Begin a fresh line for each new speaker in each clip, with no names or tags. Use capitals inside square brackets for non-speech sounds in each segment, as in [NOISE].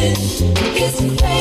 It's crazy.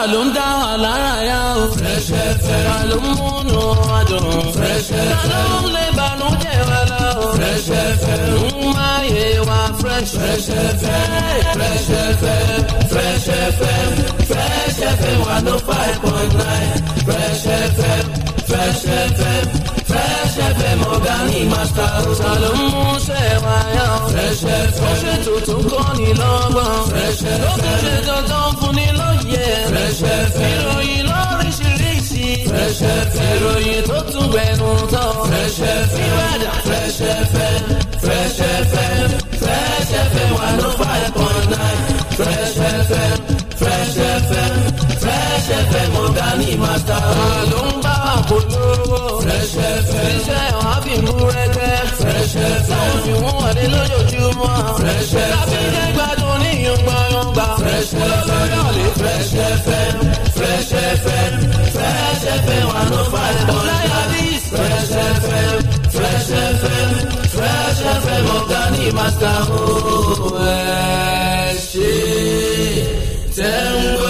ta ló ń dá wa lára yá o. Fresh FM. ta ló ń múnú wa dùn. Fresh FM. ta ló ń lé ìbànújẹ́ wa lọ. Fresh FM. ń máyé wa Fresh. Fresh FM. Fresh FM. Fresh FM. Fresh FM wà ló five point nine. Fresh FM. Fresh FM. Fresh FM ọ̀gá ni màtà. ta ló ń mú sẹ́wà fẹsẹ̀ fẹsẹ̀ tuntun kọ́ ni lọ́gbọ́n fẹsẹ̀ lókèjì dandan fún ni lóye fẹsẹ̀ ìròyìn lóríṣiríṣi fẹsẹ̀ ìròyìn tó tún gbẹnu tán fẹsẹ̀ fíwádà fẹsẹ̀ fẹ́ fẹsẹ̀ fẹ́ fẹsẹ̀ fẹ́ wà ló five point nine fẹsẹ̀ fẹ́ fẹsẹ̀ fẹ́ fẹsẹ̀ fẹ́ mọ̀gá ní màtá. àlọ́ ń bá máa polówó. Fresh FM. iṣẹ́ ọ̀hán fi mú rẹ́gẹ́. Fresh FM. fi wọ́n wọlé lójoojúmọ́. Fresh FM. lábíjẹ́ gbádùn ní yọ̀ngbọ̀nyọ̀ngbà. Fresh FM. olóyún lè Fresh FM. Fresh FM. Fresh FM wà ló fà ẹ̀ bọ̀ láyà bí. Fresh FM. Fresh FM. Fresh FM ọ̀gá ní màtàmú ẹ̀ ṣe tẹ̀ ń gbọ́.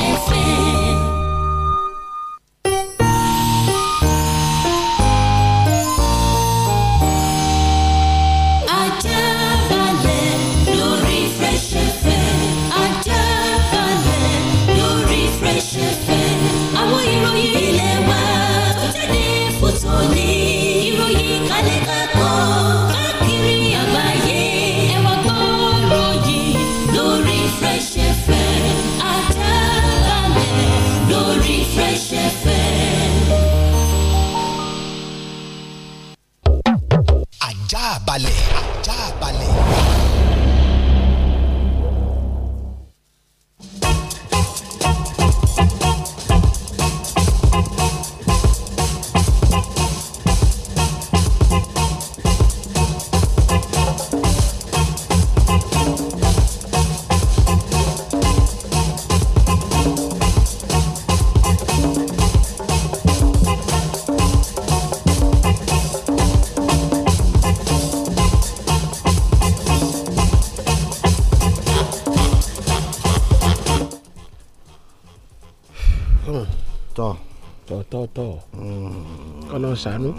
ṣàánú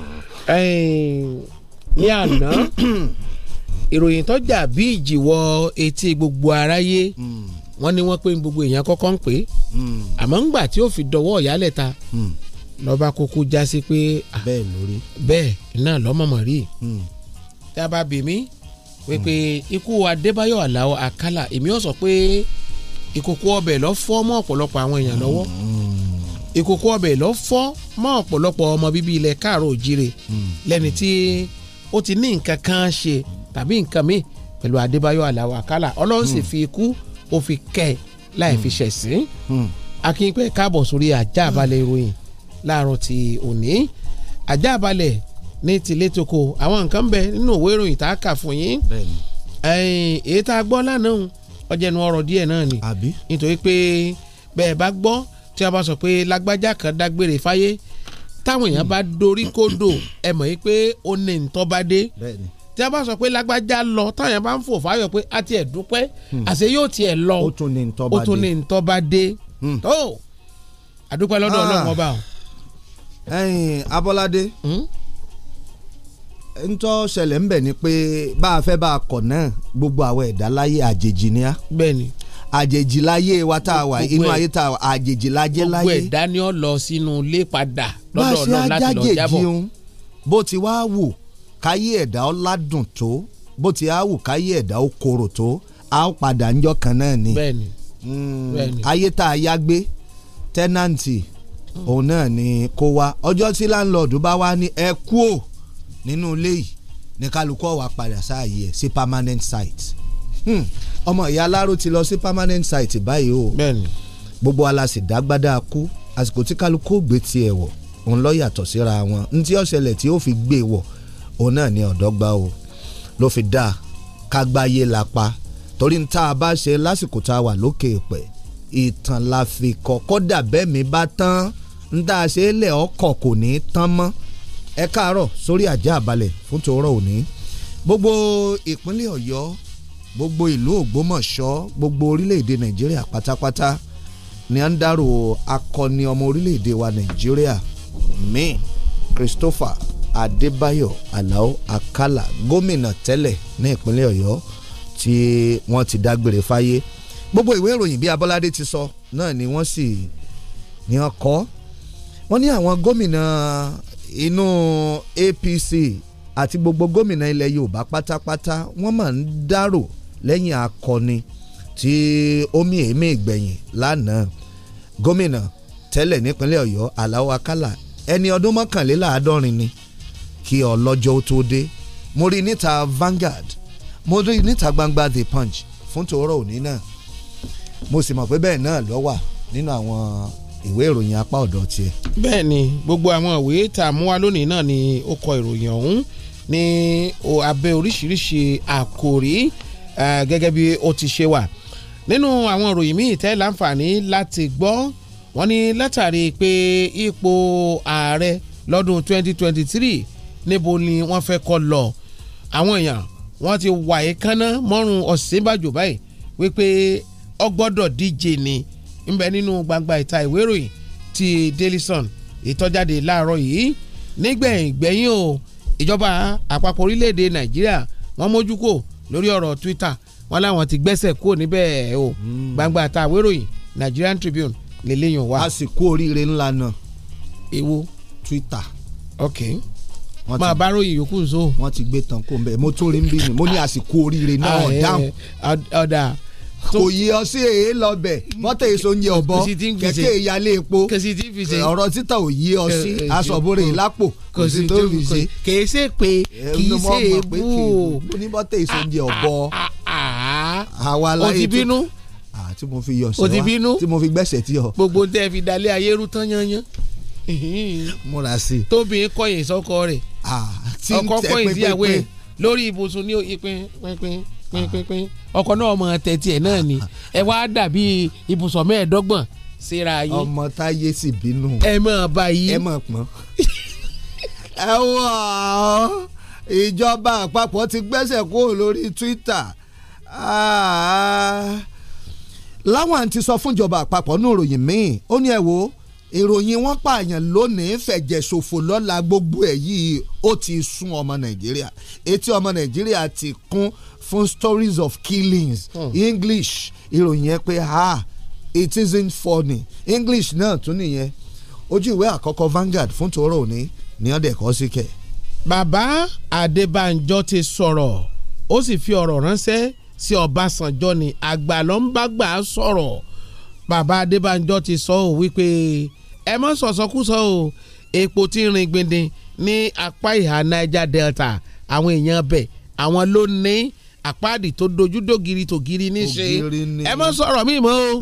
ní àná ìròyìn tó jà bí ìjì wọ etí gbogbo aráyé wọ́n ní wọ́n pé gbogbo èèyàn kọ́kọ́ ń pè é àmọ́ ńgbà tí ó fi dọwọ́ ìyálẹ̀ ta lọ́ba kúkú já sí pé bẹ́ẹ̀ lórí bẹ́ẹ̀ náà lọ́mọ̀mọ̀ rí dábà hmm. bèmí wípé ikú Adébáyọ̀ Àlàó Àkàlà èmi ò sọ pé ìkòkò ọbẹ̀ lọ fọ́ mọ́ ọ̀pọ̀lọpọ̀ àwọn èèyàn lọ́wọ́. Mm ìkòkò ọbẹ̀ lọ fọ́ mọ́ ọ̀pọ̀lọpọ̀ ọmọ bíbí ilẹ̀ káàró òjire hmm. lẹ́ni tí ó ti ní nǹkan kan ṣe tàbí nǹkan míì pẹ̀lú Adébáyọ̀ Aláwọ̀ Àkàlà Ọlọ́run sì hmm. fi ikú ó fi kẹ́ ẹ láì fi hmm. ṣẹ̀sín akínpẹ̀ káàbọ̀ sórí ajá balẹ̀ ìròyìn láàárọ̀ ti òní ajá balẹ̀ ní tilé toko àwọn nǹkan bẹ nínú òwe ìròyìn tá a kà fún yín èyí tá a gbọ́ lánàá ọjẹ́nu ọ̀rọ̀ díẹ̀ náà ni nítorí pé bẹ́ẹ̀ bá gbọ́ tí a bá sọ pé lágbájá kan dágbére fáyé táwọn èèyàn bá dorí kódò ẹ mọ̀ yí pé ó ní ntọ́ bá dé tí a bá sọ pé lágbájá lọ táwọn èèyàn bá ń fò fáyọ̀ pé a tiẹ̀ dúpẹ́ hmm. àṣẹ yóò tiẹ̀ lọ ó tún ní ntọ́ bá dé hmm. tó àdúpẹ́ lọ́dọ̀ ah. ọlọ́run ọba o. ẹyin Abọ́ládé
hmm? n tó ṣẹlẹ̀ ń bẹ̀ ni pé bá a fẹ́ bá a kọ̀ náà gbogbo àwọn ẹ̀dá láyé àjèjì ni á. bẹ́ẹ̀ni àjèjì láyé wa tá a wà inú ayé tá a wà àjèjì lájẹ́ láyé. gbogbo ẹ̀
daniel lọ sínú ilé padà lọ́dọ̀ ọ̀nà láti lọ jábọ̀.
bó ti wá wù káyé ẹ̀dá ó ládùn tó bó ti á wù káyé ẹ̀dá ó korò tó á padà ńjọ́ kan náà ni. bẹ́ẹ̀ni hmm, bẹ́ẹ̀ni. ayé tá a yá gbé tẹ́nàntì òun náà ni kó wá ọjọ́ tí láńlọ́ọ̀dù bá wá ní ẹ kú ò nínú ilé yìí ní kálukú ó padà sáàyè ẹ̀ sí permanent site. Hmm ọmọ ìyá aláró ti lọ sí permanent site báyìí o gbogbo alasì dágbádá kú àsìkò tí kálukú gbé tiẹ̀ wọ̀ òun lọ yàtọ̀ síra wọn ntí ọ̀sẹ̀lẹ̀ tí ó fi gbé e wọ̀ òun náà ni ọ̀dọ́ gbá o ló fi dáa kágbáyé lápá torí ń tá a bá ṣe lásìkò tá a wà lókè èèpẹ̀ ìtàn la fi kọ́ kódà bẹ́ẹ̀ mi bá tán ń tá a ṣe é lẹ̀ ọkọ̀ kò ní í tán mọ́ ẹ káàárọ̀ sórí àjà àbálẹ̀ fún tòórọ́ òní gbogbo ìpínlẹ̀ ọ̀yọ́ gbogbo ìlú Ògbómọ̀ṣọ́ gbogbo orílẹ̀-èdè Nàìjíríà pátápátá ni à ń dárò akọni ọmọ orílẹ̀-èdè wa Nàìjíríà mi Christopher Adébáyọ̀ Alao Akala gómìnà tẹ́lẹ̀ ní ìpínlẹ̀ Ọ̀yọ́ tí wọ́n ti dágbére fáyé gbogbo ìwé ìròyìn bí Abọ́ládé ti sọ náà ni wọ́n sì ni wọ́n kọ wọ́n ní àwọn gómìnà inú APC àti gbogbo gómìnà ilẹ̀ Yorùbá pátápátá wọ́n máa ń dárò lẹ́yìn akọni tí omi mí èémí ìgbẹ̀yìn lánàá gómìnà tẹ́lẹ̀ nípínlẹ̀ ọ̀yọ́ aláwọ̀ akálà ẹni ọdún mọ́kànléláàádọ́rin ni kí ọlọ́jọ́ ó tó dé mo rí níta Vanguard mo rí níta gbangba The Punch fún tòórọ́ òní náà mo sì mọ̀ pé bẹ́ẹ̀ náà ló wà nínú àwọn ìwé ìròyìn apá ọ̀dọ̀ tiẹ̀.
bẹ́ẹ̀ ni gbogbo àwọn ìwé tá a mú wá lónìí náà ni ó kọ ìròyìn ọ̀hún ní abẹ́ oríṣiríṣi àkòrí gẹ́gẹ́ bí ó ti ṣe wà nínú àwọn ìròyìn míì tẹ́ láǹfààní láti gbọ́ wọ́n ní látàrí pé ipò ààrẹ lọ́dún 2023 níbo ni wọ́n fẹ́ kó lọ àwọn èèyàn wọ́n ti wà é kánná mọ́rùn Ọ̀ṣínbàjò báyìí wípé ó díje ni ńbẹ nínú gbangba ìta ìwé ìròyìn ti Daily Sun ìtọ́jáde láàárọ̀ yìí nígbẹ̀yìn gbẹ̀yìn o ìjọba àpapọ̀ orílẹ̀-èdè Nàìjíríà wọ́n mójú kò lórí ọ̀rọ̀ Twitter wọn láwọn ti gbẹ́sẹ̀ kúrò níbẹ̀ o hmm. gbangba ta àwéròyìn Nigerian Tribune lèléyàn wa. a sì kú oríire ńlá náà. èwo. Twitter. ok
máa bá ròyìn yòókù nso. wọ́n ti gbé tán kó mbẹ́ mo tún rí nbí ni mo ní àsìkò oríire náà ah, dáhùn. Eh, eh. ọ̀dà kò yí ọ sí èé lọbẹ mọtò èso ń yẹ ọbọ kẹkẹ ìyálé epo ọ̀rọ̀ títà ò yí ọ sí asọbúrè lápò kò sí tó fi ṣe. kìí ṣe pé kìí ṣe èébú o. mo ní mọtò èso ń yẹ ah, ọbọ ah,
ah,
àwa láyé tó tí mo fi yọ sẹ́wà
tí mo fi gbẹ́sẹ̀ tí yọ. gbogbo tẹ́ fi dalẹ̀ ayé tán yanyan múra sí i. tóbi kọyìn sọkọ rẹ̀ ọkọ kọyìn síyàwó ẹ̀ lórí ibùsùn ní ìpín pínpín pínpínpín ọkọ̀ náà ọmọ tẹ̀tì ẹ̀ náà ni ẹ wá dàbí ibùsọ̀ mẹ́ẹ̀ẹ́dọ́gbọ̀n síra yín. ọmọ
táyé sì bínú. ẹ mọ̀
bá yí. ẹ mọ̀
pọ́n. ẹ wọ ìjọba àpapọ̀ ti gbẹ́sẹ̀ kúrò lórí Twitter. Lawan ti sọ fúnjọba àpapọ̀ ní ìròyìn míì ó ní ẹ wo ìròyìn wọn pààyàn lónìí fẹ̀jẹ̀ ṣòfò lọ́la gbogbo ẹ̀ yìí ó ti sún ọmọ Nàìjíríà etí ọmọ Nàìjíríà ti kún Fun stories of killings hmm. english ìròyìn yẹn pé ha it isn't funny
english náà tún nìyẹn ojú ìwé àkọ́kọ́ Vanguard fún tòró òní ni wọ́n dẹ̀ kọ́ sí kẹ̀. bàbá Adébánjọ ti sọ̀rọ̀ ó sì fi ọ̀rọ̀ ránṣẹ́ sí Ọbásanjọ́ ni àgbà ló ń bá gbà á sọ̀rọ̀ bàbá Adébánjọ ti sọ ọ́ wípé ẹ mọ́ sọ̀sọ́kúsọ o epo ti rin gbindin ní apá ìhà Niger Delta àwọn èèyàn bẹ̀ àwọn ló ní àpáàdì tó dojú dògiri tògiri níṣe ẹ mọ sọ̀rọ̀ mi mọ́ o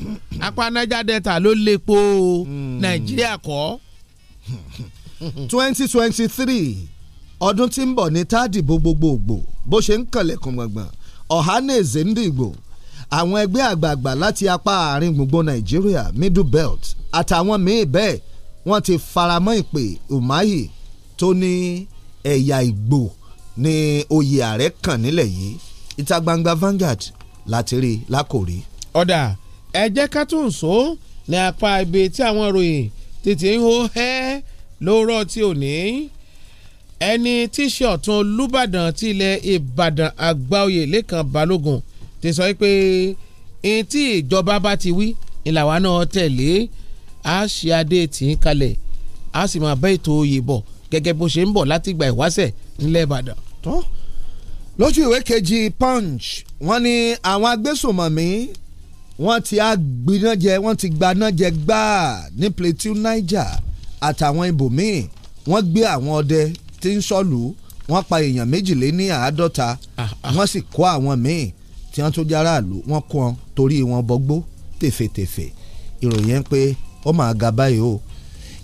apá Niger Delta ló lépo hmm. Nàìjíríà kọ́. twenty twenty three
ọdún tí ń bọ̀ ní tádìbò gbogbogbò bó ṣe ń kànlẹ̀kùn gbọ̀ngbọ̀n Ọ̀hánèzè Ndigbo àwọn ẹgbẹ́ àgbààgbà láti apá àárín gbùngbùn Nàìjíríà Middle Belt àtàwọn míì bẹ́ẹ̀ wọ́n ti faramọ́ ìpè Umahi tó ní ẹ̀yà Ìgbò ní oyè ààrẹ kàn nílẹ̀ yìí ìta gbangba
Vanguard láti rí lákòrí. ọ̀dà ẹ jẹ́ ká tún so ní apá ibi tí àwọn ìròyìn tètè ń hó ẹ́ lóòrọ̀ tí ò ní. ẹni tí í ṣe ọ̀tún Olúbàdàn ti ilẹ̀ Ìbàdàn Àgbáòyè Lẹ́kàn Balógun ti sọ pé ẹni tí ìjọba bá ti wí ìlàwá náà tẹ̀lé a ṣe adé tì í kalẹ̀ a sì máa bá ètò òye bọ̀ gẹ́gẹ́ bó ṣe ń bọ̀ látìgbà ìwáṣẹ̀ nílẹ̀ Ìbàdàn. tó lójú ìwé kejì punch
wọ́n ní àwọn agbésùnmọ̀mí wọ́n ti agbinájẹ wọ́n ti gbanájẹ gbáà ní Plateau Niger àtàwọn ibòmíì wọ́n gbé àwọn ọdẹ tí ń sọ̀lù wọ́n pa èèyàn méjìléní àádọ́ta ah, ah. wọ́n sì kó àwọn míì tí wọ́n tó jára àlù wọ́n kó torí wọn bọ́gbó tèfètèfè ìròyìn ń pé
ó máa ga báyìí o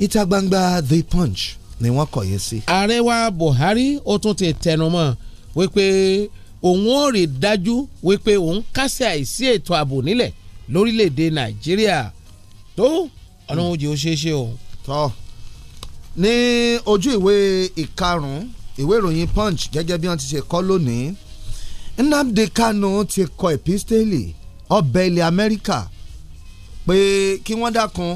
ìta gbangba The Punch ni wọ́n kọ yẹn sí. ààrẹ wa Buhari ó tún ti tẹnu wípé òun ò rí dájú wípé òun kásẹ̀ àìsí ètò ààbò nílẹ̀ lórílẹ̀‐èdè nàìjíríà tó ọlọ́run hmm. ó jẹ́ ó ṣeé ṣe o. tọ́ ní ojú ìwé
ìkarùn-ún ìwé ìròyìn punch gẹ́gẹ́ bí wọ́n ti ṣe kọ lónìí nnamdi kanu ti kọ episteli ọbẹ̀ ilẹ̀ amẹ́ríkà pé kí wọ́n dákun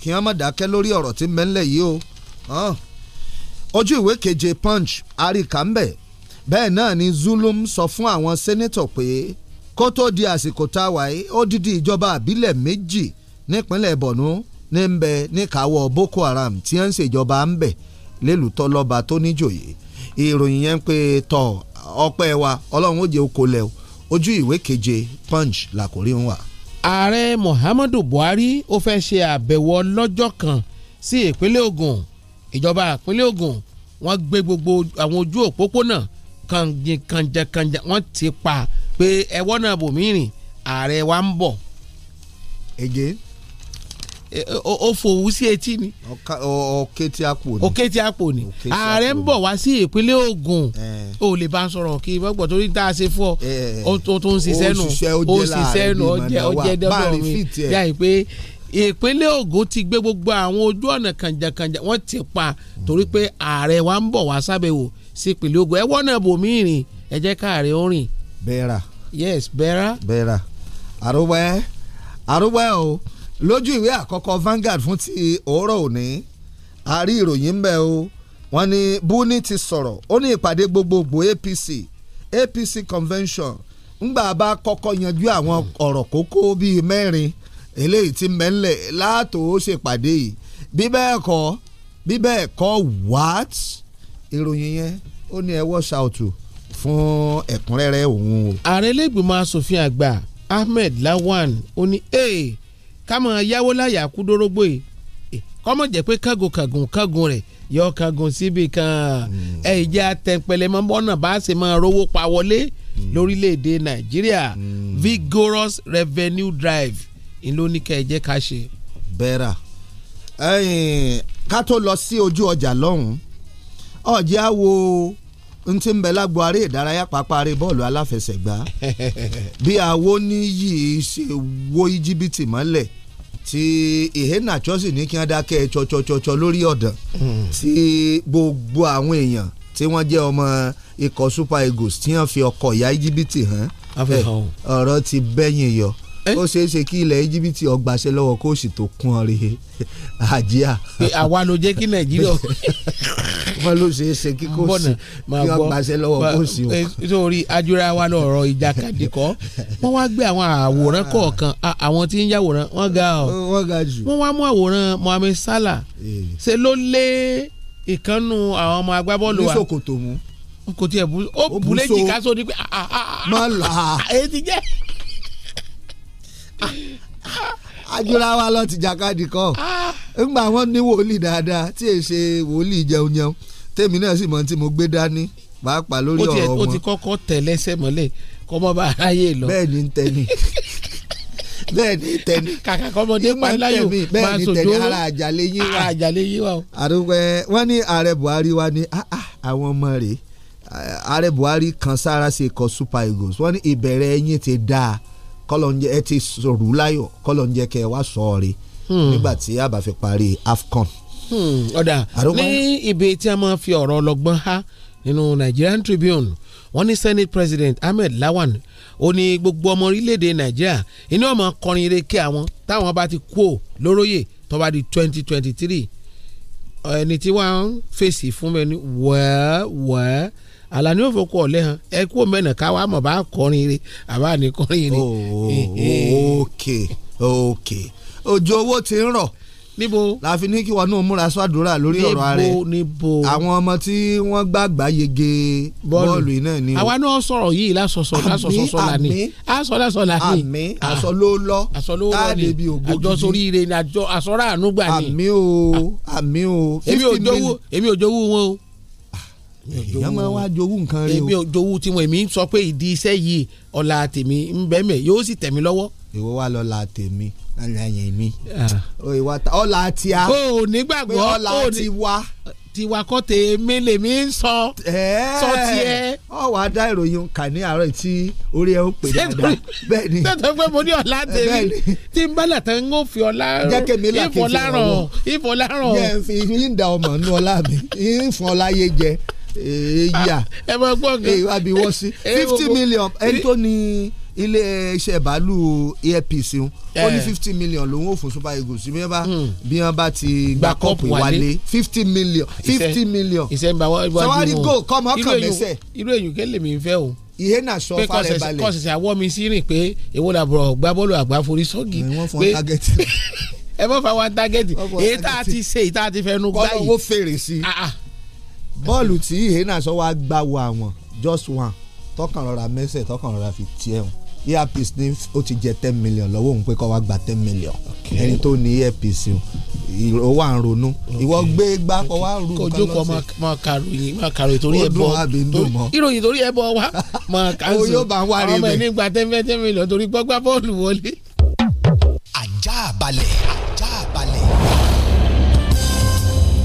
kí wọ́n má dákẹ́ lórí ọ̀rọ̀ tí mẹ́lẹ̀ yìí o ojú ìwé keje punch àríkà ń bẹ̀ bẹ́ẹ̀ náà ni Zulum sọ fún àwọn sẹ́nẹ́tọ̀ pé kó tó di àsìkò tá a wà yìí ó dídí ìjọba àbílẹ̀ méjì nípínlẹ̀ Borno ní ń bẹ níkàáwọ́ Boko Haram tí ń ṣèjọba ń bẹ lélùtọ́ lọ́ba tó níjòyè ìròyìn yẹn pé tọ̀ ọpẹ́ wa ọlọ́run ó jẹ́ okòó lẹ́wọ̀ ojú ìwé keje punch làkórí ń wà
ààrẹ muhammadu buhari ó fẹ́ ṣe àbẹ̀wò lọ́jọ́ kan sí ìpínlẹ̀ ogun ìjọba ìpínlẹ̀ ogun wọ́n gbé gbogbo àwọn ojú òpópónà kangin kanjakanja wọ́n ti pa pé ẹwọ́ náà bò mí rìn ààrẹ wa ń bọ̀. ege. ó fòwú sí etí ni. òkè tí a pò ni. òkè tí a pò ni ààrẹ ń bọ̀ wá sí ìpínlẹ̀ Ògùn ó lè bá a sọ̀rọ̀ kí ìbọ̀gbọ̀ torí tá a ṣe fún ọ ó tó ń ṣiṣẹ́ nù ó ṣiṣẹ́ nù ọjẹ́ dọ́dọ̀ mi bí i pé ìpínlẹ̀ Ògùn ti gbé gbogbo àwọn ojú ọ̀nà kànjàkànjà wọ́n ti pa torí pé ààrẹ wa ń bọ̀ wá sábẹ̀ wò sí ìpínlẹ̀ Ògùn ẹ wọ́nà bòmíì rìn ẹ jẹ́ káàrin ó rìn. bẹ́ẹ̀rà. yes bẹ́ẹ̀rà. bẹ́ẹ̀rà àrùwẹ́ àrùwẹ́ o lójú ìwé àkọ́kọ́
Vanguard fún ti òórọ̀ òní a rí ìròyìn ń bẹ o wọ́n ní Buni ti sọ̀rọ̀ ó ní ìpàdé gbogbogbò APC APC convention ńgbà bá kọ́kọ́ yanjú àwọn ọ̀rọ̀ kókó bíi mẹ́rin eléyìí ti mẹ́lẹ̀ látòó ṣèpàdé yìí bí bẹ́ẹ̀ kọ́ bí what
ìròyìn yẹn ó ní ẹ wọ́ṣà ọ̀tù fún ẹ̀kúnrẹ́rẹ́ òun o. ààrẹ ilégbìmọ̀ asòfin àgbà Ahmed Lawan ó ní ee kámọ̀ yáwó láyà kú dórógbó yìí kọ́mọ̀ jẹ́ pé kángun kángun kángun rẹ̀ yọ kángun síbi kan hmm. ẹ̀ ìjà tẹ̀pẹ̀lẹ̀ mọ́ bọ́nà bá a ṣe máa rówó pa wọlé hmm. lórílẹ̀‐èdè Nàìjíríà hmm. vigorous revenue drive ìlú ní kẹ́ ẹ jẹ́ ká ṣe. bẹ́ẹ̀rà ká tó lọ sí ojú ọjà lọ́hùn-ún ọ̀jẹ̀
á wo n ti ń bẹ lágbo aré ìdárayá pápá aré bọ́ọ̀lù aláfẹsẹ̀gbá [LAUGHS] bí àwo ní yìí ṣe wo íjíbítì mọ́lẹ̀ tí ìhénà chọ́sì ní kí wọ́n dákẹ́ tsọ́tsọ́tsọ́ lórí ọ̀dàn hmm. tí gbogbo àwọn èèyàn tí wọ́n jẹ́ ọmọ ikọ̀ super eagles tí wọ́n fi ọkọ̀ ìyá íjíbítì hàn ọ̀rọ̀ ti bẹ́yìn yọ Eh? ó ṣeé ṣe kí ilẹ̀ íjíbítì ọgbàṣẹ lọ́wọ́ kóòsì tó kún ọ rèé [LAUGHS]
àjíà. àwa ló jẹ́ kí nàìjíríà. [LAUGHS] wọ́n ló ṣeé ṣe kí kóòsì kí ọgbàṣẹ lọ́wọ́ kóòsì o. Eh, sórí ajúra wa lọ́rọ̀ ìjàkadì kọ́ wọ́n wá gbé àwọn àwòrán [LAUGHS] ah. kọ̀ọ̀kan àwọn tí ń yàwòrán wọ́n ga ọ̀ wọ́n ga jù wọ́n wá mú àwòrán Mohammed Salah eh. ṣe ló lé ìkànnù àwọn ọmọ agbábọ́ọ̀lù wa kò tiẹ̀ bú ó bú léjì ká sóni pé. Ah, ah, mọ́ la. èyí ti jẹ́ ajura wa lọ ti jàkadì kọ
ah. ńgbà wọn ní wòlíì dáadáa tí è ṣe wòlíì jẹun jẹun tèmi náà sì mọ
tí mo gbé dání pàápàá lórí ọ̀rọ̀ wọn. ó ti kọ́kọ́ tẹ̀ lẹ́sẹ̀ mọ́lẹ̀ kọ́ mọ́ aráyé lọ. bẹ́ẹ̀ ni ń tẹni [LAUGHS] bẹ́ẹ̀ ni tẹni kàkà kọ́mọdé pàláyò máa sòjó ara àjàlẹ̀ yín wa àjàlẹ̀ yín wa o.
àdúgbò wọn ní ààrẹ buhari wa ní ah, ah, àwọn ọmọ rẹ̀ ààrẹ buhari kan sára ṣe kọ super eagles wọn ní ìbẹ̀rẹ̀ ẹ̀yin ti dáa kọ́lọ́njẹ́ ẹ ti sòrú láyọ̀ kọ́lọ́njẹ́ kẹ́ ẹ wá sọ ọ́ re hmm. nígbà tí a bá fi parí AFCON.
Hmm, ọ̀dà ní ibi tí a máa fi ọ̀rọ̀ ọlọ́gbọ́n há nínú Nigerian Tribune wọ́n ní Senate President Ahmed Lawan ó ní gbogbo ọmọ orílẹ̀-èdè Nàìjíríà inú ọmọ kọrin ireke àwọn táwọn bá ti kú ò lóróyè tó bá di twenty twenty three ẹni tí wọ́n fèsì fún mi ni wẹ́ẹ́ wẹ́ẹ́ Àlàní ò fokú ọ̀lẹ́ hàn ẹ kú mẹ́nà káwá mọ̀ bá kọrin re àbá ní kọrin re. òkè òkè òjò owó ti ń rọ̀
níbo láfi ní kí wọn náà múra sọ́dúnrà lórí ọ̀rọ̀ rẹ̀ níbo àwọn ọmọ tí wọ́n gbàgbà yege bọ́ọ̀lù iná ni. àwa
náà sọ̀rọ̀ yìí lásọ̀sọ̀ lásọ̀sọ̀ lani àsọ̀ lásọ̀ lani àmì ah, àsọ̀ ló lọ káàdì bíi ògbógi àjọ sórí ire ni àjọ àsọ̀rọ̀ àánú gbà ni. àmì o àmì o. èmi ò jowú èmi ò jowú wọn o
èèyàn máa wá jowú nǹkan rí o. èmi
ò jowú tí mo èmi sọ pé ìdí iṣẹ́ yìí ọ̀la tèmi ń bẹ́ mẹ́ yóò sì tẹ̀ mí lọ́wọ́. ìwọ wa lọ la tèmi ẹyìn mi ah. ọ̀la ti a. o ò nígbàgbọ́ ọ̀la ti wa. tiwa kọ́ tèmi lèmi ń sọ sọ tiẹ̀. ọ wà á dá ìròyìn kà ní àárọ̀ tí orí ẹ ó pè dáadáa bẹ́ẹ̀ ni. tètè pé mo ní ọ̀la tèmi tí n bá làtà ń fi ọ̀la ìfọ̀láràn ìfọ̀láràn. yẹn
fi yín da ọmọ nú ọlá mi yín fún ọlá yé jẹ èèyà ẹ máa gbọ́ gan èèyàn àbí wọ́n sí fifty million ẹni tó ní ilé iṣẹ́ bàálù airpeace ń ó ní eh. fifty million lòun ò fún super eagles bí wọ́n bá hmm. bí wọ́n bá ti gba kọ́ọ̀pù wálé fifty million fifty million sọwárí goal kọ́mọ kàn lẹ́sẹ̀.
irú èyí kẹ́lẹ́ mi fẹ́ o ìhé náà sọ fara balẹ̀ pé kọ́sẹ̀sẹ̀ awọ́ mi sí rìn pé èwo la bọ̀ gbá bọ́ọ̀lù àgbà forí sọ́ọ̀gì pé [LAUGHS] ẹ mọ̀ fà wọn tágẹ́tì èyí tá a ti ṣe èyí tá a ti fẹ́ nu gbáyìí kọ́ ló wó fèrè sí i ah, ah bọ́ọ̀lù tí
ìhẹ́nà sọ wá gbà wọ àwọn just one tọkàn rọra mẹsẹ̀ tọkàn rọra fi tiẹ̀ hàn earpiece ní ó ti jẹ ten million lọ́wọ́ òun pé kọ́ wa gba ten million ẹni tó ní earpiece o
ìró wà ń ronú ìwọ gbé gbá kọ wá rú nǹkan lọ́sẹ̀. kojú kọ máa karòyìn máa karòyìn torí ẹbọ ìròyìn torí ẹbọ wa máa kánṣu o yóò bá ń wárí mi ọmọ ẹni gba ten million torí gbọ́gbá bọ́ọ̀lù wọlé. ajá balẹ̀.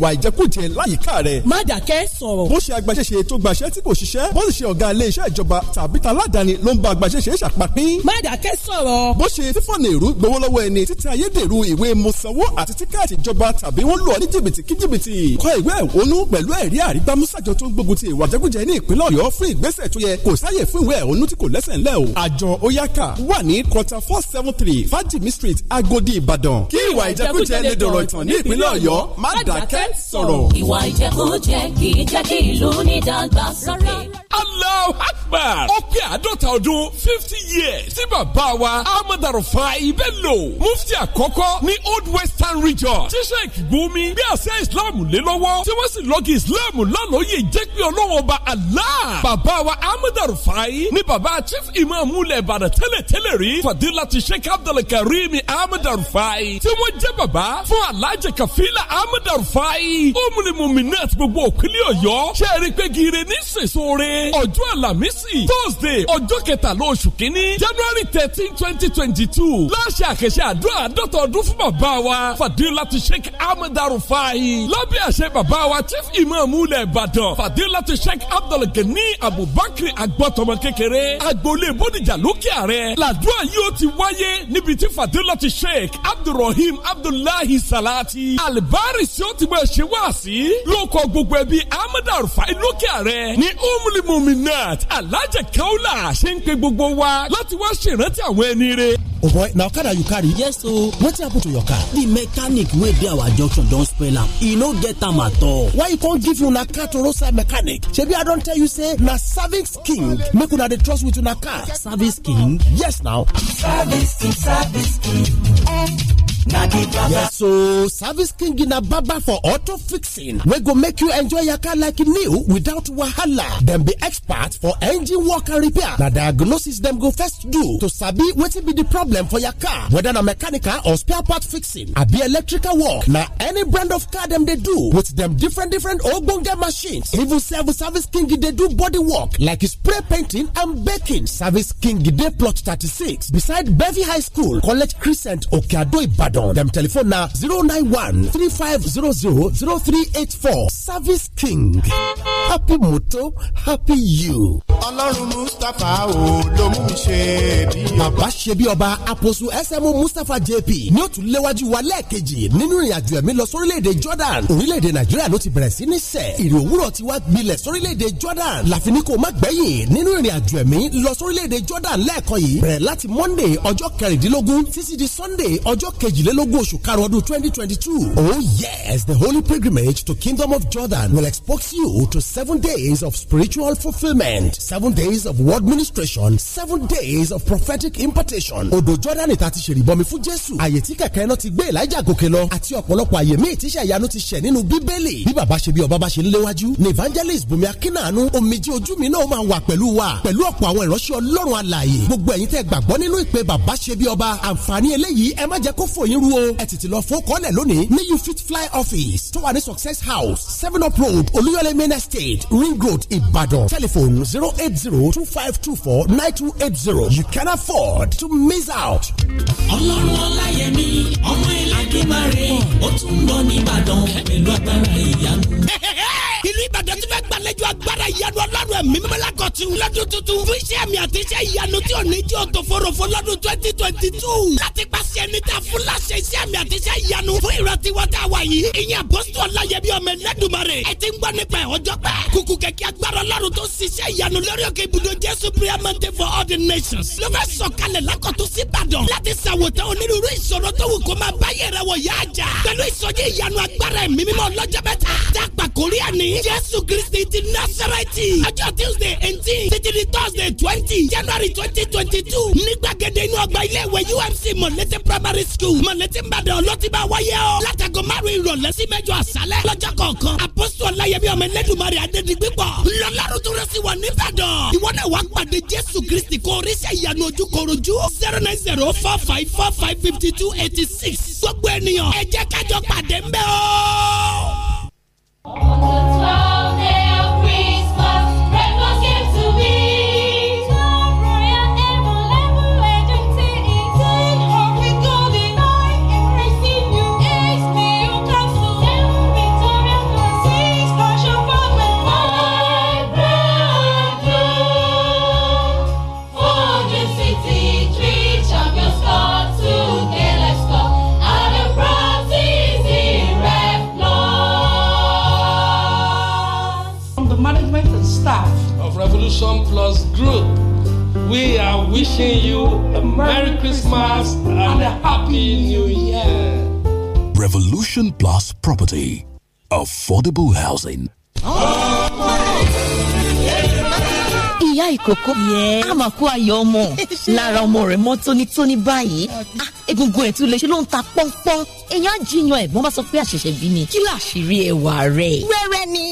ìwà ìjẹkújẹ láyìíká rẹ̀. má dàkẹ́ sọ̀rọ̀. bó ṣe agbaṣẹ́ṣe tó gbaṣẹ́ tí kò ṣiṣẹ́ bó sì ṣe ọ̀gá ilé iṣẹ́ ìjọba tàbí taládàáni ló ń bá agbaṣẹ́ṣe ṣàpapín. má dàkẹ́ sọ̀rọ̀. bó ṣe fífọ́nà ìrú gbowó lọ́wọ́ ẹni títí ayédèrú ìwé mọ̀sánwó àti tíkẹ́ẹ̀tì ìjọba tàbí wọ́n lò ní jìbìtì kí jìbìtì. kọ ìwé ẹ̀hónú pẹ̀lú ẹ̀rí àrígbámúsàjọ tó ń gbógun ti o. àjọ oyaka wà ní four seven three fájìmí street agodi ìbàdàn kí ìwà ìjẹkújẹ lè dọ̀rọ̀ ìtàn ní ìpínlẹ̀ sọ̀rọ̀. ìwà
ìjẹkújẹ kì í jẹ́ kí ìlú ní ìdàgbàsókè. Allahu Akbar! Ó pé àádọ́ta ọdún fifty years tí bàbá wa Ahmed Arufai Bello mufti àkọ́kọ́ ní Old Western Region tí Sheikh Gumi bí àṣẹ Islam lé lọ́wọ́ tí wọ́n sì lọ́gì Islam lálóye jẹ́ pé ọlọ́wọ́ ọba Allah. Bàbá wa Ahmed Arufai ni bàbá Chief Imam Ulẹ̀ Ìbàdàn tẹ́lẹ̀tẹ́lẹ̀ rí Fadila ti Sheikh Abdulkarim Ahmed Arufai tí wọ́n jẹ́ bàbá fún Alhaji Kafila Ahmed Arufai báyìí. ó múni mùmí náà gbogbo òkèlè ọ̀yọ́. ṣé ẹ rí i pé gire ní sèṣore. ọjọ́ àlàmísì thursday ọjọ́ kẹtàlá oṣù kínní january thirteen twenty twenty two láṣẹ àkẹṣẹ àdúrà àdọ́ta ọdún fún bàbá wa fàdílàtì sheikh ahmed arufai lábẹ́ àṣẹ bàbá wa chief imam ulẹ̀ ìbàdàn fàdílàtì sheikh abdulgani abubakar agbọ́tọmọ kékeré agboolé bódìjà lókè àrẹ làdúrà yìí ó ti wáyé níbi tí fàdílàtì sheikh abdulrahim abdullahi salati alibari sí ó ti mọ̀ ṣe wáàsí ló kọ gbogbo ẹbí amadu arufai lókè àrẹ ní umulimuminat alhaji kaula ṣe ń pe gbogbo wa láti wá ṣèrántí àwọn ẹni rẹ. Oh boy, na okada you carry? Yes o. Wetin happen to your car? The mechanic
wey dey our junction don spoil am. E no get am at all. Why you come give una car to roadside mechanic? Shebi I don tell you say na Service King make una dey trust with una car. Service King? Yes now.
Service King, Service King.
Eh, na di baba yes so service king na baba for auto fixing We go make you enjoy your car like new without wahala Them be expert for engine work and repair na diagnosis them go first do to sabi wetin be the problem for your car whether na mechanical or spare part fixing be electrical work na any brand of car them they do with them different different ogbonge machines even sef service king they do body work like spray painting and baking service king they plot 36 beside Bevy high school college crescent okeado ibadan. Ibadan. Dem telephone na zero 091 3500 0384. Service King. Happy moto, happy you. Ọlọ́run Mustapha ò ló mú mi ṣe bí ọba. Bàbá ṣe bí ọba àpòsù SMO Mustapha JP ní ó tún léwájú wa lẹ́ẹ̀kejì nínú ìrìnàjò ẹ̀mí lọ sórílẹ̀-èdè Jordan. Orílẹ̀-èdè Nàìjíríà ló ti bẹ̀rẹ̀ sí ní sẹ̀. Ìrì òwúrọ̀ ti wá gbilẹ̀ sórílẹ̀-èdè Jordan. Làfi ní kò má gbẹ̀yìn nínú ìrìnàjò ẹ̀mí lọ sórílẹ̀-èdè Jordan lẹ́ẹ̀kan yìí. Bẹ̀rẹ̀ láti Monday ọjọ́ kẹrìndínlógún títí di Sunday ọjọ́ kejì kejìlélógún oṣù karùn ọdún twenty twenty
two. oh
yes the holy pilgrimage to kingdom of jordan will expose you to seven days of spiritual fulfilment seven days of word ministration seven days of prophetic impartation. odò jordan ta ti ṣèrìbọmi fún jésù àyè tí kẹ̀kẹ́ náà ti gbé elijah gòkè lọ àti ọ̀pọ̀lọpọ̀ àyè míì tíṣà ìyanu ti ṣẹ̀ nínú bíbélì bí baba ṣe bí ọba bá ṣe ń léwájú ni evangelist bùnmi akínàánú omijì ojú mi náà máa wà pẹ̀lú wa pẹ̀lú ọ̀pọ̀ àwọn ìránṣẹ́ ọlọ́run alààyè gbogbo ẹ̀yin tẹ́ gbàgbọ́ nínú ìpè baba ṣe bí ọba yín rú o ẹ tètè lọ fún kọ́lẹ̀ lónìí ní you fit fly office tó wà ní success house seven up road olúyọlé main estate ring road ìbàdàn telephone zero eight zero two five two four nine two eight zero you can afford to miss out.
ọlọ́run ọláyẹmí ọmọ ìlàkímárè ó tún bọ́ ní ìbàdàn pẹ̀lú agbára ìyanu. ìlú ìbàdàn ti fẹ́ gbà lọ́dún
agbára ìyanu ọlọ́run ẹ̀mí mímọ́ lákọ̀tún lọ́dún tuntun fún iṣẹ́ mi àti iṣẹ́ ìyanu tí ò ní jẹ́ ọ̀tọ̀ fòròfò lọ́dún twenty twenty two láti pàṣẹ ní ta fún láṣẹ iṣẹ́ mi àti iṣẹ́ ìyanu fún ìrántí wọn tá a wà yìí ìyẹn àpọ́sítù ọláyẹbí ọmọ ẹlẹ́dùnmarè ẹ ti ń gbọ́ nípa ẹ̀ ọjọ́ pẹ́ kùkù kẹ̀kẹ́ agbára ọlọ́run tó ṣiṣẹ́ ìyanu lórí òkè ibùdó jésù priamante for all the nations ló fẹ́ sọ̀kalẹ̀ lákọ̀tún síbàdàn láti ṣàwòtán onírúurú ìṣòro tó wù kó máa báyẹ̀ rẹ̀ wọ̀ yá àjà pẹ̀lú ìsọjí ìyanu agbára ẹ̀mí mímọ́ ọlọ́jọ́ mẹ́ta dápà kórìà ní jésù kristi ti n nasaraiti ọjọ́ tuesday eighteen títí di thursday twenty january twenty twenty two ní gbàgede inú ọgbà ilé ìwé umc mọ̀lẹ́tì primary school mọ̀lẹ́tì mbàdàn ọlọ́tìbá wáyé ọ látàgọ́ márùn ìrọ̀lẹ́ sí mẹ́jọ àṣálẹ́ lọ́jọ́ kọ̀ọ̀kan apọ́sítọ̀ ọláyẹmí ọmọ ẹlẹ́dùnmarè adédìgbígbọ̀ lọ́lárùtúrọ̀ sí wà nìbàdàn ìwọ náà wàá pàdé jésù kristi kó oríṣẹ́ ìyanu ojú korojú zero nine zero four five four five fifty two eighty six gbogbo ènìyàn ẹ jẹ́ kájọ pàdé ńbẹ̀
wishing you a Merry Christmas and a Happy New Year. Revolution Plus Property. Affordable Housing.
ìyá ìkókó àmàkù ayọ̀ ọmọ [LAUGHS] lára ọmọ rẹ̀ mọ́ tónítóní báyìí. Ah, egungun ẹ̀ tún lè ṣe ló ń ta pọ́npọ́n èèyàn á ẹ̀gbọ́n bá sọ pé àṣẹ̀ṣẹ̀ bí ni kí làṣírí ẹwà rẹ̀. wẹ́rẹ́ ni.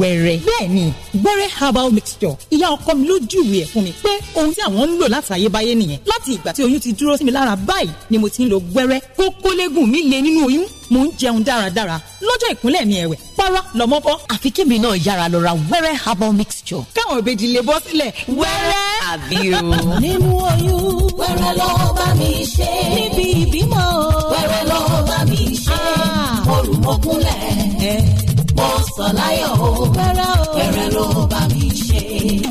wẹ́rẹ́ bẹ́ẹ̀ wẹ́rẹ́ herbal mixture ìyá ọkọ mi ló júwèé ẹ̀ fún mi pé ohun tí àwọn ń lò láti ayébáyé nìyẹn láti ìgbà tí oyún ti dúró sí mi lára báyìí ni mo ti ń lo wẹ́rẹ́ kókólégùn mi lè nínú oyún mo ń jẹun dáradára lọ́jọ́ ìkúnlẹ̀ mi ẹ̀wẹ̀ para lọ́mọ bọ́. àfi kébì náà yára lọ ra wẹ́rẹ́ herbal mixture. káwọn ìbejì lè bọ́ sílẹ̀ wẹ́rẹ́.
àbí o. nínú oyún wẹ́rẹ́ lọ́ọ́ bá mi ṣe. níbi ìbímọ o. wẹ́rẹ́ ló bá mi ṣe ah. mo rù mo kúnlẹ̀ mo sọ láyọ̀ o wẹ́rẹ́ ló bá mi ṣe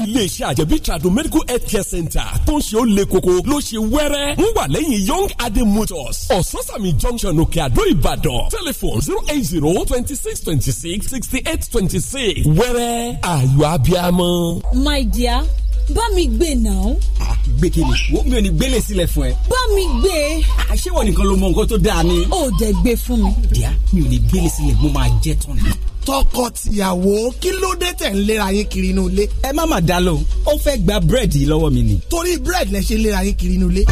iléeṣẹ́ àjẹbí tradu medical health care center tó ń ṣe ó le koko ló ṣe wẹ́rẹ́ ń wà lẹ́yìn young adé motors ososami junction òkè àdó ìbàdàn telephone zero eight zero twenty six twenty six sixty eight twenty six wẹ́rẹ́ ayọ̀ abiamọ.
my dear bá mi gbé náà. Ah,
gbé kí ni wo mi ò ní gbélé
sílẹ̀ fún ẹ. bá mi gbé. àṣé ah, wọn nìkan ló mọ nǹkan tó dáa ni. ó dẹ̀ gbé fún mi. díà mi ò ní gbélé sílẹ̀ mo máa jẹ́ tán ni tọkọ-tìyàwó kí ló dé tẹ̀ ń léra yín kiri inú ilé. ẹ má mà dá lóhùn ó fẹ́ gba búrẹ́dì lọ́wọ́ mi ni. torí búrẹ́dì lẹ ṣe léra yín kiri inú ilé.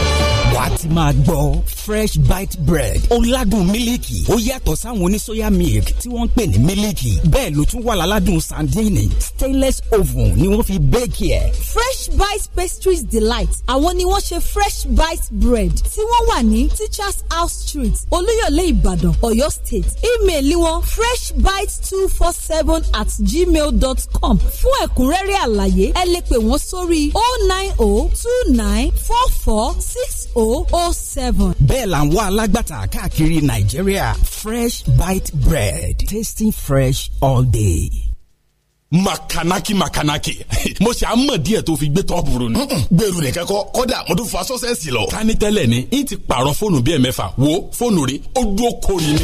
wàá ti máa gbọ́ fresh bite bread ó ládùn mílíkì ó yàtọ̀ sáwọn oníṣòyà milk tí wọ́n ń pè ní mílíkì bẹ́ẹ̀ ló tún wà láládùn sandini stainless oven ni wọ́n fi bẹ́ẹ̀kì ẹ̀. fresh bite pastries delight àwọn ni wọ́n ṣe fresh bite bread tí wọ́n wà ní teachers house street olúyọ̀lé ìbàdàn ọ̀yọ́ state
email wọn freshbite two seven four seven at gmail dot com fún ẹ̀kúnrẹ́rẹ́ àlàyé ẹ lè pè wọ́n sórí o oh nine o oh two nine four four
six o oh o seven. bẹ́ẹ̀ là ń wá alágbàtà káàkiri nàìjíríà fresh bite bread tasting fresh all day makanaki makanaki [LAUGHS] mo ṣe àmọ̀ díẹ̀ tó fi gbé tọ́pù rò ni. gbèrú nìkan kọ kọ́dà mo tún fa sọ́sẹ́sì lọ. kání tẹ́lẹ̀ ni n ti pààrọ̀ fóònù bíi ẹ̀mẹ́fà wo fóònù rẹ̀ ó dúró kori ni.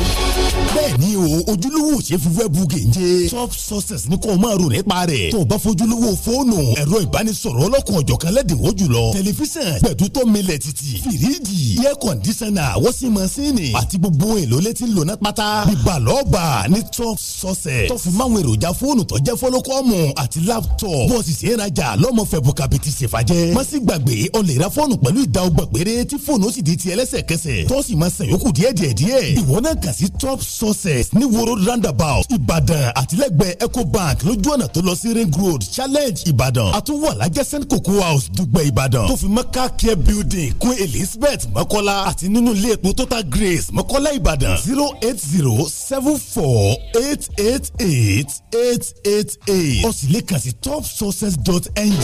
bẹ́ẹ̀ni o ojúlówó ṣe fífẹ́ bu gèje top success ní kò máa rò nípa rẹ̀ tó o bá fojúlówó fóònù ẹ̀rọ ìbánisọ̀rọ̀ ọlọ́kùn ọ̀jọ̀kan lẹ́dínwó jùlọ tẹlifíṣàn gbẹ̀dútọ́ milẹ̀ títì fìríjì iye kọ̀ndísánà wọ́sí masínì àti gbogbo èlò létí lónà pátá bíbalọ́ọ̀bà ní top success tó fi máwọn èròjà fóònù tó jẹ́ fọ́lọ́ kọ́mù àti laptop bọ́ọ̀sì sì rajà lọ́mọ fẹ̀bù kàbìtì ṣèfàjẹ́ má sì gbàgbé o lè ra fóònù pẹ̀lú ìdá ọgbà péré tí fóònù ó sì di ti ẹlẹ́sẹ̀kẹsẹ̀ tó sì máa san yòókù díẹ̀ díẹ̀ díẹ̀ ìwọ náà kà sí top sources ní woro roundabout ìbàdàn àtìlẹ́gbẹ̀ẹ́ ecobank lójú ọ̀nà tó lọ sí ring road challenge ìbàdàn àtúwọ̀ alájẹ́ send cocoa house dùgbẹ̀ ìbàdàn tó fi mẹ́ka care building kún elizabeth mọ́kọ́lá àti nínú ilé epo total grace mọ́kọ́lá ìbàdàn zero eight zero seven four eight eight eight eight eight aid ó sì lè kàn sí topsources.ng.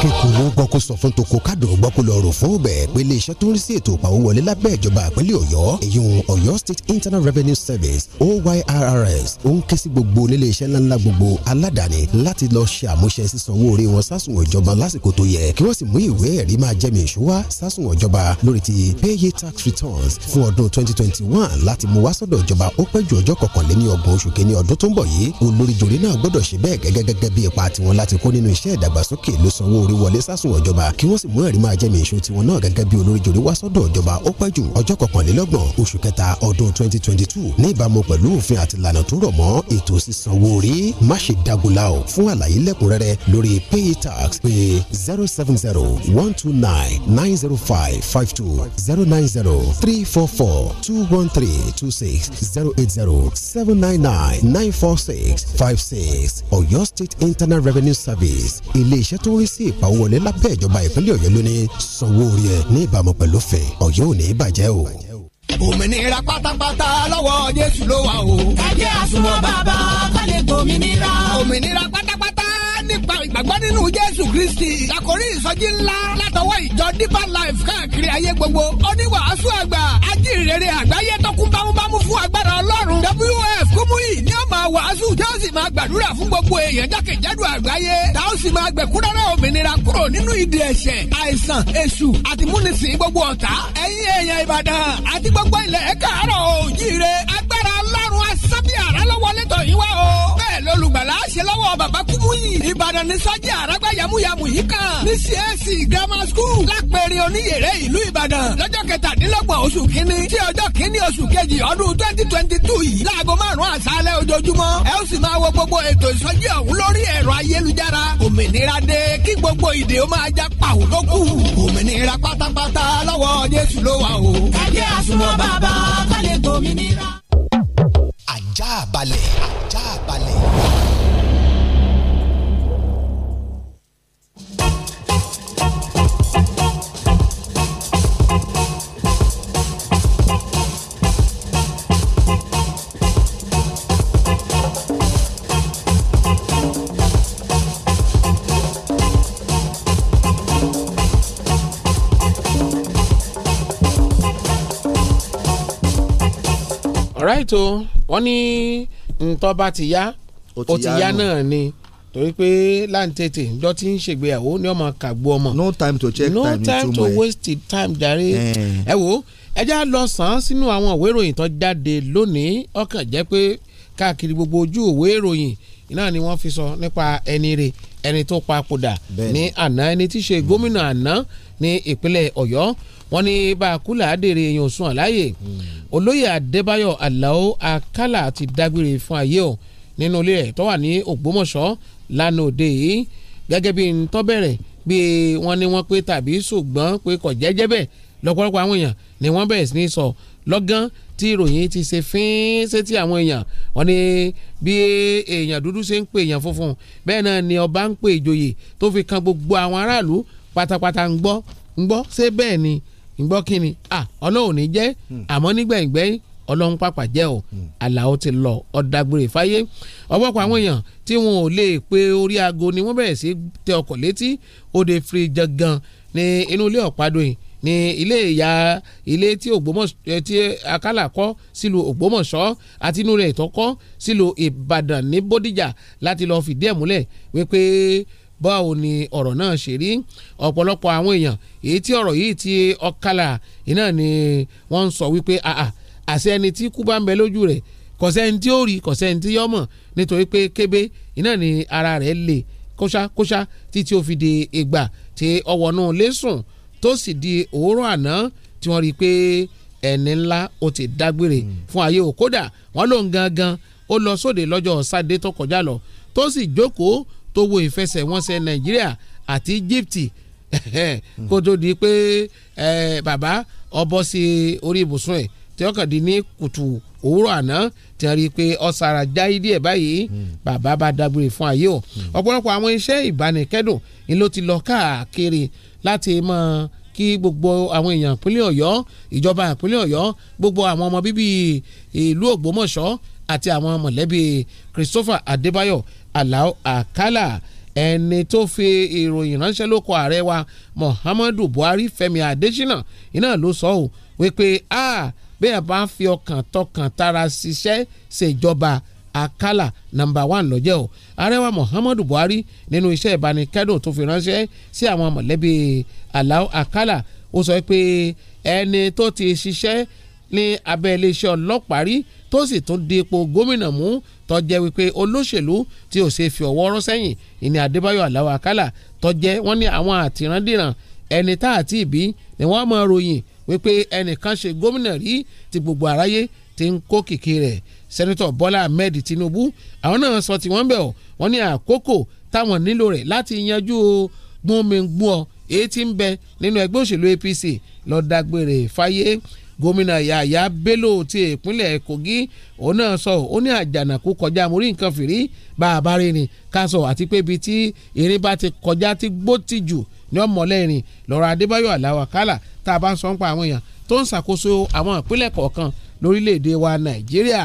kíkúrú gbọ́ kó sọ fún toko kádùn gbọ́ kó lọ rò fún bẹ́ẹ̀ pé iléeṣẹ́ tó ń rí sí ètò ìpawówọlé lábẹ́ ìjọba àpínlẹ̀ ọ̀yọ́ èyún ọ̀yọ́ state internal revenue service oyrs ó ń ké sí gbogbo oníléeṣẹ́ ńláńlá gbogbo aládàáni láti lọ ṣe àmúṣe sísanwó orí wọn sásùn ìjọba lásìkò tó yẹ kí wọ́n sì mú ìwé ẹ̀rí máa jẹ́mi ìṣúwá sásùn ìjọba lórí ti paye tax returns fún ọdún 2021 láti mú wá sọ́dọ̀ ìjọba ó pẹ́ ju ọjọ́ kọkànléní ọgbọ̀n oṣù kínní ọdún tó ń bọ̀ yìí tiwọn láti kó nínú iṣẹ́ ìdàgbàsókè ló sanwó orí wọlé sásùn ọ̀jọba kí wọ́n sì mú ẹ̀rí máa jẹ́mi ìṣó tiwọn náà gẹ́gẹ́ bí olóríjòrí wá sọ́dọ̀ ọ̀jọba ó pẹ́ jù ọjọ́ kọkànlélọ́gbọ̀n oṣù kẹta ọdún twenty ní ìbámu pẹ̀lú òfin àti ìlànà tó rọ̀ mọ́ ètò sísanwó orí má ṣe dàgùlà o fún àlàyé lẹ́kùnrẹ́rẹ́ lórí paytax pé zero seven zero one two nine nine zero five five two zero nine zero three four State Internal revenue service iléeṣẹ́ tó ń rí sí ìpawówọlé lábẹ́ ìjọba ìpínlẹ̀ ọ̀yọ́ ló ní sanwó orí ẹ̀ ní ìbámu pẹ̀lú òfin ọ̀yọ́ ò ní í bàjẹ́ o
òmìnira pátápátá lọ́wọ́ jésù ló wà o. ká jẹ́ àsunwọ̀n bàbá ká lè gbòmìnira. òmìnira pátápátá nípa ìgbàgbọ́ nínú Jésù Kristi àkórí ìsọjí ńlá látọwọ́ ìjọ Deeper Life
káàkiri ayé gbogbo oníwàásù àgbà ajínrere àgbáyé tọkún bámúbámú fún agbára Ọlọ́run WF Kúmúyì ni ó máa wàásù tí ó sì máa gbàdúrà fún gbogbo èèyàn jákèjádò àgbáyé tá ó sì máa gbẹ̀kúrẹ́rẹ́ òmìnira kúrò nínú ìdè ẹ̀ṣẹ̀ àìsàn èṣù àti gbogbo ọ̀tá ẹ̀yin èèyàn Ìbàdàn àti gbogbo ilẹ̀ káàárọ̀
sábì àrà lọ́wọ́ lẹ́tọ̀ yìí wá o. bẹ́ẹ̀ lọ́lùgbàlà ṣe lọ́wọ́ bàbá kúmú yìí.
ìbàdàn ní sájì àràgbà yàmúyàmú yìí kan. ní CAC grammar school lápẹ̀rẹ̀ oníyèrè ìlú ìbàdàn. lọ́jọ́ kẹtàdínlọ́gbọ̀n oṣù kínní tí ọjọ́ kínní oṣù kejì ọdún twenty twenty two yìí. láago márùn-ún àṣálẹ́ ojoojúmọ́. ẹ ó sì máa wo gbogbo ètò ìsọjí ọ̀hún lórí ẹ̀rọ ayélujára. òmìnira dé kí gbogbo ìdè ó máa já pàwó lókù. òmìnira pátápátá lọ́wọ́ Jésù ló wà o. ẹ jẹ́ àsùnwọ̀n bàbá ká lè
gbòmìnira
àjà balẹ̀ àjà balẹ̀.
Right o wọ́n ní ntọ́ bá ti yá ó ti yá náà ni torí pé láǹtẹ̀tẹ̀ njọ́ tí ń ṣègbéyàwó ni ọmọ kàgbó ọmọ. no time to check no time time to waste time jàre. Eh. ẹ wo ẹ já lọ sàn án sínú àwọn ìwé ìròyìn tó jáde lónìí ọkàn jẹ́ pé káàkiri gbogbo ojú ìwé ìròyìn náà ni wọ́n fi sọ nípa ẹni rẹ̀ ẹni tó papòdà ní àná ẹni tí í ṣe gómìnà àná ní ìpínlẹ̀ ọ̀yọ́ wọ́n ní báàkúlà àdèrè èèyàn sùn àláyè hmm. olóyè adébáyọ̀ aláò àkàlà ti dágbére fún ayé o nínú ilé rẹ̀ tó wà ní ògbómọ̀ṣọ́ lánàá òde yìí gẹ́gẹ́ bí ntọ́bẹ̀rẹ̀ bí wọ́n ní wọ́n pé tàbí ṣùgbọ́n pé kò jẹ́jẹ́ bẹ́ẹ̀ lọ́pọ̀lọpọ̀ àwọn èèyàn ni wọ́n bẹ̀rẹ̀ sí ní sọ lọ́gán tí ìròyìn ti ṣe fín sétí àwọn èèyàn wọ́n ní bí èèyàn dúdú ṣe ń pè èèyàn funfun bẹ́ẹ̀ náà ni ọba ń pè ìjòyè tó fi kan gbogbo àwọn aráàlú pátápátá ń gbọ́ ń gbọ́ ṣé bẹ́ẹ̀ ni ń gbọ́ kí ni à ọlọ́run ní jẹ́ hmm. àmọ́ nígbẹ̀yìngbẹ̀yìn ọlọ́run pàpà jẹ́ o hmm. àlàó ti lọ ọ̀dàgbére fáyé ọ̀pọ̀pọ̀ àwọn èèyàn tí wọn ò lè pe orí aago ni wọ́n bẹ̀rẹ̀ sí tẹ ọkọ̀ létí òde fìrìjọ gan ní inú ilé ọ̀pá-dòyìn ní ilé ìyá ilé tí Ògbómọ̀ṣọ́ eh, tí Akálà kọ́ sílùú Ògbómọ̀ṣọ́ àti inú rẹ̀ tó kọ́ sílùú Ìbàdàn ní Bódìjà láti lọ́ọ́ fìdí ẹ̀ múlẹ̀ wípé báwo ni ọ̀rọ̀ náà ṣe rí ọ̀pọ̀lọpọ̀ àwọn èèyàn èyí tí ọ̀rọ̀ yìí ti ọ̀kàlà iná ni wọ́n ń sọ wípé àà àṣẹ ẹni tí kú bá ń bẹ lójú rẹ̀ kọ̀sẹ́ni tí ó rí kọ̀sẹ́ni tí yọ́ mọ̀ nítorí pé kébé iná ni ara rẹ̀ le kóṣákóṣá títí ó fi di ìgbà tí ọwọ́nú lé sùn tó sì di òórùn àná tí wọ́n rí i pé ẹni ńlá ó ti dágbére hmm. fún ayé o kódà wọ́n lòun gangan ó lọ sóde lọ́jọ́ sátidé tó kọjá lọ tó sì jókòó tó wo ìfẹsẹ̀wọnsẹ̀ nàìjíríà àti egypt [LAUGHS] hmm. kó tó di pé bàbá ọbọ sí orí ibùsùn ẹ̀ tí wọ́n kàn di ní kùtù òwúrọ̀ àná tí wọ́n rí i pé ọ̀sára jáì díẹ̀ báyìí hmm. bàbá bá dágbére fún ayé o ọ̀pọ̀lọpọ̀ àwọn iṣẹ́ ìbánikẹ́dùn ni ló ti lọ káàkiri láti mọ kí gbogbo àwọn èèyàn ìpínlẹ̀ ọ̀yọ́ ìjọba ìpínlẹ̀ ọ̀yọ́ gbogbo àwọn ọmọ bíbí ìlú ògbómọ̀ṣọ́ àti àwọn mọ̀lẹ́bí Christopher Adébáyọ̀ Alao Akala ẹni tó fi ìròyìn ránṣẹ́ lóko ààrẹ wa Muhammadu Buhari Fẹ́mi Adésínà iná ló sọ ọ́ wípé a bẹ́ẹ̀ bá ń fi ọkàn tọkàn tara ṣiṣẹ́ ṣèjọba akala nọ́mbà one lọ́jẹ́ o arẹwà muhammadu buhari nínú iṣẹ́ ìbánikẹ́dùn tó fi ránṣẹ́ sí àwọn mọ̀lẹ́bí alao akala ó sọ pé ẹni tó ti ṣiṣẹ́ ní abẹ́ iléeṣẹ́ ọlọ́pàá rí tó sì tún di ipò gómìnà mú tó jẹ́ wípé olóṣèlú tí ò ṣe fi ọwọ́ rọ́ ìní adébáyọ̀ alao akala tó jẹ́ wọ́n ní àwọn àtìrandìràn ẹni tá àti ìbí ni wọ́n máa ròyìn wípé ẹnìkan ṣe gómìnà rí tí gbogbo àráyé ti ń kó kìkì rẹ̀ sẹ́nitọ̀ Bọ́lá Ahmed Tinubu àwọn náà sọ tí wọ́n bẹ̀ ọ́ wọ́n ní àkókò táwọn nílò rẹ̀ láti yanjú gbọ́nmẹ́gbọ́n èyí tí ń bẹ nínú ẹgbẹ́ òṣèlú APC lọ́ọ́ fáyé gómìnà Yàyà Bello ti ìpínlẹ̀ Kogi òun náà sọ ó ní àjànàkú kọjá mo rí nǹkan fìrí bá a bá rìnrìn ká sọ àti pé ibi tí irin bá ti kọjá tí gbó ti jù ní ọmọlẹ́rìn lọ́rọ̀ Adébáyọ̀ Aláwakálà tá a bá ń sọ ń pa àwọn èèyàn tó ń ṣàkóso àwọn ìpínlẹ̀ kọ̀ọ̀kan lórílẹ̀‐èdè wa Nàìjíríà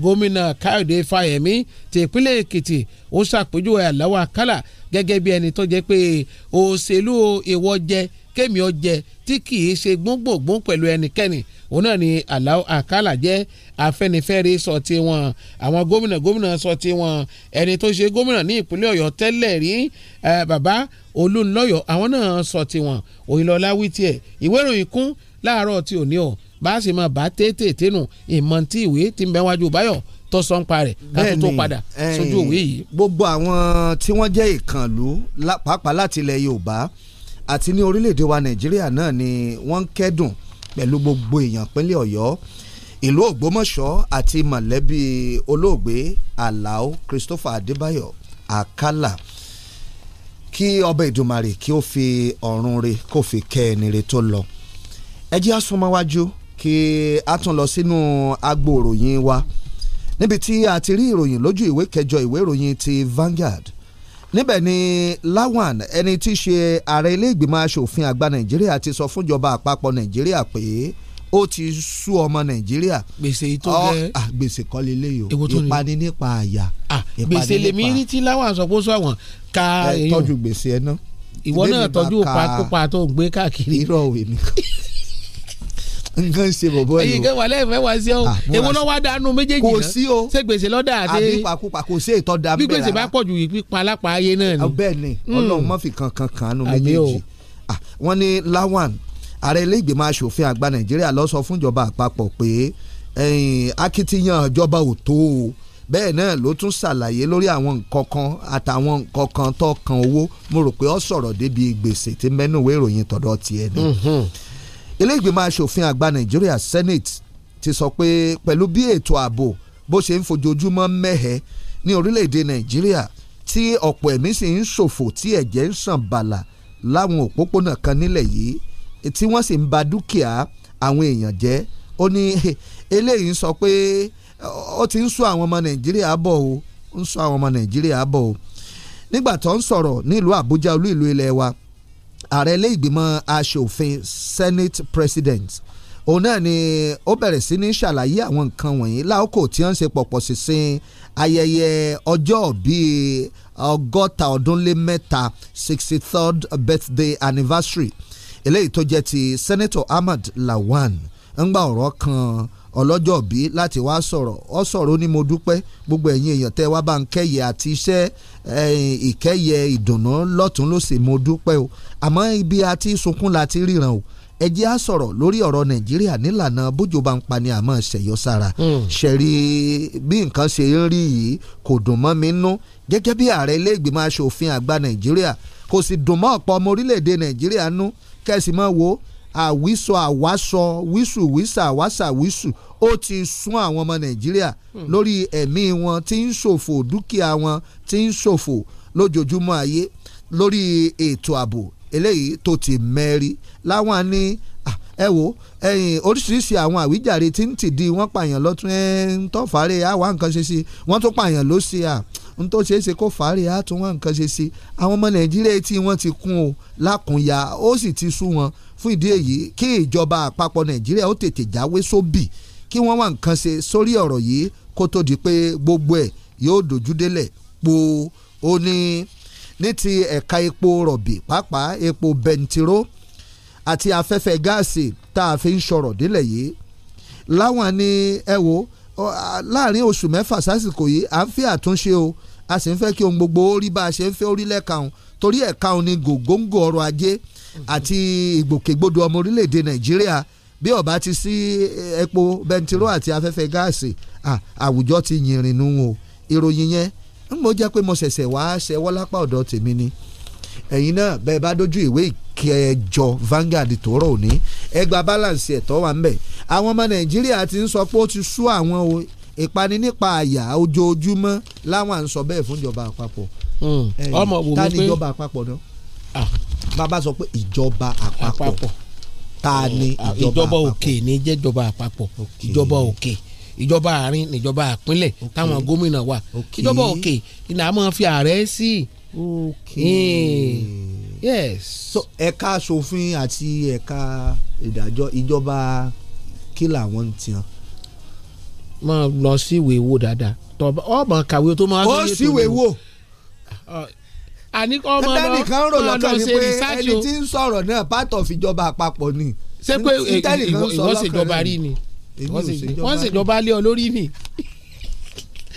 Gomina káyọ̀dé fáyẹ̀mí ti ìpínlẹ̀ èkìtì ó ṣàpèjúwe àláwọ̀ àkàlà gẹ́gẹ́ bí ẹni tó jẹ́ pé òṣèlú ìwọ jẹ kémi ọjẹ tí kì í ṣe gbóngbòngbóng pẹ̀lú ẹnikẹ́ni òun náà ni àláwọ àkàlà jẹ́ afẹ́nifẹ́re sọ ti wọn àwọn gómìnà gómìnà sọ ti wọn ẹni tó ṣe gómìnà ní ìpínlẹ̀ ọ̀yọ́ tẹ́lẹ̀ rí bàbá olúńlọ́yọ̀ àwọn náà sọ ti wọn òyìnlọ́lá wí tiẹ̀ ìwé ìròyìn kún láàárọ̀ tí ò ní ọ̀ bá a sì mọ̀ bá tètè tẹnu ìmọ̀ tí ìwé ti ń bẹ wájú báyọ̀ tó sọ ń pa rẹ̀ káàtó tó padà sójú òwe yìí.
gbogbo àwọn tí wọ́n jẹ́ ìkànlú pàápàá láti ilẹ̀ Yorùbá àti ní orílẹ̀-èdè wa Nàìjíríà náà ni wọ́n ń kẹ́dùn pẹ̀lú gbogbo èèyàn pínlẹ̀ Ọ̀yọ́ ìlú Ògbómọ̀ṣọ́ àti mọ̀lẹ́bí olóògbé Alao Christopher Adébáyọ̀ Àkàlà kí ọba Èdùmàrè kí ó fi ọ̀run re kó fi kẹ́ ẹni re tó lọ ẹ jẹ́ àsomọ́wájú kí a sínú agbo wa níbi tí a ti rí ìròyìn lójú ìwé kẹjọ ìwé ìròyìn ti Vanguard níbẹ̀ ni Lawan ẹni tí í ṣe ààrẹ ilé ìgbìmọ̀ asòfin àgbà Nàìjíríà ti sọ fúnjọba àpapọ̀ Nàìjíríà pé ó ti sú ọmọ Nàìjíríà gbèsè tó gẹ gbèsè
kọ́ lélẹ̀ yìí o ìpani nípa àyà gbèsè lèmi rí tí Lawan sọ pé ó sọ àwọn ka èèyàn tọ́jú gbèsè ẹ náà ìwọ náà tọ́jú òpa tó ń gbé káàkiri irọ́ òwe nìkan [LAUGHS] nǹkan ṣe bọ̀bọ̀ yìí o. ìgbẹ́ wà lẹ́yìn mẹ́wàá sí ọ ah, èwo ló wá dànù méjèèjì náà kò sí o ṣé gbèsè lọ́dà àti àbí pàkópà kò sí ètò dà bẹ́ẹ̀ rà bí gbèsè bá pọ̀ ju ìpípa alápá ayé náà ni. Ah, bẹ́ẹ̀ ni hmm. ọlọ́run má fi kankan kan nu méjèèjì ah, wọ́n ní Lawan ààrẹ
ilé ìgbìmọ̀ asòfin àgbà Nàìjíríà lọ sọ fúnjọba àpapọ̀ pé akitiyan ìjọba ò tó o bẹ́ẹ̀ náà ló tún ṣàlàyé lórí àwọn nǹkan kan àtàwọn nǹkan kan tó kan owó mo rò pé ó sọ̀rọ̀ débi gbèsè tí mẹ́nuwé ìròyìn tọ̀dọ̀ tiẹ̀ ni. Hmm, hmm ilé ìgbìmọ̀ asòfin àgbà Nàìjíríà Senate ti sọ pé pẹ̀lú bí ètò ààbò bó ṣe ń fojoojúmọ́ mẹ́hẹ́ ní orílẹ̀-èdè Nàìjíríà tí ọ̀pọ̀ ẹ̀mí sì ń ṣòfò tí ẹ̀jẹ̀ ń sàn bàlà láwọn òpópónà kan nílẹ̀ yìí tí wọ́n sì ń ba dúkìá àwọn èèyàn jẹ́ ó ní eléyìí ń sọ pé ó ti ń sọ àwọn ọmọ Nàìjíríà bọ̀ o ń sọ àwọn ọmọ Nàìjíríà bọ̀ o nígbà tó ń sọ̀rọ̀ nílùú Àbújá olú ìlú ilẹ̀ wa ààrẹ ilé ìgbìmọ̀ aṣòfin senate president òun náà ni ó bẹ̀rẹ̀ sí ní ṣàlàyé àwọn nǹkan wọ̀nyí láòkò tí wọ́n ń ṣe pọ̀pọ̀ sísìn ayẹyẹ ọjọ́ bíi ọgọ́ta ọdún lé mẹ́ta sixty third birthday anniversary eléyìí tó jẹ́ ti senator Ahmad Lawan ń gba ọ̀rọ̀ kan ọlọ́jọ́ bí láti wá sọ̀rọ̀ ọ sọ̀rọ̀ ó ní mo dúpẹ́ gbogbo ẹ̀yin èèyàn tẹ́ wá bá ń kẹ́yẹ àti iṣẹ́ eh, ìkẹ́yẹ ìdùnnú lọ́tún lọ́sẹ̀ mo dúpẹ́ o àmọ́ ibi àti sunkún la ti ríran o ẹ jẹ́ á sọ̀rọ̀ lórí ọ̀rọ̀ nàìjíríà nílànà bójú bá ń pa ni àmọ́ ṣẹ̀yọ́ sára hmm. ṣẹ̀rí bí nǹkan ṣe ń rí yìí kò dùn mọ́ mi nú gẹ́gẹ́ bí ààrẹ ilé ìgbìmọ̀ asòfin àgbà nàìjíríà kò sì dùn mọ́ ọ̀pọ̀ ọmọ orílẹ̀-èdè nàìjíríà nú kẹ́sì wo àwísọ àwásọ wísù wísà àwásà wísù ó ti sún àwọn ọmọ nàìjíríà hmm. lórí ẹ̀mí wọn tí ń ṣòfò dúkìá wọn tí ń ṣòfò lójoojúmọ́ ayé lórí ètò ààbò eléyìí tó ti mẹ́rí láwọn ní ẹ wo ẹyìn oríṣiríṣi àwọn àwíjàre tí ń di wọ́n pààyàn lọ́tún ẹ̀ ń tọ́ fàárẹ̀ àwa nǹkan ṣe sí wọ́n tún pààyàn ló ṣe à n tó ṣeé ṣe kó fàárẹ̀ á tún wọ́n nǹkan ṣe sí àwọn ọmọ nàìjíríà tí wọ́n ti kún o lákùnya ó sì ti sú wọn fún ìdí èyí kí ìjọba àpapọ̀ nàìjíríà ó tètè jáwé sóbì kí wọ́n wá nǹkan ṣe sórí ọ̀rọ̀ yìí kó tó di pé gbogbo ẹ̀ yóò dojú po ó ní ní ti ẹ̀ka epo rọ̀bì pàápàá epo bẹntiró àti afẹ́fẹ́ gáàsì tá a fi ń sọ̀rọ̀ délẹ̀ yìí láwọn ni ẹ wo láàrin oṣù mẹ́fà sásìkò yìí à ń fi àtúnṣe o a sì ń fẹ́ kí ohun gbogbo ó rí bá a ṣe ń fẹ́ orílẹ̀ kan torí ẹ̀ka òun ni gògóńgò ọrọ̀ ajé àti ìgbòkègbodò ọmọ orílẹ̀-èdè nàìjíríà bí ó bá ti sí epo bẹntiró àti afẹ́fẹ́ gáàsì àwùjọ ti yìnrìn nù o ìròyìn yẹn ń mo jẹ́ pé mo ṣẹ̀ṣẹ̀ wá ṣẹwọ́ lápá ọ̀dọ̀ tèmi ni ẹ̀yin náà bẹ́ẹ̀ bá dójú ìwé ìkẹjọ Vanguard tòórọ̀ òní ẹgbà balance ẹ̀tọ́ wà ń bẹ̀ àwọn ọmọ nàìjíríà ti ń sọ pé ó ti sú àwọn o ìpani nípa àyà ojoojúmọ́ láwọn à ń sọ bẹ́ẹ̀ fún ìjọba àpapọ̀ hmm. ọmọ wò wípé ta ni àpapọ̀ náà
Ah. bàbá sọ pé ìjọba àpapọ̀ ta oh, ni ah, ìjọba òkè ní jẹ́jọba àpapọ̀ ìjọba òkè ìjọba àárín níjọba àpínlẹ̀ táwọn gómìnà wà ìjọba òkè ni a máa fi ààrẹ sí. Hmm. yes. so ẹ̀ka
asòfin àti ẹ̀ka
ìdájọ́ ìjọba kí làwọn ti hàn. máa lọ sí wo dáadáa tọ́ ọ máa kàwé tó máa. ó sì wo àní kọ́ ọmọ lọ ẹnìkan rò lọ́kàn ni pé ẹni tí ń sọ̀rọ̀ náà part of ìjọba àpapọ̀ ni.
ṣé pé ìwọ ṣèjọba rí ni
wọ́n ṣèjọba lé ọ lórí ni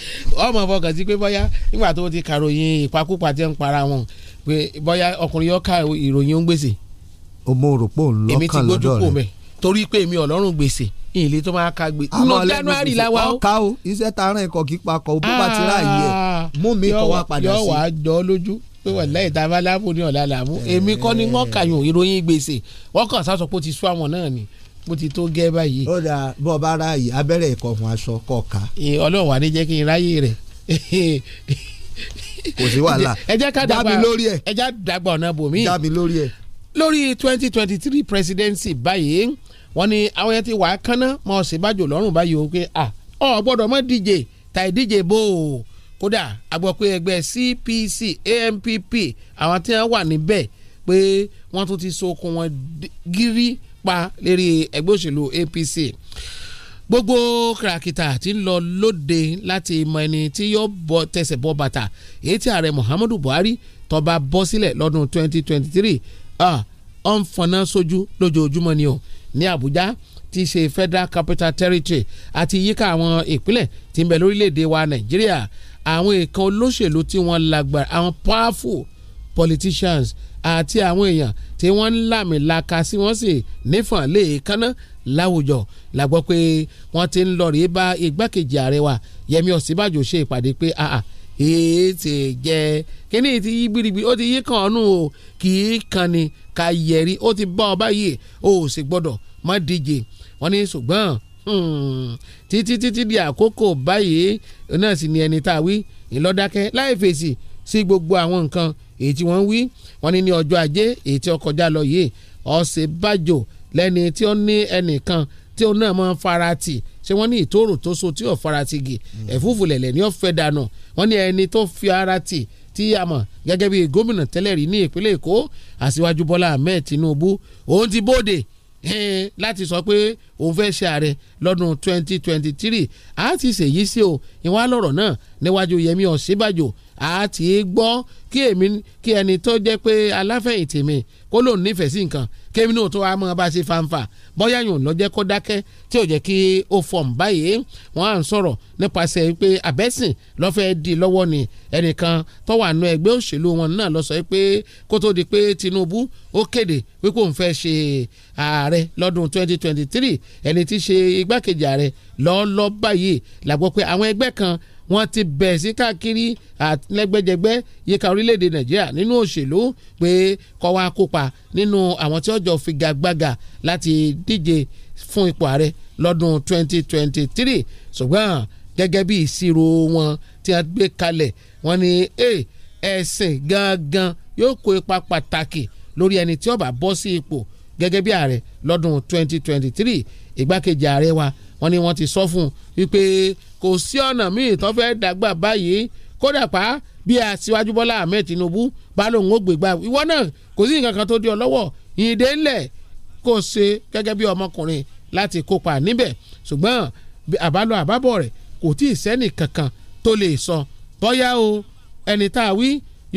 [LAUGHS] ọmọ fọkàn sí pé bóyá nígbà tó ti kàròyìn ìpakúpa tí ń para wọn pé bóyá ọkùnrin yóò ka ìròyìn ó ń gbèsè. o mo rò pé òun lọ́kàn lọ́dọ̀ rẹ̀ torí pé mi ọlọ́run gbèsè ìlé tó máa ka gbé. nínú january la wa o. ọkà o iṣẹ́ taran ẹ̀kọ́ kí pakọ̀ bó ti ráàyè mú mi kọ́ ah, wa padà sí. yọ wàá jọ lójú pé wà láì tá a bá láàbò ní ọ̀la làmú èmi kọ́ ni wọ́n kà yùn ìròyìn gbèsè wọ́n kàn sá sọ pé ó ti sú àwọn náà ni bó ti tó gẹ́ báyìí. ó dà bọ́ ọ bá abẹ́rẹ́ ìkọ̀ fún aṣọ kọ̀ọ̀ka. ọlọ́run wà ní jẹ́ kí n ráyè rẹ̀ kò sí wàhálà dábì lórí ẹ̀ ẹ já dàgbà ọ̀nà bòmí. dábì lórí ẹ̀. lórí twenty twenty three presidency báyìí wọ́n ní àwọn yẹn ti wà á kánná mọ́ ọ̀sìn bájò lọ́rùn báyìí ó pé ah ọ̀ gbọ́dọ̀ mọ́ díje tàì díje bó o kódà a gbọ́ pé ẹgbẹ́ CPC AMPP àwọn tí wọ́n wà níbẹ̀ pé wọ́n tún ti sokun wọn gírí pa lérí ẹgbẹ́ òṣèlú APC gbogbo kìràkìtà tí ń lọ lóde láti mọ ẹni tí yóò bọ tẹsẹ̀ bọ bàtà èyí tí ààrẹ Muhammadu Buhari tó bá bọ́ sílẹ̀ lọ́dún 2023 ọ̀ ń fọnà sójú lójoojúmọ́ ni o ní Àbújá ti ṣe Federal Capital Territory àti yíká àwọn ìpínlẹ̀ tí ń bẹ lórílẹ̀‐èdè wa Nàìjíríà àwọn èèkàn olóṣèlú tí wọ́n lágbára àwọn powerful politicians àti àwọn èèyàn tí wọ́n ń làmìlaka sí wọ́n sì nífọ̀n lè kánná láwùjọ la gbọ́ pé wọ́n ti ń lọ rèé bá igbákejì ààrẹ wa Yẹmí Ọ̀sínbàjò ṣe ìpàdé pé àà èé ti jẹ kíní ti yí gbirigbiri ó ti yí kan ọ̀nù o kì í kan ni ká yẹrí ó ti bá ọ báyìí o ò sì gbọ́dọ̀ má díje wọ́n ní ṣùgbọ́n Hmm. títí títí di àkókò báyìí náà sì ni ẹni tá a wí ìlọ́dákẹ́ láì fèsì sí gbogbo àwọn nǹkan èyí tí wọ́n ń wí wọ́n ní ní ọjọ́ ajé èyí tí ó kọjá lọ yìí ọ̀sẹ̀ bàjò lẹ́ni tí ó ní ẹnìkan tí ó náà máa ń farati ṣé wọ́n ní ìtòrò tó so tí ò farati gì hmm. ẹ̀fúùfù lẹ̀lẹ̀ ni ó fẹ́ dànù wọ́n ní ẹni tó fi ara tì tí a mọ̀ gẹ́gẹ́ bí gómìnà tẹ́lẹ̀ rí ní ìpínlẹ̀ Èkó Aṣíwájú Bọ́lá Ahmed Tinubu òun ti bóde láti sọ pé òun fẹ́ ṣe ààrẹ lọ́dún 2023 àá ti ṣèyí sí o ìwà lọ́rọ̀ náà níwájú Yẹmí Ọ̀sínbàjò a ti gbọ́ kí èmi kí ẹni tó jẹ́ pé aláfẹ̀yìntì mi kó lòun nífẹ̀ẹ́ sí nǹkan kémi náà tó wá mọ́ bá ṣe fanfa bóyá yòó lọ́jẹ́ kó dákẹ́ tí ò jẹ́ kí ó fọ̀m báyìí wọ́n á ń sọ̀rọ̀ nípasẹ̀ pé àbẹ́sìn lọ́fẹ́ di lọ́wọ́ ni ẹnìkan tó wà nù ẹgbẹ́ òṣèlú wọn náà lọ sọ pé kó tó di pé Tinubu ó kéde wípé òun fẹ́ ṣe ààrẹ lọ́dún 2023 ẹni tí ṣe igbákejì ààrẹ lọ́ọ́lọ́ báyìí làgbọ́ pé àwọn ẹgbẹ́ kan wọ́n ti bẹ̀ sí káàkiri lẹ́gbẹ́jẹgbẹ́ yíká orílẹ̀-èdè nàìjíríà nínú òṣèlú pé kó wá kópa nínú àwọn tí ó jọ figagbága láti díje fún ipò ààrẹ lọ́dún 2023 ṣùgbọ́n gẹ́gẹ́ bí ìṣirò wọn tí a gbé kalẹ̀ wọ́n ní ẹ̀sìn gangan yóò kó ipa pàtàkì lórí ẹni tí ó bá bọ́ sí ipò gẹ́gẹ́ bí ààrẹ lọ́dún 2023 ìgbákejì ààrẹ wa wọ́n ní wọ́n ti sọ fún un wípé kò sí ọ̀nà míì tó fẹ́ dàgbà báyìí kódà pa bí aṣíwájú Bọ́lá Ahmed Tinubu bá lòun ó gbégbá ìwọ náà kò sí nǹkan kan tó di ọ lọ́wọ́ ìdè ńlẹ̀ kò ṣe gẹ́gẹ́ bí ọmọkùnrin láti kópa níbẹ̀ ṣùgbọ́n àbálọ àbábọ̀ rẹ̀ kò tí ì sẹ́nì kankan tó lè sọ bóyá o ẹni tá a wí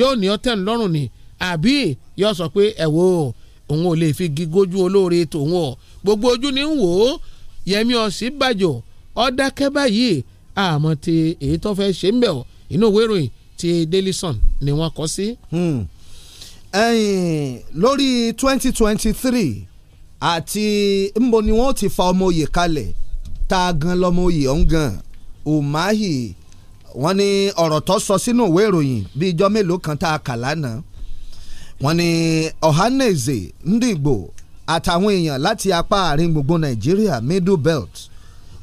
yóò ní ọtẹ̀ ńlọ́rùn ni àbí yóò sọ pé ẹ̀wò òun ò lè fi gígójú olóore tòun ọ̀ gbogbo ojú ni ń wò ó Yẹmi Ọ̀sínbàjò ọ̀dákẹ́ báyìí àmọ́ ti èyí tó fẹ́ ṣe ń bẹ̀ ọ́ inú ìwé ìròyìn ti Daily Sun ni wọ́n kọ sí. Hmm. lórí twenty twenty three àti
nbo ni wọ́n ti fa ọmọ oyè kalẹ̀ tá gan lọ́mọ oyè ọ̀hún Umahi wọ́n ní ọ̀rọ̀ tó sọ sínú ìwé ìròyìn bíi ijọ́ mélòó kan tá a kà lánàá wọ́n ní Ohanaeze Ndigbo àtàwọn èèyàn láti apá àárín gbùngbùn nàìjíríà middle belt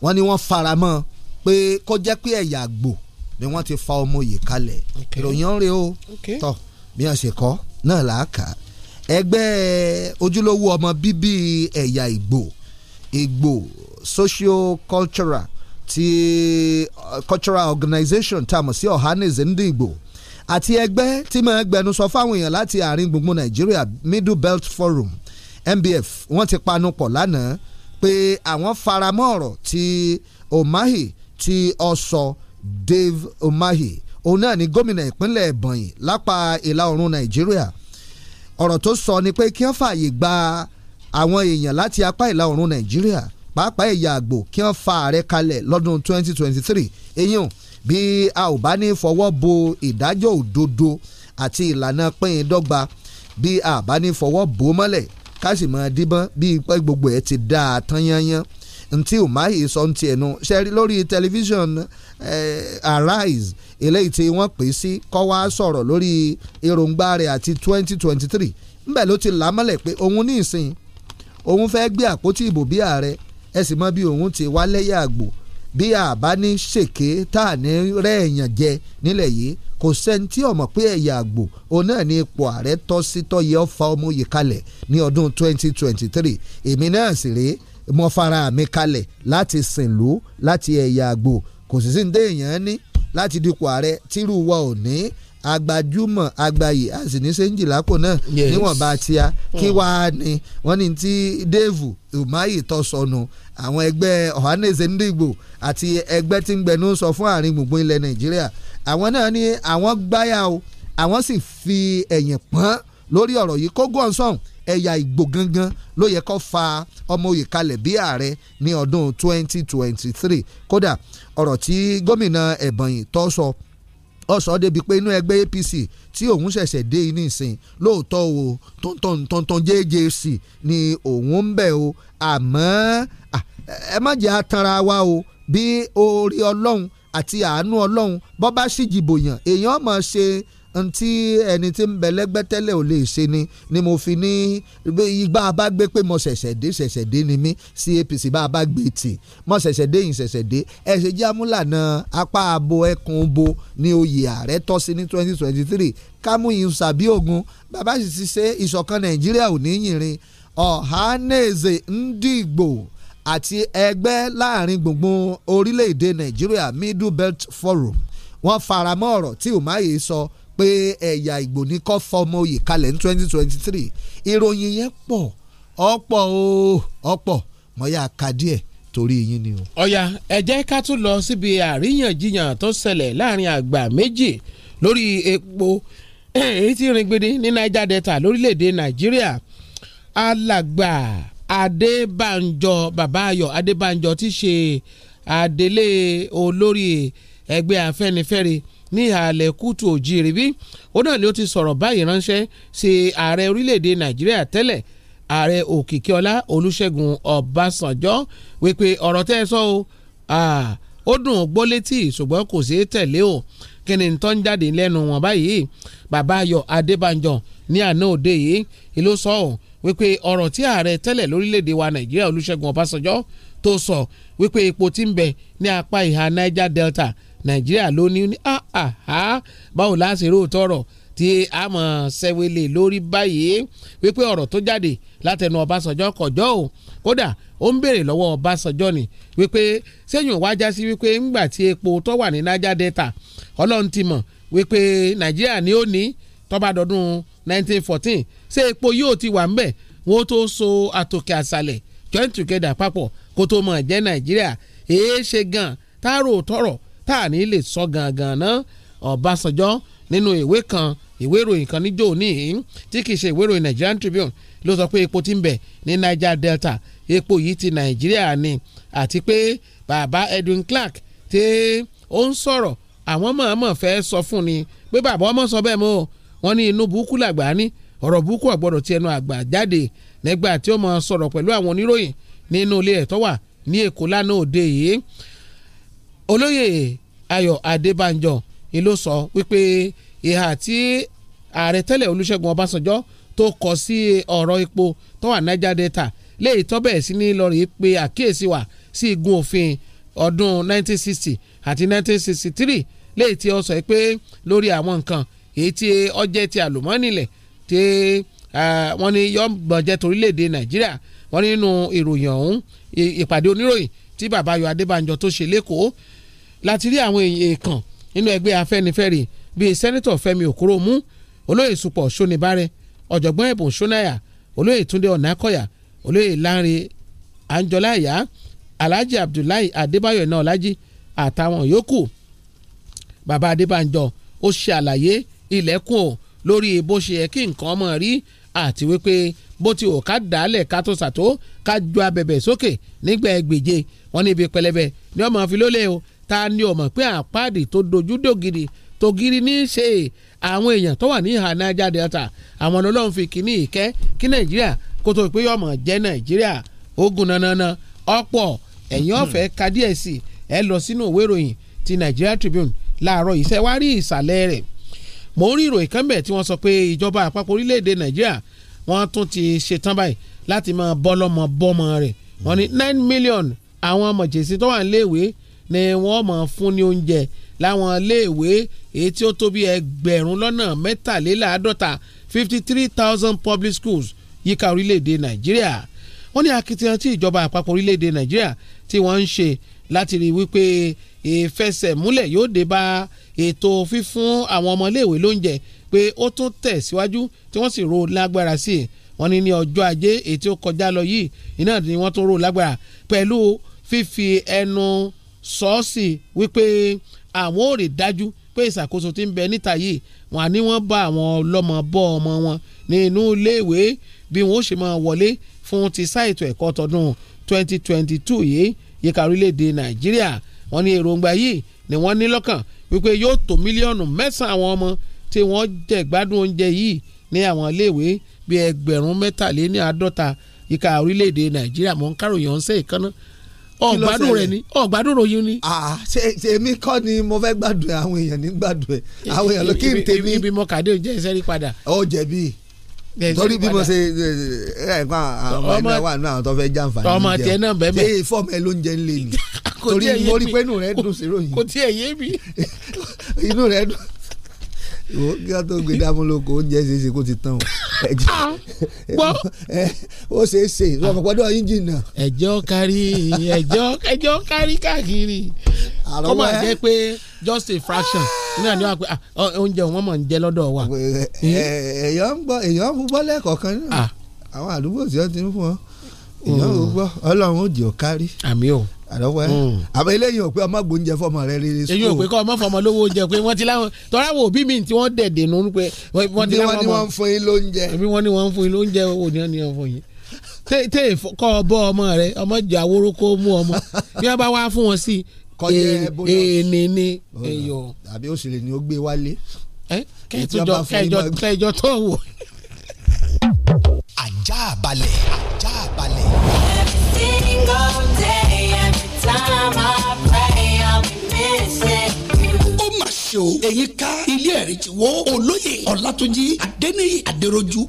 wọ́n ní wọ́n faramọ́ pé kó jẹ́ pé ẹ̀yà àgbò ni wọ́n ti fa ọmọ yìí kalẹ̀ ìròyìn rèé o tọ̀ bí wọ́n ṣe kọ́ náà là á kà á ẹgbẹ́ ojúlówó ọmọ bíbí ẹ̀yà ìgbò ìgbò socio-cultural ti cultural organization tá a mọ̀ sí ọ̀hánèzè ndí ìgbò àti ẹgbẹ́ tí mo gbẹnusọ fáwọn èèyàn láti àárín gbùngbùn nàìjíríà middle belt forum MBF wọ́n ti panupọ̀ lánàá pé àwọn faramọ́ ọ̀rọ̀ tí Omahi tí ọ̀sọ̀ Dave Omahi òun náà ni gómìnà ìpínlẹ̀ Ebonyi lápá ìlà oòrùn Nàìjíríà ọ̀rọ̀ tó sọ ni pé kí wọ́n fààyè gba àwọn èèyàn láti apá ìlà oòrùn Nàìjíríà pàápàá ẹ̀yà àgbò kí wọ́n fa ààrẹ kalẹ̀ lọ́dún 2023 eyín bí a ò bá ní fọwọ́ bo ìdájọ́ òdodo àti ìlànà pín in dọ́gba bí a bá ní fọwọ́ bò mọ́lẹ̀ ká sì mọ díbọ́n bíi pé gbogbo ẹ̀ ti dá a tán yányán ntí umahi sọ ntí ẹnu ṣẹ́rí lórí tẹlifíṣàn arise eléyìí tí wọ́n pè sí kọ́ wá sọ̀rọ̀ lórí èròǹgbà rẹ̀ àti twenty twenty three ńbẹ̀ ló ti lámọ́lẹ̀ pé òun ní ìsìn òun fẹ́ gbé àpótí ìbò bí ààrẹ ẹ sì mọ bí òun ti wá lẹ́yìn àgbò bí àbá ní ṣèké tá à ní rẹ́ èèyàn jẹ nílẹ̀ yìí kò sẹ́ni tí ó mọ̀ pé ẹ̀yà àgbò òun náà ní ipò ààrẹ tọ́ sí tọ́yẹ ọ̀fà ọmọ yìí kalẹ̀ ní ọdún 2023 èmi náà sì rèé mo fara mi kalẹ̀ láti sìnlú láti ẹ̀yà àgbò kò sì sí ní dé èèyàn ní láti dipò ààrẹ tírú wa ò ní agbájúmọ̀ agbayi a sì ní sẹ́ńjì lápò náà níwọ̀nba tíya kí hmm. wàá ní wọ́n ní ti dave umahi tó sọnù àwọn ẹgbẹ́ Ohanaeze Ndigbo àti ẹgbẹ́ tí ń gbẹnu sọ fún àárín gbùngbùn ilẹ̀ Nàìjíríà àwọn náà ní àwọn gbáyà o àwọn sì fi ẹ̀yìn pọ́n lórí ọ̀rọ̀ yìí kó gọ́n sọ̀n Ìgbò gangan ló yẹ kó fa ọmọ òye kalẹ̀ bí ààrẹ ní ọdún 2023 kódà ọ̀rọ̀ tí gómìnà Ebonyi tó sọ so, ọ̀sọ́ débi pé inú ẹgbẹ́ APC tí òun ṣẹ̀ṣẹ̀ dé iní ìsìn lóòótọ́ o tọ̀ntọ̀ntọ̀ntọ̀n JJC ni òun ń bẹ̀ o àmọ́ ẹ má jẹ́ atanra wa o bí orí ọlọ́run àti àánú ọlọ́run bọ́ bá sì jìbò yàn èèyàn mọ̀ ṣe ntí ẹni tí ń bẹ lẹ́gbẹ́ ò lè ṣe ni ni mo fi ní igbá bá pé mo ṣẹ̀ṣẹ̀ dé ṣẹ̀ṣẹ̀ dé ni mí sí APC bá a bá tì mo ṣẹ̀ṣẹ̀ dé yìí ṣẹ̀ṣẹ̀ dé ẹ ṣe apá abo ẹkùn bo ni oyè ààrẹ tọ́ sí ní twenty twenty three kámú yìí sàbí ogun bàbá sì ti ṣe ìṣọ̀kan Nàìjíríà ò ní yìnrìn Ọ̀hánèzè Ndigbo àti ẹgbẹ́ láàrin gbùngbùn orílẹ̀-èdè Nàìjíríà Middle Belt Forum wọ́n faramọ́ ọ̀rọ̀ tí Umahi sọ so, pé ẹ̀yà ìgbò ní kọ́ fọmọ oyè kalẹ̀ ní twenty twenty three ìròyìn yẹn pọ̀ ọ̀pọ̀ o ọ̀pọ̀
mọ̀yà ka díẹ̀
torí yín ni o.
ọ̀yà ẹ jẹ́ ká tún lọ síbi àríyànjiyàn tó ṣẹlẹ̀ láàrin àgbà méjì lórí epo [CLEARS THROAT] èyí tí rin gbede ní Niger Delta lórílẹ̀‐èdè Nàìjíríà alàgbà Adébánjọ bàbá Ayọ̀ Adébánjọ ti ṣe adelé olórí ẹgbẹ́ Afẹ́nifẹ́re ní ìhàlẹ̀ kútu òjìrì bí ó náà ni ó ti sọ̀rọ̀ báyìí ránṣẹ́ sí ààrẹ orílẹ̀-èdè nàìjíríà tẹ́lẹ̀ ààrẹ òkìkíọlá olúṣẹ́gun ọbásanjọ́ wípé ọ̀rọ̀ tẹ́ ẹ sọ o ó dùn gbọ́ létí ṣùgbọ́n kò ṣeé tẹ̀lé o kí ni tó ń jáde lẹ́nu wọn báyìí bàbá ayọ̀ adébánjọ ní àná òde yìí ìlú sọ ọ́ wípé ọ̀rọ̀ tí ààrẹ tẹ́lẹ̀ lórílẹ̀‐èdè wa nàìjíríà olúṣẹ́gun ọbásanjọ́ tó sọ wípé ipò tí ń bẹ ní apá ìhà niger delta nàìjíríà ló ní ní ah, ah, ah, báwo láti róòtọ́ ọ̀rọ̀ tí a mọ̀ sẹ́wélé lórí báyìí wípé ọ̀rọ̀ tó jáde látẹnu ọbásanjọ́ kọjọ́ o kódà ó ń béèrè lọ́wọ́ ọbásanjọ́ ni wípé sẹ́yìn wá já sí wípé ńgbà tí epo tó wà ní niger delta ọlọ́run ti mọ̀ wípé nàìjíríà ni ó ní tó 1914 ṣé epo yóò ti wà ńbẹ̀ wọ́n tó so àtòkè àṣàlẹ̀ join together papọ̀ kó tó mọ̀ jẹ́ nàìjíríà èé ṣe gan-an táàrò tọrọ̀ tá à ní lè sọ gangan ná Ọbásanjọ́ nínú ìwé kan ìwé ìròyìn kan níjó ní ìhín tí kìí ṣe ìwé ìròyìn Nigerian Tribune ló sọ pé epo ti ń bẹ ní Niger Delta epo yìí ti Nàìjíríà ni àti pé bàbá Edwin Clark tí ó ń sọ̀rọ̀ àwọn mọ̀ọ́mọ̀ fẹ́ sọ fún ni pé bàbá ọmọ sọ bẹ́ẹ̀ mọ́ wọn ní inú burúkú làgbà ní ọ̀rọ̀ burúkú ọ̀gbọ́dọ̀ ti ẹnu àgbà jáde nígbà tí ó mọ̀ sọ̀rọ̀ pẹ̀lú àwọn oníròyìn nínú ilé ẹ̀ wà ní Èkó lánàá òde yìí olóyè ayọ̀ adébánjọ ni ló sọ wípé ìhà tí ààrẹ tẹ́lẹ̀ olúṣẹ́gun ọbásanjọ́ tó kọ sí ọ̀rọ̀ epo tó wà niger delta léyìí tó bẹ̀rẹ̀ sí ní lọ́rọ̀ yìí pé àkíyèsí wà sí igun òfin ọdún 1960 àti 1963 léyìí tí ó sọ pé lórí àwọn nǹkan èyí tí ọjẹ́ ti àlùmọ́ọ́nì lẹ̀ tí wọ́n ní yọ gbọ̀njẹ́ torílẹ̀‐èdè nàìjíríà wọ́n nínú ìròyìn ọ̀hún ìpàdé oníròyìn tí bàbá ayọ̀ adébánjọ tó ṣe lẹ́kọ̀ọ́ láti rí àwọn èèyàn kan nínú ẹgbẹ́ afẹ́nifẹ́re bíi sẹ́nitọ̀ fẹ́mi òkúròmù olóyè supọ̀ ṣonibare ọ̀jọ̀gbọ́n ẹ̀bùn ṣónáyà olóyè túndé ọ̀nàkọ̀yà olóyè lánrè anjọláyà alhaji abdullahi adébáyọ̀ iná ọ̀làjì àtàwọn yòókù bàbá adébánjọ ó ṣe àlàyé ilẹ̀kùn o lórí bó ṣe yẹ kí nǹkan ọmọ rí àti wípé bó ti ò ká dàálẹ̀ ká tó sàtó ká ju abẹ̀bẹ̀ sókè nígbà ẹgbèje wọn níbi pẹlẹbẹ ni ọmọ fi lólè o ta ni ọmọ pé àpáàdì tó dojú dògiri tògiri ní í ṣe àwọn èèyàn tó wà ní ìhà Niger Delta àwọn ọlọ́run fi kíní ìkẹ́ kí Nàìjíríà kó tó pé yọmọ jẹ́ Nàìjíríà ogun nanana ọ̀pọ̀ ẹ̀yin ọ̀fẹ́ ka díẹ̀ sí ẹ lọ sínú òwe ìròyìn ti Nigeria Tribune láàárọ̀ yìí ṣe wá rí ìsàlẹ̀ rẹ̀ mò ń rí ìròyìn kan bẹ̀ tí wọ́n sọ pé ìjọba àpapọ̀ orílẹ̀-èdè Nàìjíríà wọ́n tún ti ṣetán báyìí láti máa bọ́ lọ́mọ bọ́mọ rẹ̀ wọ́n ní nine million àwọn ọmọ jèsì tó wà níléèwé ni wọ́n mọ̀ fún ní oúnjẹ láwọn iléèwé èyí tí ó tó bí ẹgbẹ̀rún lọ́nà mẹ́tàléláàádọ́ta fifty three thousand public schools yíká orílẹ̀-èdè nàìjíríà wọ́n ní akitiyan tí ìjọba àpapọ̀ orílẹ̀-èdè nàìjíríà tí wọ́n ń ṣe láti rí wípé ìfẹsẹ̀múlẹ̀ yóò dé bá ètò fífún àwọn ọmọléèwé lóúnjẹ pé ó tún tẹ̀ síwájú tí wọ́n sì ro lágbára sí i wọ́n ní ní ọjọ́ ajé èyí tí ó kọjá lọ yìí iná ni wọ́n tún ro lágbára pẹ̀lú fífi ẹnu sọ ọ́ sí wípé àwọn ò rè dájú pé ìṣàkóso tí ń bẹ níta yìí wọn àní wọn bá àwọn ọlọ́mọ bọ́ ọmọ wọn nínú iléèwé bí wọn ó ṣe máa wọlé fún ti sáìtò ẹ̀kọ́ tọdún 2022 yìí yíká orílẹ̀-èdè nàìjíríà wọn ní èròǹgbà yìí ni wọ́n ní lọ́kàn wípé yóò tó mílíọ̀nù mẹ́sàn-án àwọn ọmọ tí wọ́n jẹ gbádùn oúnjẹ yìí ní àwọn iléèwé bíi ẹgbẹ̀rún mẹ́tàléníàádọ́ta yíká orílẹ̀-èdè nàìjíríà mọ̀ ń káròyìn ọ̀hún sẹ́yìn kan náà ọ̀gbádùn rẹ̀ ni ọ̀gbádùn ròyìn ni. Ah, ah, èmi kọ́ ni mo fẹ́ gbádùn ẹ̀ àwọn èèyàn ní gbádùn ẹ̀ àwọn èèyàn ló kí n tèmi. ibi mo kàdé ò jẹ́ ìsẹ́rí padà. ó jẹ̀bi torí bí mo ṣe
ẹ̀ẹ́dẹ́gbọ́n àwọn ẹ̀dá wà nínú àwọn tó fẹ́ jàǹfààní jẹun ọmọ tiẹ̀ náà bẹ́ẹ̀ bẹ́ẹ̀ ṣé fọ́ọ̀mù ẹ ló ń jẹ ń lé ni [LAUGHS] torí mo rí pé inú rẹ dùn sí ròyìn kò tiẹ̀ yé mi [LAUGHS] inú rẹ dùn kí wọ́n tó gbé dámúlò oúnjẹ ṣeéṣe kó
ti tán o gbọ́. ó ṣe é ṣe ìrọ̀mọ̀ gbọ́dọ̀ engine náà. ẹjọ́ kárí ẹjọ́ ẹjọ́ kárí káàkiri kọ́ máa jẹ́ pé just a fraction náà ni wọ́n pe ah, oúnjẹ wọn mọ̀ ń jẹ lọ́dọ̀ wa. Hmm? èèyàn ń gbọ́ èèyàn ń gbọ́ lẹ́ẹ̀kọ̀ọ̀kan náà ah. àwọn àdúgbò tí wọ́n ti ń fún ọ hmm. èèyàn ń gbọ́
ọlọ́run ó jẹ́ ọ kárí. àmì o àdọ́fọ́ mm. ẹ àbẹ eléyìí ò pé ọmọ gbòóúnjẹ fọmọ rẹ rere sukuu. èyí ò pé
kọ́ ọmọ fọmọ lówó oúnjẹ pé wọ́n ti láwọn tọ́ra wo òbí mi tí wọ́n dẹ̀dẹ̀ nù pé wọ́n ti láwọn ọmọ. bí wọ́n ní wọ́n fún yín lóúnjẹ. bí wọ́n ní wọ́n fún yín lóúnjẹ owó ni wọ́n ní wọ́n fún yín. tètè kọ́ ọ bọ́ ọmọ rẹ ọmọ jà wóró kó mú ọmọ bí wọ́n bá wá fún wọn sí èèní ni èyọ. àbí òṣèlè ni ó gbé wálé. kẹjọ tó wò. ajá
balẹ̀ ajá balẹ̀.
single day. time I pray, I'll
be missing.
ṣe o èyí ká ilé ẹ̀rí ti wó olóyè ọ̀làtúnjì adẹ́nìyí adẹ́rọ̀jú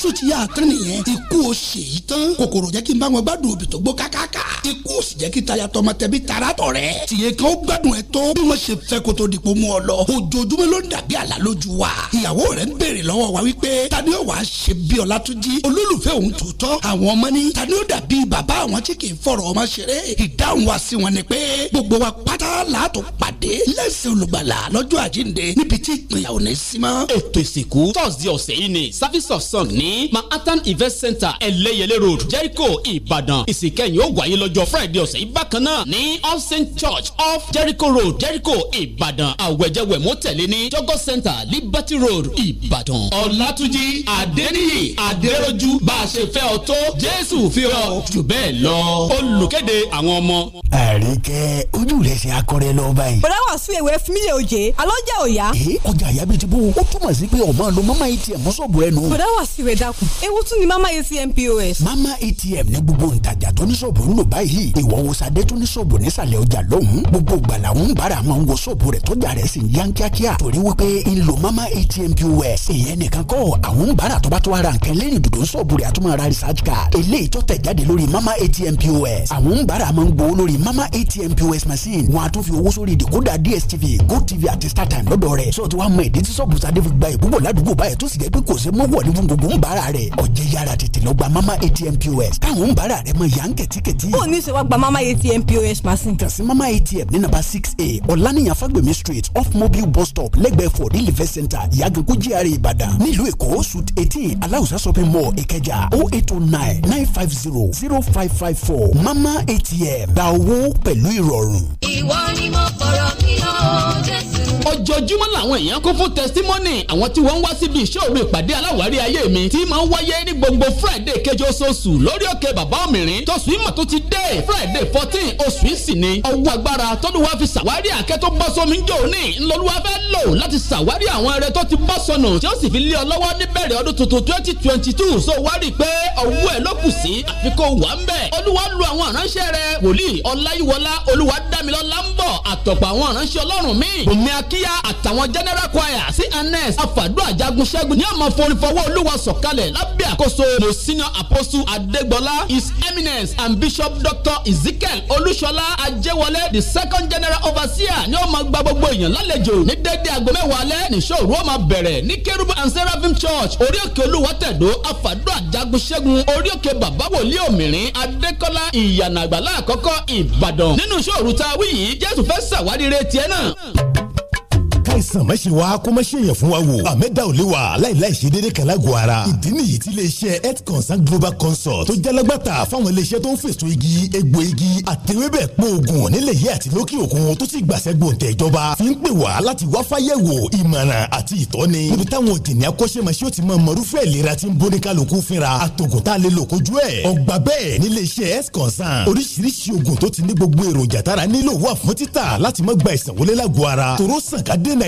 sotí ah! yà tán nìyẹn ikú o ṣe yìí tán kòkòrò jẹ́ kí n bá wọn gbádùn òbí tó gbó kákáká ikú o sì jẹ́ kí taya tọmọ tẹbi tara tọ̀ rẹ̀ tìyẹ kan ó gbádùn ẹ tó bí wọ́n ṣe fẹ́ kó tó dìpọ̀ mú ọ lọ ojoojúmọ́ ló ń dàbí àlá lójú wa ìyàwó rẹ̀ ń béèrè lọ́wọ́ wa wípé ta ni ó wàá ṣe bí Ọlátúnjí olólùfẹ́ òun tòótọ́ àwọn ọmọ ní ta ó dàbí bàbá àwọn tí kì í fọ̀rọ̀ ọmọ ṣeré ìdáhùn wa sí wọn ni pé gbogbo wa pátá làá lọ́jọ́ àjíǹde níbi tí ìpínyà ò ní sí mọ́. ètò ìsìnkú thursday ọ̀sẹ̀ yìí ni service of song ní manhattan event center ẹlẹ́yẹlé road jericho ìbàdàn ìsìnkẹ́yìn ó wáyé lọ́jọ́ friday ọ̀sẹ̀ yìí bákan náà ní all saint church off jericho road jericho ìbàdàn àwẹ̀jẹwẹ̀mú tẹ̀lé ní jogo center liberty road ìbàdàn. ọ̀làtújì àdéníyì àdéròjú bá a ṣe fẹ́ ọ tó jésù fi ọ jù bẹ́ẹ̀ lọ olùkéde àwọn ọmọ. àríkẹ́ ojú rẹ̀ ṣe akọrẹ lọ báyìí. bọ̀dá wàásù ewé fún mi lè oje rèé alọ́jà ò yá. ẹ ọjà àyà bíi ti túmọ̀ sí pé ọ̀mọ́ lo mama atm mọ́sọ̀bù ẹnu. bọ̀dá wà sí ìwé dàkún ewu tún ni mama atm pos. mama atm ní gbogbo ntajà tó ní sọ̀bù ń lò báyìí ìwọ wo sadé tó ní sọ̀bù nísàlẹ̀ ọjà lọ́hùn gbogbo gbala ń bára máa ń wo sọ̀bù rẹ̀ tọ́jà rẹ̀ sì ń yan kíákíá torí wípé ń lo mama atm pos ìyẹn nìkan kọ́ àwọn ń bára tó bá tó ara nǹkan lẹ́yìn dòdò sọ̀bù rẹ̀ àtúmọ̀ ara research card eléyìí tó tẹ̀ jáde lórí mama atm pos àwọn ń bára máa ń gbowó lórí mama atm pos machine wọn a tún fi owó sórí ìdìkúdà dstv gotv àti àti startime lọ́dọ̀ rẹ̀ sọ ti wá mọ ìdí tí sọ́ọ̀bù sadé fi gba ìbúbọ̀ ládùúgbò báyìí tó sì jẹ́ pé kò ṣe mọ́wọ́ ní gbogbo ń bára rẹ̀ ọ̀jẹ̀ yára tètè lọ gba mama atm pos káwọn ń bára rẹ̀ mọ ìyá ń kẹ̀tíkẹ̀tí. ó ní ṣe wá gba mama atm pos machine. kàn sí mama atm ní nàbà six a ọ̀lànìyàn fagbemi street off mobile bus stop lẹ́gbẹ̀ẹ́ for delivery center ìyàgànkú gr ìbàdàn nílùú èkó suit eighteen aláwùsá shopping mall ìkẹjà o oh eight o oh nine nine five zero zero five five four mama atm gba owó pẹ̀lú ìrọ̀rùn.
ìwọ ni mo kọ̀rọ̀ kí ló dé sí
ojoojúmọ́ làwọn èèyàn kún fún testimony àwọn tí wọ́n ń wá síbi iṣẹ́ òru ìpàdé aláwárí ayé mi tí máa ń wáyé ní gbogbo friday kejì oṣooṣù lórí òkè bàbá òmìnirin tóṣù ìmọ̀ tó ti dé friday fourteen oṣù ìsìn ni ọwọ́ agbára tọ́lúwa fi ṣàwárí àkẹ́ tó bọ́ sómi ń jò ní ńlọ́lúwa fẹ́ lò láti ṣàwárí àwọn ẹrẹ tó ti bọ́ sọnù tí ó sì fi lé ọ lọ́wọ́ níbẹ̀rẹ̀ ọdún tuntun twenty twenty two so wá rí i pé ọwọ́ ẹ̀ ló kù sí àfikún wà ń bẹ̀ olúwa lu àwọn àránṣẹ́ rẹ̀ wòlíì ọláyíwọlá olúwa dámilọ́lá ń bọ̀ àtọ̀pọ̀ àwọn àránṣẹ́ ọlọ́run míì bùnmi akí kíá àtàwọn general choir sí anes afàdúrà jagun ṣẹ́gun ní àmọ́ forífọwọ́ olúwa sọ̀kalẹ̀ lábẹ́ àkóso mo senior adégbọlá his eminence and bishop dr ezekiel olúṣọlá ajẹ́wọlé the second general overseer ni ó máa gba gbogbo èèyàn lálejò ní dédé aago mẹ́wàá alẹ́ nìṣòro ó máa bẹ̀rẹ̀ ní kérúbù and seraphim church orí òkè olúwọ́tẹ̀dó afàdúrà jagun ṣẹ́gun orí òkè bàbá wòlíì òmìnirin adékọ́lá
ìyànàgbàlá àkọ́kọ́ ìbàdàn nínú ìṣòro ta wí yìí jésù fẹ́ ṣàwárí rẹ̀ tiẹ̀ náà
káìsàn má ṣe wa kó má ṣe yẹ fún wa wò àmẹ́dá ò lè wa láìláì ṣe déédéé kan lágọ̀ọ́ ara ìdí nìyí tí iléeṣẹ́ health consult global consult tó jalagbàtà fáwọn iléeṣẹ́ tó ń fèsò igi egbò igi àtẹwébẹ̀ pòògùn nílẹ̀ yìí àti lókè òkun tó sì gbàṣẹ́ gbòǹtẹ̀ ìjọba fi ń pè wá láti wá fáyẹ̀wò ìmọ̀ràn àti ìtọ́ni níbi táwọn òtẹ̀ní akọ́ṣẹ́mọṣẹ́ ò ti mọ mọ̀rúfẹ́ ìlera tí ń bóni kálukú fínra àtògùn tá a lè lò kojú ẹ̀ ọgbà bẹ́ẹ̀ nílé health consult oríṣiríṣi oògùn tó ti ní gbogbo èròjà tára nílò wà fún títà láti má gba ìsànwọlé lágọ̀ọ́ ara tòró sàn ká dènà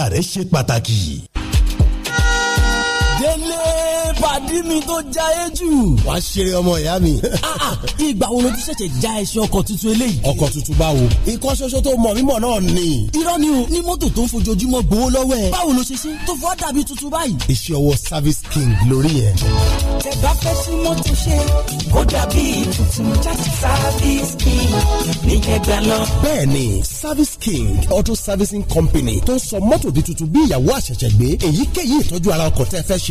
ìlera rẹ ṣe pàtàkì délé pàdí mi tó já e jù. wàá ṣeré ọmọ ìyá mi. [LAUGHS] Ah, ah, ìgbà wo ló ti ṣẹ̀ṣẹ̀ já ẹṣin ọkọ̀ tuntun eléyìí. ọkọ̀ tuntun báwo. ikọ́ ṣoṣo tó mọ̀ mímọ̀ náà ni. irọ́ ni o ní mọ́tò tó ń fojoojúmọ́ gbowó lọ́wọ́ ẹ̀. báwo ló ṣe ṣe tó fọ́ dàbí tuntun báyìí. iṣẹ́ ọwọ́ service king lórí yẹn. tẹ fẹ́ sí mọ́tò ṣe kó dàbí tuntun service king auto servicing company tó ń sọ mọ́tò di tuntun bí ìyàwó àṣẹ̀ṣẹ̀ gbé èyíkéyìí ìtọ́jú ara ọkọ̀ tẹ́ fẹ́ ṣe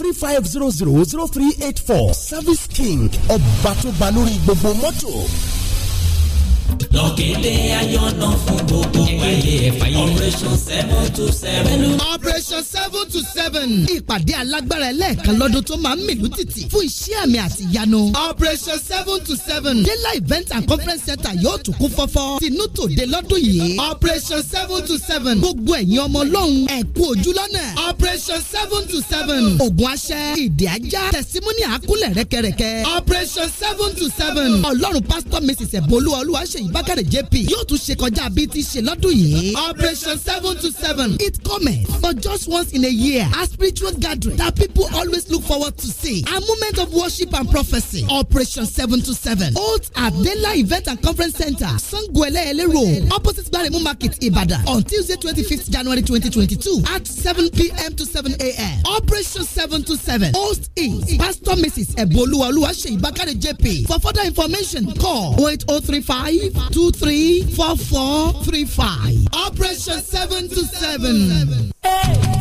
three five zero zero zero three eight four service king ọba tó ba lórí gbogbo mọ́tò
lọ́kẹ́dẹ́ ayọ̀nà fún gbogbo pẹ̀lẹ́ operation seven to seven.
operation seven to seven ìpàdé alágbára ẹlẹ́ẹ̀kan lọ́dún tó máa ń mìlú tìtì fún iṣẹ́ àmì àti ìyanu. operation seven to seven dela event and conference center yóò tún kún fọ́fọ́ tinú tòde lọ́dún yìí. operation seven to seven gbogbo ẹ̀yin ọmọ ọlọ́run ẹ kú operation seven to seven ògùn aṣẹ ìdè ajá tẹ̀símúnì àkúlẹ̀ rẹ́kẹrẹ́kẹ́. operation seven to seven ọlọ́run pásítọ̀ mrs ẹ̀bọ́lú ọlúwa ṣèyí bá Abubakar JP yóò tún ṣe kọjá bíi ti ṣe lọ́dún yìí. Operation seven to seven it comes but just once in a year a spiritual gathering that people always look forward to see. A moment of worship and prophecy. Operation seven to seven holds at Event and Conference Center, Sanguele Ele Road, opposite Gbaremu Market, Ibadan on Tuesday twenty fifth January twenty twenty two at seven pm to seven am. Operation seven to seven host is Pastor Mrs. Eboluwa Oluwaseyi Bakare JP. For further information call 08035 two three four four three five operation seven to seven.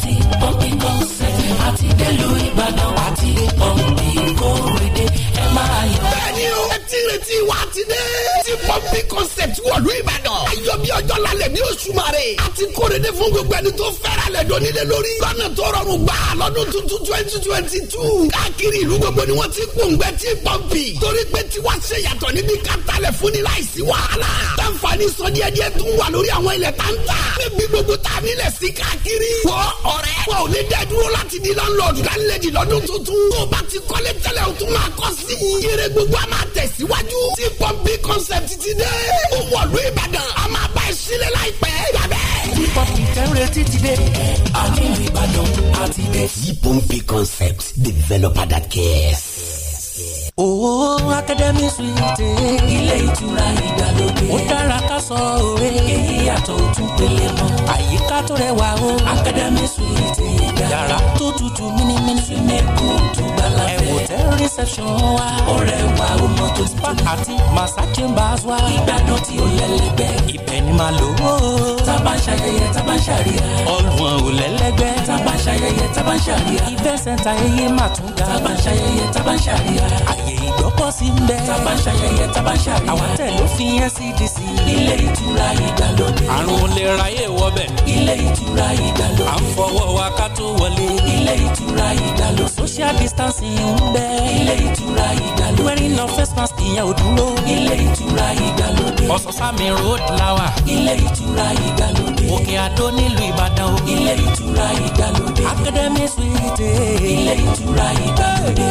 ti pọ́ńpì concept àti délùú ìbàdàn àti pọ́ńpì kórèdè ẹ máa yọ. bẹ́ẹ̀ni o retí retí wa ti dé. ti
pọ́ńpì concept wọ̀lú ìbàdàn. ayọ̀ bí ọjọ́ lálẹ́ ní oṣù mare. a ti kóre ní fún gbogbo ẹni tó fẹ́ra lẹ̀ dọ́ni lé lórí. lọ́nà tó rọrùn gbà lọ́dún twenty twenty two. káàkiri ìlú gbogbo ni wọ́n ti gbòǹgbẹ́ ti pọ́ńpì. torí pé tiwa ṣe yàtọ̀ níbi kátàlẹ̀ fún ni láìsí wàhálà. tàǹfààní sọ díẹ̀ díẹ̀ tún wà lórí àwọn ilẹ̀ táǹtà. níbi gbogbo tá a nílẹ̀ sí káàkiri. wọ ọ̀rẹ́ wọn ò ní dẹ́ dúró láti di lọ́nlọ́ọ̀dù lálẹ́ di lọ́dún tuntun. tó o o tún máa kọ́ sí i. yẹrẹ tẹ̀síwájú tí pọ́ńpì concept ti dé. ó wọ̀lú ìbàdàn a máa bá ẹ sílẹ̀ láìpẹ́ gbàgbẹ́. tí pọ́ńpì tẹ́rẹ̀ títí
dé. a
ní ìbàdàn àti dé. tí pọ́ńpì concept developer that
cares. Owó Akademi Suite. Ilé ìtura ìgbàlódé. Ó dára ká sọ òwe. Èyí yàtọ̀ òtún pélé mọ́. Àyíká tó rẹwà o. Akademi Suite ìgbà. Yàrá tó tutù mímímí. Súnmẹ́kù tó gbàlá fẹ́. Ẹ̀wò tẹ́ reception wa. Ọ̀rẹ́ wa ó mọ tó ti tó. Spa àti Massa Chambers wa. Ìgbádùn tí ó lẹ́lẹ́gbẹ́. Ibẹ̀ ni màá lò ó. Tábà ṣayẹyẹ, tábà ṣàríyá. Ọlùwọ̀n ò lẹ́lẹ́gbẹ́. Tábà ṣayẹyẹ, tábà ṣàríyá. Ìfẹ́ ìgbọ́pọ̀ sí ń bẹ́ẹ̀. tábà ń àwọn tẹ̀ ló fi NCDC. E ilé ìtura ìgbàlódé. àrùn olè ráyè wọbẹ̀. ilé ìtura ìgbàlódé. à ń fọwọ́ wa ká tó wọlé. ilé ìtura ìgbàlódé. social distancing ń bẹ́ẹ̀. ilé ìtura ìgbàlódé. wearing no face mask ìyẹn ò dúró. ilé ìtura ìgbàlódé. ọ̀sán-sámi road lawa. ilé ìtura ìgbàlódé. òkè àdó nílùú ìbàdàn o. ilé ìtura ìgbàlódé. academy suite. ilé ìtura ìgbàlódé.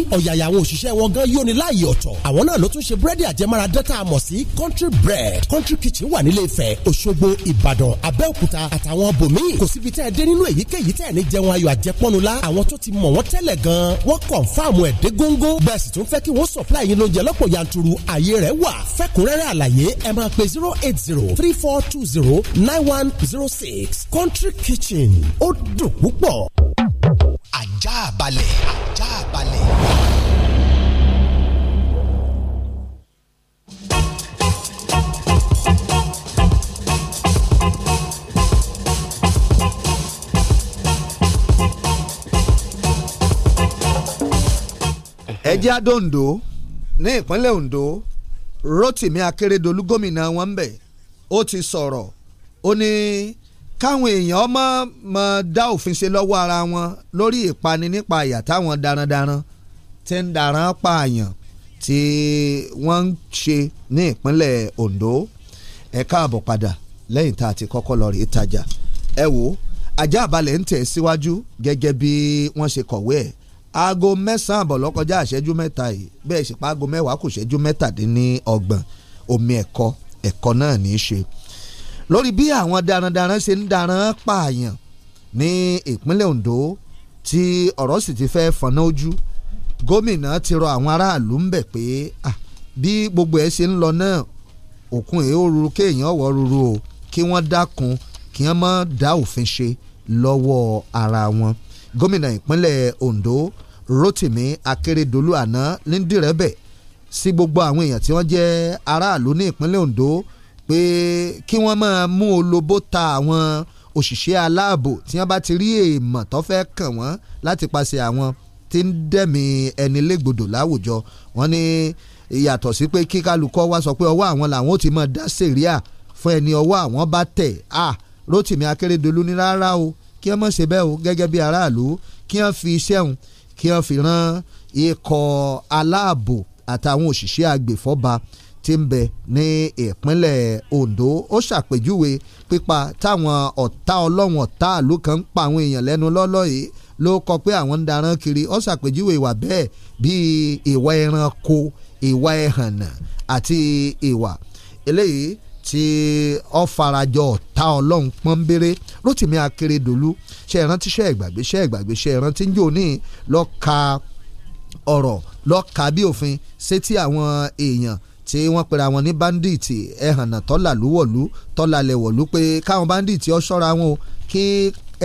ní ọ̀yàyà àwọn òṣìṣẹ́ wọn gan yóò ní láàyè ọ̀tọ̀ àwọn náà ló tún ṣe búrẹ́dì àjẹmára dẹ́ta àmọ̀ sí country bread country kitchen wà nílé Ifẹ̀ Òṣogbo Ìbàdàn Abẹ́òkúta àtàwọn bòmíì kò síbi tẹ́ ẹ dé nínú èyíkéyìí tẹ́ ẹ ní jẹun ayọ̀ àjẹpọ́nu la àwọn tó ti mọ̀ wọ́n tẹ́lẹ̀ gan wọ́n kọ̀ǹfàmù ẹ̀ dé góńgó bẹ́ẹ̀ sì tún supply yín lóúnjẹ lọ́pọ̀ yanturu ààyè rẹ̀ wà fẹ́kúnrẹ́rẹ́ àlàyé ẹ máa pe zero eight zero three four two zero nine one zero six country kitchen ó dùn ajá balẹ̀
ajá adondo ẹjẹ́ ní ìpínlẹ̀ Ondo Rotimi Akeredolu gómìnà wọn bẹ̀ ó ti sọ̀rọ̀ ó ní káwọn èèyàn mọ̀ mọ̀ dá òfin ṣe lọ́wọ́ ara wọn lórí ìpani nípa àyà táwọn darandaran ti ń daran pààyàn tí wọ́n ń ṣe ní ìpínlẹ̀ Ondo ẹ káàbọ̀ padà lẹ́yìn tá a ti kọ́kọ́ lọ rí ìtajà ẹ wò ajá àbálẹ̀ ń tẹ̀ síwájú gẹ́gẹ́ bí wọ́n ṣe kọ̀wé ẹ̀ aago mẹ́sàn-án àbọ̀ lọ́kọjá àṣẹ́jú mẹ́ta yìí bẹ́ẹ̀ sì pa aago mẹ́wàá kù ṣẹ́jú mẹ́tàdínní ọgbọ̀n omi ẹ̀kọ́ ẹ̀kọ́ náà ní í ṣe lórí bí àwọn darandaran ṣe ń daran pààyàn ní ìpínlẹ̀ Ondo tí ọ̀rọ̀ sì ti fẹ́ fọ̀nà ojú gómìnà ti rọ àwọn aráàlú ń bẹ̀ pé bí gbogbo ẹ̀ ṣe ń lọ náà òkun èèyàn ruru kéèyàn ọ̀wọ́ ruru o kí wọ́n dákun kí wọ́n mọ́ dá òfin ṣe lọ́wọ́ ara wọn gómìnà ìpínlẹ̀ Ondo Rotimi Akeredolu àná ní dìrẹ́bẹ̀ sí gbogbo àwọn èèyàn tí wọ́n jẹ́ aráàlú ní ìpínlẹ̀ Ondo pé kí wọ́n máa mú olóbó ta àwọn òṣìṣẹ́ aláàbò tí wọ́n bá ti rí èèmọ̀ tó fẹ́ kàn wọ́n láti paṣẹ àwọn tí ń dẹ̀mí ẹni légbodò láwùjọ wọ́n ní yàtọ̀ sí pé kíkálukọ́ wá sọ pé ọwọ́ àwọn làwọn ò ti máa dá sèríà fún ẹni ọwọ́ àwọn bá tẹ̀ à Rótìmí Akérédolú ní rárá o kí wọ́n má ṣe bẹ́ẹ̀ o gẹ́gẹ́ bí aráàlú kí wọ́n fi iṣẹ́ òun kí wọ́n fi ran ikọ̀ aláàbò àtàwọn òṣìṣẹ́ agbèfọ́ba ti ń bẹ ní ìpínlẹ̀ Ondo ó ṣàpèjúwe pípa táwọn ọ̀tá ọlọ́run ọ̀tá ìlú kan ń pa àwọn èèyàn lẹ́nu lọ́lọ́ yìí ló kọ pé àwọn ń darán kiri ó ṣàpèjúwe ìwà bẹ́ẹ̀ bíi ìwà ẹranko ìwà ẹ̀hànà àti ìwà eléyìí tí ó farajọ ọ̀tá ọlọ́run pọ́nbéré Rótìmí Akérédolú ṣe ìrántí ṣe ìgbàgbé ṣe ìgbàgbé ṣe ìrántí ń jò ní lọ́ka ọ̀rọ̀ lọ́ka bí òfin ṣe tí àwọn èèyàn tí wọ́n pera wọn ní bandits ẹ̀hànà tọ́là lúwọ̀lú tọ́là lẹ̀wọ̀lú pé káwọn bandits ọ ṣọ́ra wọn o kí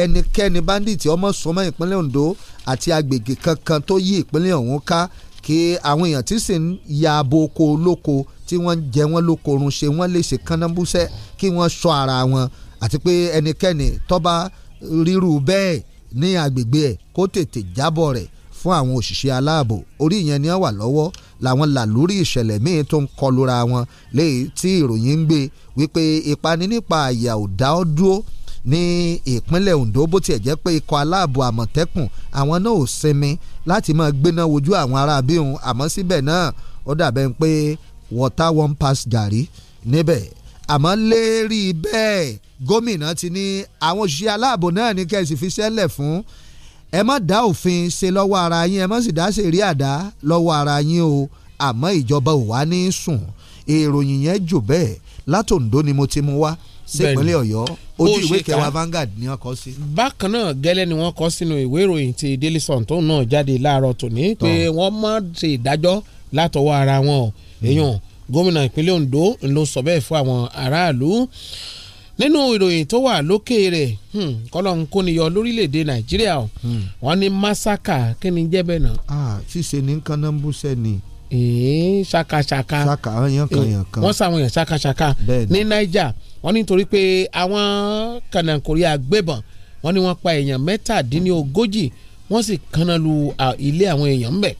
ẹnikẹ́ni bandits ọmọ súnmọ́ ìpínlẹ̀ Ondo àti agbègbè kankan tó yí ìpínlẹ̀ ọ̀hún ká kí àwọn èèyàn tí sì ń ya abo oko olóko tí wọ́n ń jẹ wọ́n lóko oorun ṣe wọ́n lè ṣe kánnábúṣẹ́ kí wọ́n ṣọ́ ara wọn àti pé ẹnikẹ́ni tó ríru bẹ́ẹ̀ ní agbègbè ẹ̀ kó tètè jábọ̀ rẹ̀ fún àwọn òṣìṣẹ́ aláàbò orí ìyẹn ni wọ́n wà lọ́wọ́ làwọn là lórí ìṣẹ̀lẹ̀ míì tó ń kọlura wọn léyìí tí ìròyìn ń gbé wípé ìpani nípa àyà ò dá ọ́ dúró ní ìpínlẹ̀ Ondo bó tiẹ̀ jẹ́ pé ikọ̀ aláàbò àmọ̀tẹ́kùn àwọn náà ò sinmi láti máa gbéná wojú àwọn ará bíhun àmọ́ síbẹ̀ náà ó dàbẹ̀ ń pé water one pass gàrí níbẹ̀ àmọ́ lérí bẹ́ẹ̀ gómìnà ti ní àwọn òṣìṣẹ́ aláàbò náà ní kẹ́sì fi ṣẹlẹ̀ fún ẹ má dá òfin ṣe lọ́wọ́ ara yín ẹ má sì dá sèrí àdá lọ́wọ́ ara yín o àmọ́ ìjọba ò wá ní sùn ìròyìn yẹn jù bẹ́ẹ̀ látòǹdó ni mo ti mú wá sípínlẹ̀ ọ̀yọ́ ojú ìwé kẹwàá Vanguard ni wọ́n kọ sí.
bákan náà gẹ́lẹ́ ni wọ́n kọ sínú ìwé ìròyìn ti Daily Sun tó náà jáde láàárọ̀ tòní pé wọ́n má ṣe ìdájọ́ látọwọ́ ara wọn èèyàn hmm. gómìnà ìpínlẹ̀ Ondo ló sọ bẹ́ẹ̀ fún àwọn aráàlú nínú ìròyìn tó wà lókè rẹ̀ hmm, kọ́lọ́n kó ni yọ lórílẹ̀‐èdè nàìjíríà o hmm. wọ́n ní masaka kí ni jẹ́ bẹ́ẹ̀ náà. ṣíṣe ní kanambusẹ ni. ee ṣakaṣaka wọ́n sàwọn èèyàn ṣakaṣaka ní naija wọ́n nítorí pé àwọn kànáńkórí agbébọn wọ́n ní wọ́n pa èèyàn mẹ́tàdínlógójì wọ́n sì kanna lu ilé àwọn èèyàn ńbẹ̀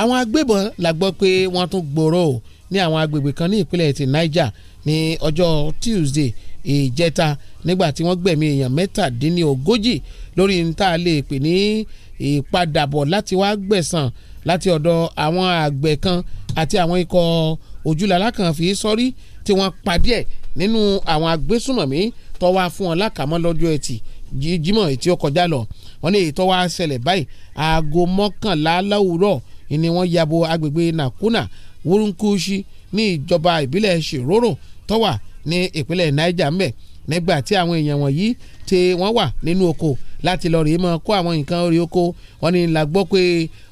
àwọn agbébọn la gbọ́ pé wọ́n tún gbòòrò ní àwọn agbègbè kan ní ìpínlẹ̀ ti niger ní ọjọ́ tuesday ìjẹta nígbà tí wọ́n gbẹ̀mí èèyàn mẹ́tàdínlógójì lórí níta lè pè ní ìpadàbọ̀ láti wá gbẹ̀san láti ọ̀dọ̀ àwọn àgbẹ̀ kan àti àwọn ikọ̀ ojúlàlá kan fi sọ́rí tí wọ́n pàdé ẹ̀ nínú àwọn agbésùmọ̀mí tó wá fún wọn lákàmọ́ lọ́jọ́ ẹtì jímọ̀ ètí ó kọjá lọ wọn ní ètò wa ṣẹlẹ̀ báyìí aago mọ́kànlá láwùrọ̀ ni wọ́n yabo agbègbè Nakuna wúrúnkúṣí ní ìjọba ìbílẹ̀ ṣèrórò tó wà ní ìpínlẹ̀ Niger ńbẹ̀ nígbà tí àwọn èèyàn wọ̀nyí tí wọ́n wà nínú oko láti lọ rèé mọ́ kó àwọn nǹkan orí oko wọn ni la gbọ́ pé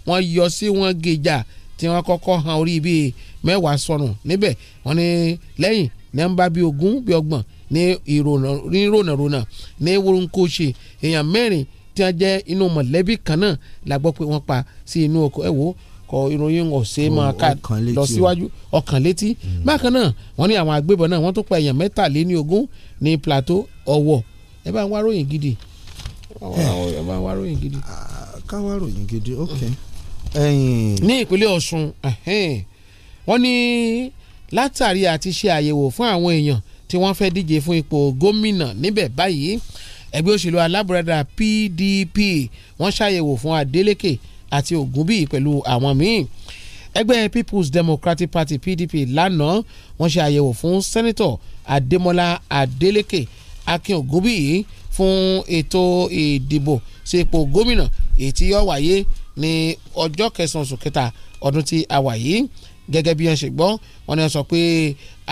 wọ́n yọ sí wọn gèjà tí wọ́n kọ́kọ́ han orí bíi mẹ́wàá sọnù níbẹ̀ wọ́n ní lẹ́yìn nẹ́ńbà bíi ogún bíi ọgbọ̀n ní ìrònàrònà ní wọ́nkóṣe èèyàn mẹ́rin tí wọ́n jẹ́ inú mọ̀lẹ́bí kan náà la gbọ́ pé wọ́n pa sí inú oko ẹ̀ wò kọ ìròyìn ọ̀sẹ̀ máa ká lọ síwájú ọkàn létí hmm. bákan náà wọ́n ní àwọn agbébọn náà wọ́n tún pa èèyàn mẹ́tàléní ogún ní plateau ọ̀wọ̀ ẹ bá ń wá ròyìn gidi eh. ẹ bá ń wá ròyìn gidi. Ah, ká wá ròyìn gidi hmm. ok. ní ìpínlẹ̀ Ọ̀ṣun wọ́n ní látàrí àti ṣe àyẹ̀wò fún àwọn èèyàn tí wọ́n fẹ́ díje fún ipò gómìnà níbẹ̀ báyìí ẹgbẹ́ òṣèlú alábùradà PDP wọ́n ṣàyẹ̀wò fún Adeleke àti Ògúnbíyì pẹ̀lú àwọn míì ẹgbẹ́ People's Democratic Party PDP lánàá wọ́n ṣe àyẹ̀wò fún sẹ́nitọ̀ Adémọ́lá adeleke Akin Ògúnbíyì fún ètò ìdìbò sí ipò gómìnà èyí tí yóò wáyé ní ọjọ́ kẹsàn-án oṣù kẹta ọdún tí a wà yìí gẹ́gẹ́ bí wọ́n ṣe gbọ́ wọn ni sọ pé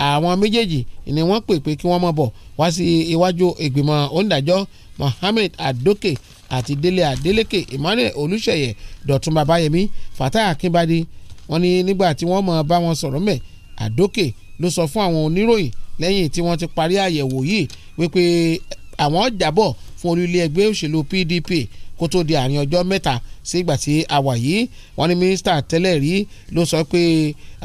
àwọn méjèèjì ni wọ́n pè pé kí wọ́n mọ̀ bọ̀ wá sí iwájú ìgbìmọ̀ onídàájọ́ Mohammed Adoke àti délé adélékè emmanuel olùṣeyẹ dọ̀tun babayẹmí fatai akínbádé wọ́n ní nígbà tí wọ́n mọ̀ bá wọn sọ̀rọ̀ mẹ́ àdókè ló sọ fún àwọn oníròyìn lẹ́yìn tí wọ́n ti parí àyẹ̀wò yìí wípé àwọn jábọ̀ fún olùlé ẹgbẹ́ òṣèlú pdp kó tó di àárín ọjọ́ mẹ́ta sí ìgbà tí a wà yìí wọ́n ní mínísítà tẹ́lẹ̀ rí ló sọ pé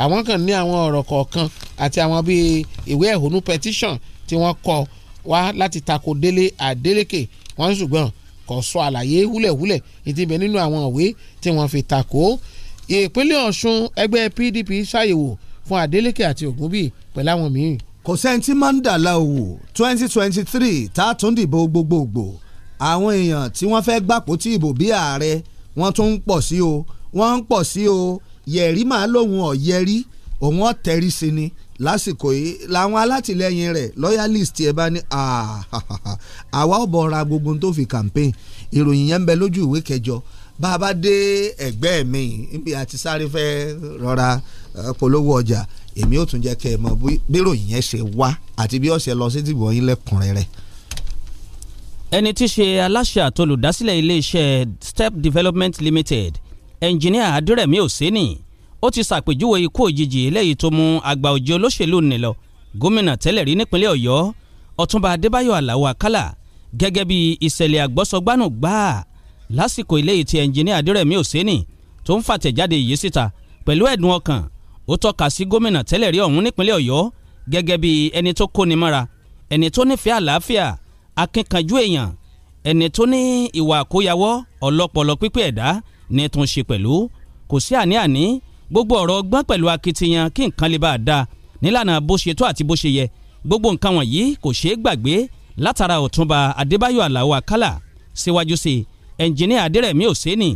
àwọn kan ní àwọn ọ̀rọ̀ kọ̀ọ̀kan àti àwọn bíi ìwé ẹ̀hónú petition tí wọ́n kọ wá láti tako délé àdélékè wọ́n ṣùgbọ́n kò sọ àlàyé wúlẹ̀wúlẹ̀ ìtìbẹ̀ nínú àwọn ìwé tí wọ́n fi takò ìpínlẹ̀ Ọ̀ṣun ẹgbẹ́ PDP ṣàyẹ̀wò fún Adeleke àti Ògúnbíyì pẹ̀lú àwọn míì. kò sẹ́ni tí máa ń dà láòwò twenty twenty three tá a tún dìbò
gbogbogbò àwọn èèyàn tí wọ́n fẹ́ gbàpò tí ìbò bí ààrẹ wọ́n tún ń pọ̀ sí o wọ́n ń pọ̀ sí o yẹ̀rí máa lóhun ọ̀yẹ́rí òun ọ̀tẹ̀rí sí ni lásìkò yìí làwọn alátìlẹyìn rẹ̀ loyalist ẹ bá ní [LAUGHS] àwa ọ̀bọ̀ ra gbogbo tó fi campaign ìròyìn yẹn ń bẹ lójú ìwé kẹjọ bá a bá dé ẹ̀gbẹ́ mi níbi àti sáré fẹ́ rọra polówó ọjà èmi ò tún jẹ́ kẹ́ ẹ mọ̀ bí ìròyìn yẹn ṣe wá àti bí ọ̀sẹ̀ lọ sí ìdìbò yín lẹ́kùnrẹ́rẹ́
ẹni tí í ṣe aláṣẹ àtolùdásílẹ̀ iléeṣẹ́ step development limited ẹnjìníà adúrẹ̀mí òsénì ó ti ṣàpèjúwe ikú òjijì eléyìí tó mú àgbà òjì olóṣèlú nílọ gómìnà tẹ́lẹ̀ rí nípínlẹ̀ ọ̀yọ́ ọ̀túnba adébáyọ̀ aláwọ àkàlà gẹ́gẹ́ bí ìṣẹ̀lẹ̀ àgbọ́sọgbánù gbáà lásìkò eléyìí tí ẹnjìníà adérẹ̀mí òsénì tó ń fàtẹ̀jáde yìí síta pẹ̀lú ẹ̀dùn ọkàn ó tọ́ka sí gómìnà tẹ́lẹ̀ rí ọ̀hún nípínlẹ̀ ọ̀yọ́ gẹ́gẹ́ bí ẹni tó kóni mọ́ra ẹni tó nífẹ̀ẹ́ àlàáfíà akínkanjú èèyàn ẹni tó ní ìwà àkóyawọ́ ọlọ́pọlọ pípẹ́ ẹ̀dá ní tún ṣe pẹ̀lú kò sí àní-àní gbogbo ọ̀rọ̀ ọgbọ́n pẹ̀lú akitiyan kí nǹkan lè bá a dáa nílànà bó ṣe tó àti bó ṣe yẹ gbogbo nǹkan wọ̀nyí kò ṣeé gbàgbé látara ọ̀túnba adébáyọ̀ aláwọ̀ àkàlà síwájú sí ẹnjìníà adẹ́rẹ̀mí òsénì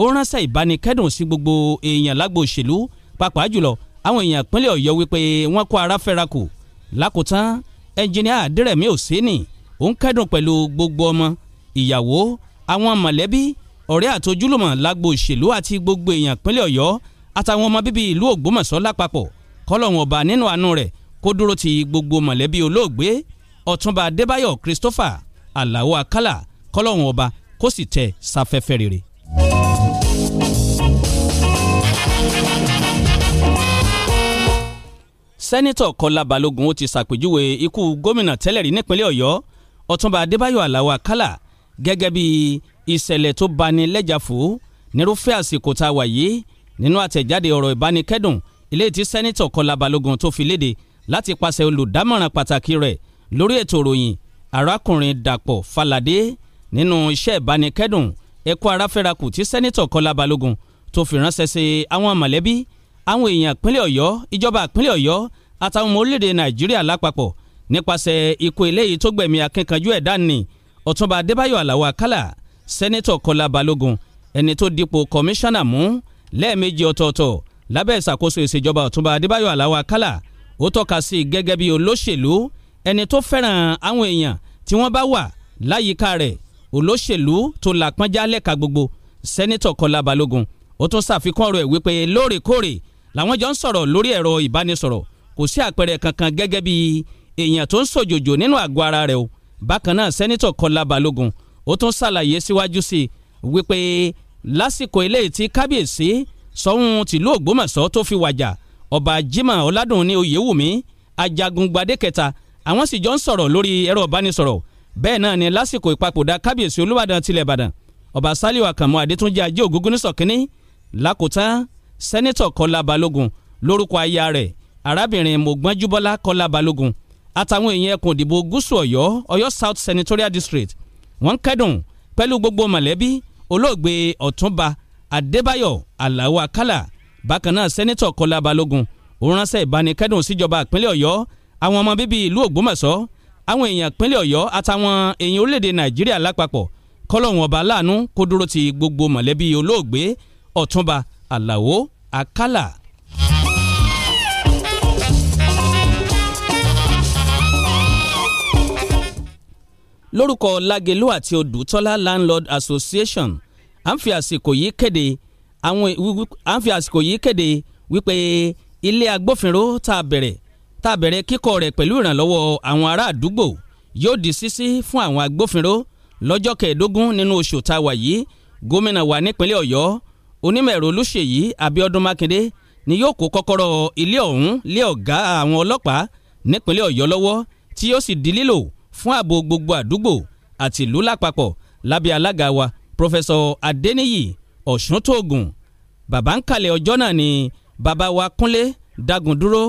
ó ránṣẹ́ ìbánikẹ́dùn sí gbogbo èèyàn lágbo òṣèlú pàápàá jùlọ àwọn èèyàn ìpínlẹ̀ ọ̀yọ́ wípé wọ́n kó ara fẹ́ra kù lákòótán ẹnjìníà adẹ́rẹ̀mí òsénì ó ń kẹ́dùn pẹ̀lú gbogbo ọmọ ìyàwó àwọn mọ̀lẹ́bí ọ̀rẹ́ àtojúlùmọ̀ lágbo òṣèlú àti gbogbo èèyàn ìpínlẹ̀ ọ̀yọ́ àtàwọn ọmọ bíbí ìlú Ògbómọ̀ṣọ́ lápapọ̀ kọ́lọ́hún ọba nínú àánú rẹ̀ kó dúró ti gbogbo mọ̀lẹ́bí olóògbé ọ̀túnba adébáyọ̀ christopher aláwọ̀ àkàlà kọ́lọ́hún ọba kó sì tẹ sáfẹ́fẹ́ rere. sẹ́nitọ̀ kọ́lá balógun ó ti ṣàpèjúwe ikú gómìnà tẹ́lẹ̀ rí nípínlẹ̀ ọ̀yọ́ ọ̀túnba adébáyọ̀ aláwọ̀ àkàlà gẹ́gẹ́ bí ìṣẹ̀lẹ̀ tó bani lẹ́jà fò nírúfẹ́ àsìkò tá a wà yìí nínú àtẹ̀jáde ọ̀rọ̀ ìbánikẹ́dùn ilé tí sẹ́nitọ̀ Kọ́lá Balógun tó fi léde láti pàṣẹ olùdámọ̀ràn pàtàkì rẹ̀ lórí ètò ìròyìn arákùnrin Dàpọ̀ Fálàdé nínú iṣẹ́ ìbánikẹ́dùn ẹ̀kọ́ aráfẹ́rakù tí sẹ́nitọ̀ Kọ́lá Balógun tó fi ránṣẹ́ sí àwọn mọ̀lẹ́bí àwọn èèyàn ìpínlẹ̀ Ọ̀yọ́ ìjọba ìpínlẹ̀ Ọ̀yọ́ àtàwọn ọmọ orílẹ̀-èdè Nàìjíríà lápapọ̀ nípasẹ̀ ikú eléyìí tó gbẹ̀mí akínkanjú ẹ̀dá ni Ọ̀túnba Adébáyọ̀ Àlàó Àkàlà sẹ́nitọ̀ Kọ́lá Balógun ẹni tó dipò kọmíṣánná mú lẹ́ẹ̀mejì ọ̀tọ̀ọ̀tọ̀ lábẹ́ ìṣàkóso ìṣèjọba ọ̀túnba adébáyọ̀ aláwọ̀ akálà ó tọ́ka sí i gẹ́gẹ́ bí olóṣèlú ẹni tó fẹ́ràn àwọn èèyàn tí wọ́n bá wà láyìíká rẹ̀ olóṣèlú tó làpọ́njá lẹ́ka gbogbo sẹ́nitọ̀ kọlá balógun ó tún ṣàfikún ọ̀rọ̀ ẹ̀ wípé lóòrèkóòrè làwọn jọ ń sọ̀rọ̀ lórí ẹ̀rọ ìbánisọ̀rọ̀ kò sí àpẹẹrẹ kankan gẹ́gẹ́ bí èèyàn tó ń sòjòjò nínú àgọ́ ara rẹ̀ o bákan náà sẹ́nitọ̀ kọlá balógun ó tún ṣàlàyé síwájú sí i wípé lásìkò eléyìí tí kábíyèsí sọ́hún tìlú Ògbómọ̀ṣọ́ tó fi wàjà ọba Jimoh Ọládùnní Oyèwùmí Ajagungbadé kẹta àwọn sì jọ ń sọ̀rọ̀ lórí ẹ̀rọ ìbánisọ̀rọ̀ bẹ́ẹ̀ náà ni lásìkò ìpapòdà kábíyèsí Olúbàdàn tilẹ̀ Ìbàdàn ọba Sálíù Àkànmú Adétúnjì Ajé Ògúngúnnísọ̀ kínní lákòótán sẹ́nẹ́tọ̀ Kọ́lá Balógun lórúkọ aya rẹ̀ arábìnrin Mọ̀gbọ́njúbọ́lá Kọ́lá Balógun àtàwọn èèyàn ẹkùn ìdìbò gúúsù Ọ̀yọ́ Ọ̀yọ́ South Senatorial District wọ́n kẹ́dùn pẹ̀lú gbogbo mọ̀lẹ́bí olóògbé ọ̀túnba adébáyọ̀ aláwọ àkàlà bákan náà sẹ́nitọ̀ kọ́lá balógun òun ránṣẹ́ ìbánikẹ́dùn síjọba ìpínlẹ̀ ọ̀yọ́ àwọn ọmọ bíbí ìlú ògbómọ̀ṣọ́ àwọn èèyàn ìpínlẹ̀ ọ̀yọ́ àtàwọn èèyàn orílẹ̀-èdè nàìjíríà lápapọ̀ kọ́lọ́hún ọba láàánú kó dúró ti gbogbo mọ̀lẹ́bí olóògbé ọ̀túnba aláwọ àkàlà lórúkọ lágelú àti odùtọ́lá landlord association à ń fi àsìkò yìí kéde àwọn à ń fi àsìkò yìí kéde wípé ilé agbófinró tá a bẹ̀rẹ̀ tá a bẹ̀rẹ̀ kíkọ́ rẹ̀ pẹ̀lú ìrànlọ́wọ́ àwọn ará àdúgbò yóò di sísí fún àwọn agbófinró lọ́jọ́ kẹẹ̀ẹ́dógún nínú oṣù tá a wà yìí gómìnà wa nípínlẹ̀ ọ̀yọ́ onímọ̀ẹ̀rọ olúṣèyí abíọ́dún mákindé ni yóò kó kọ́kọ́rọ́ ilé ọ̀hún lé ọ̀gá àwọn ọlọ́pàá nípínlẹ̀ ọ̀yọ́ lọ́wọ́ tí yóò sì di lílò fún ààbò gbogbo àdúgbò àti ìlú lápapọ̀ lábẹ́ alága wa pọfẹsọ adeniyi ọ̀ṣuntóògùn bàbá ń kalẹ̀ ọjọ́ náà ni bàbá wa kúnlé dagundúró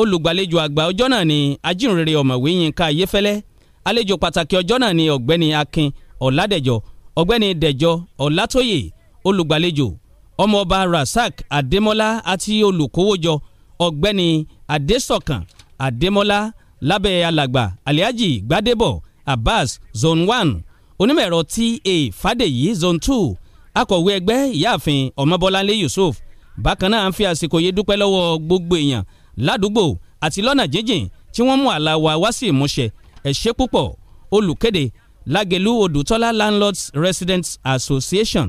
olùgbàlejò àgbà ọjọ́ náà ni ajínrere ọ̀mọ̀wé yínká ayéfẹ́lẹ́ àlejò pàtàkì ọjọ́ náà ni ọ̀gbẹ́ni akin ọ̀ládẹ̀jọ ọ̀gbẹ́ni dẹ̀jọ ọ̀làtòyè olùgbàlejò ọmọọba rasak adémọ́lá àti olùkówójọ ọ̀gbẹ́ni adésọ̀kàn adémọ́lá lábẹ́ alàgbà aliaji gbadebo abbas zone one onímọ̀ ẹ̀rọ ta fàdèyí zone two akọ̀wé ẹgbẹ́ ìyáàfin ọmọbọ́láńlé yusuf bákan náà ń fi àsìkò yìí dúpẹ́ lọ́wọ́ gbogbo èèyàn ládùúgbò àti lọ́nà jíjìn tí wọ́n mú àlá wa wá sí ìmúṣẹ ẹ ṣé púpọ̀ olùkéde lágẹ̀lú odùtọ́lá landlords residents association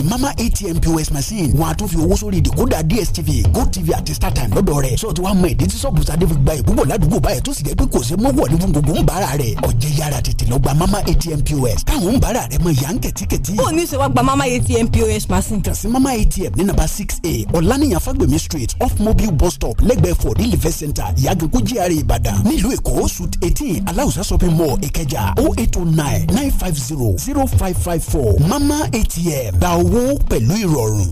mama atm pos machine wọn a tún fi owó sórí dekoda dstv gotv àti startime lọ́dọ̀ rẹ̀ sọ ti wá mọ ìdí tí sọ́ọ̀bù sadé fi gba ìbúbọ̀ ládùúgbò báyìí tó sì jẹ́ pé kò sí mọ́wọ́ ní fún gbogbo ń bára rẹ̀ ọ̀jẹ̀ yára tètè lọ gba mama atm pos táwọn ń bára rẹ̀ mọ yàn kẹ̀tíkẹ̀tí. ó ní sèwá gba mama atm pos machine. kàn sí mama atm ní nàbà six a ọ̀lànìyàn fagbemi street off mobile bus stop lẹ́gbẹ̀ẹ́ for delivery center ìyàgànkú GRA ìbàdàn nílùú èkó suit eighteen aláùsá shopping mall ìkẹjà o oh eight o oh nine nine five zero zero five five four mama atm gba owó sanwó pẹ̀lú ìrọ̀rùn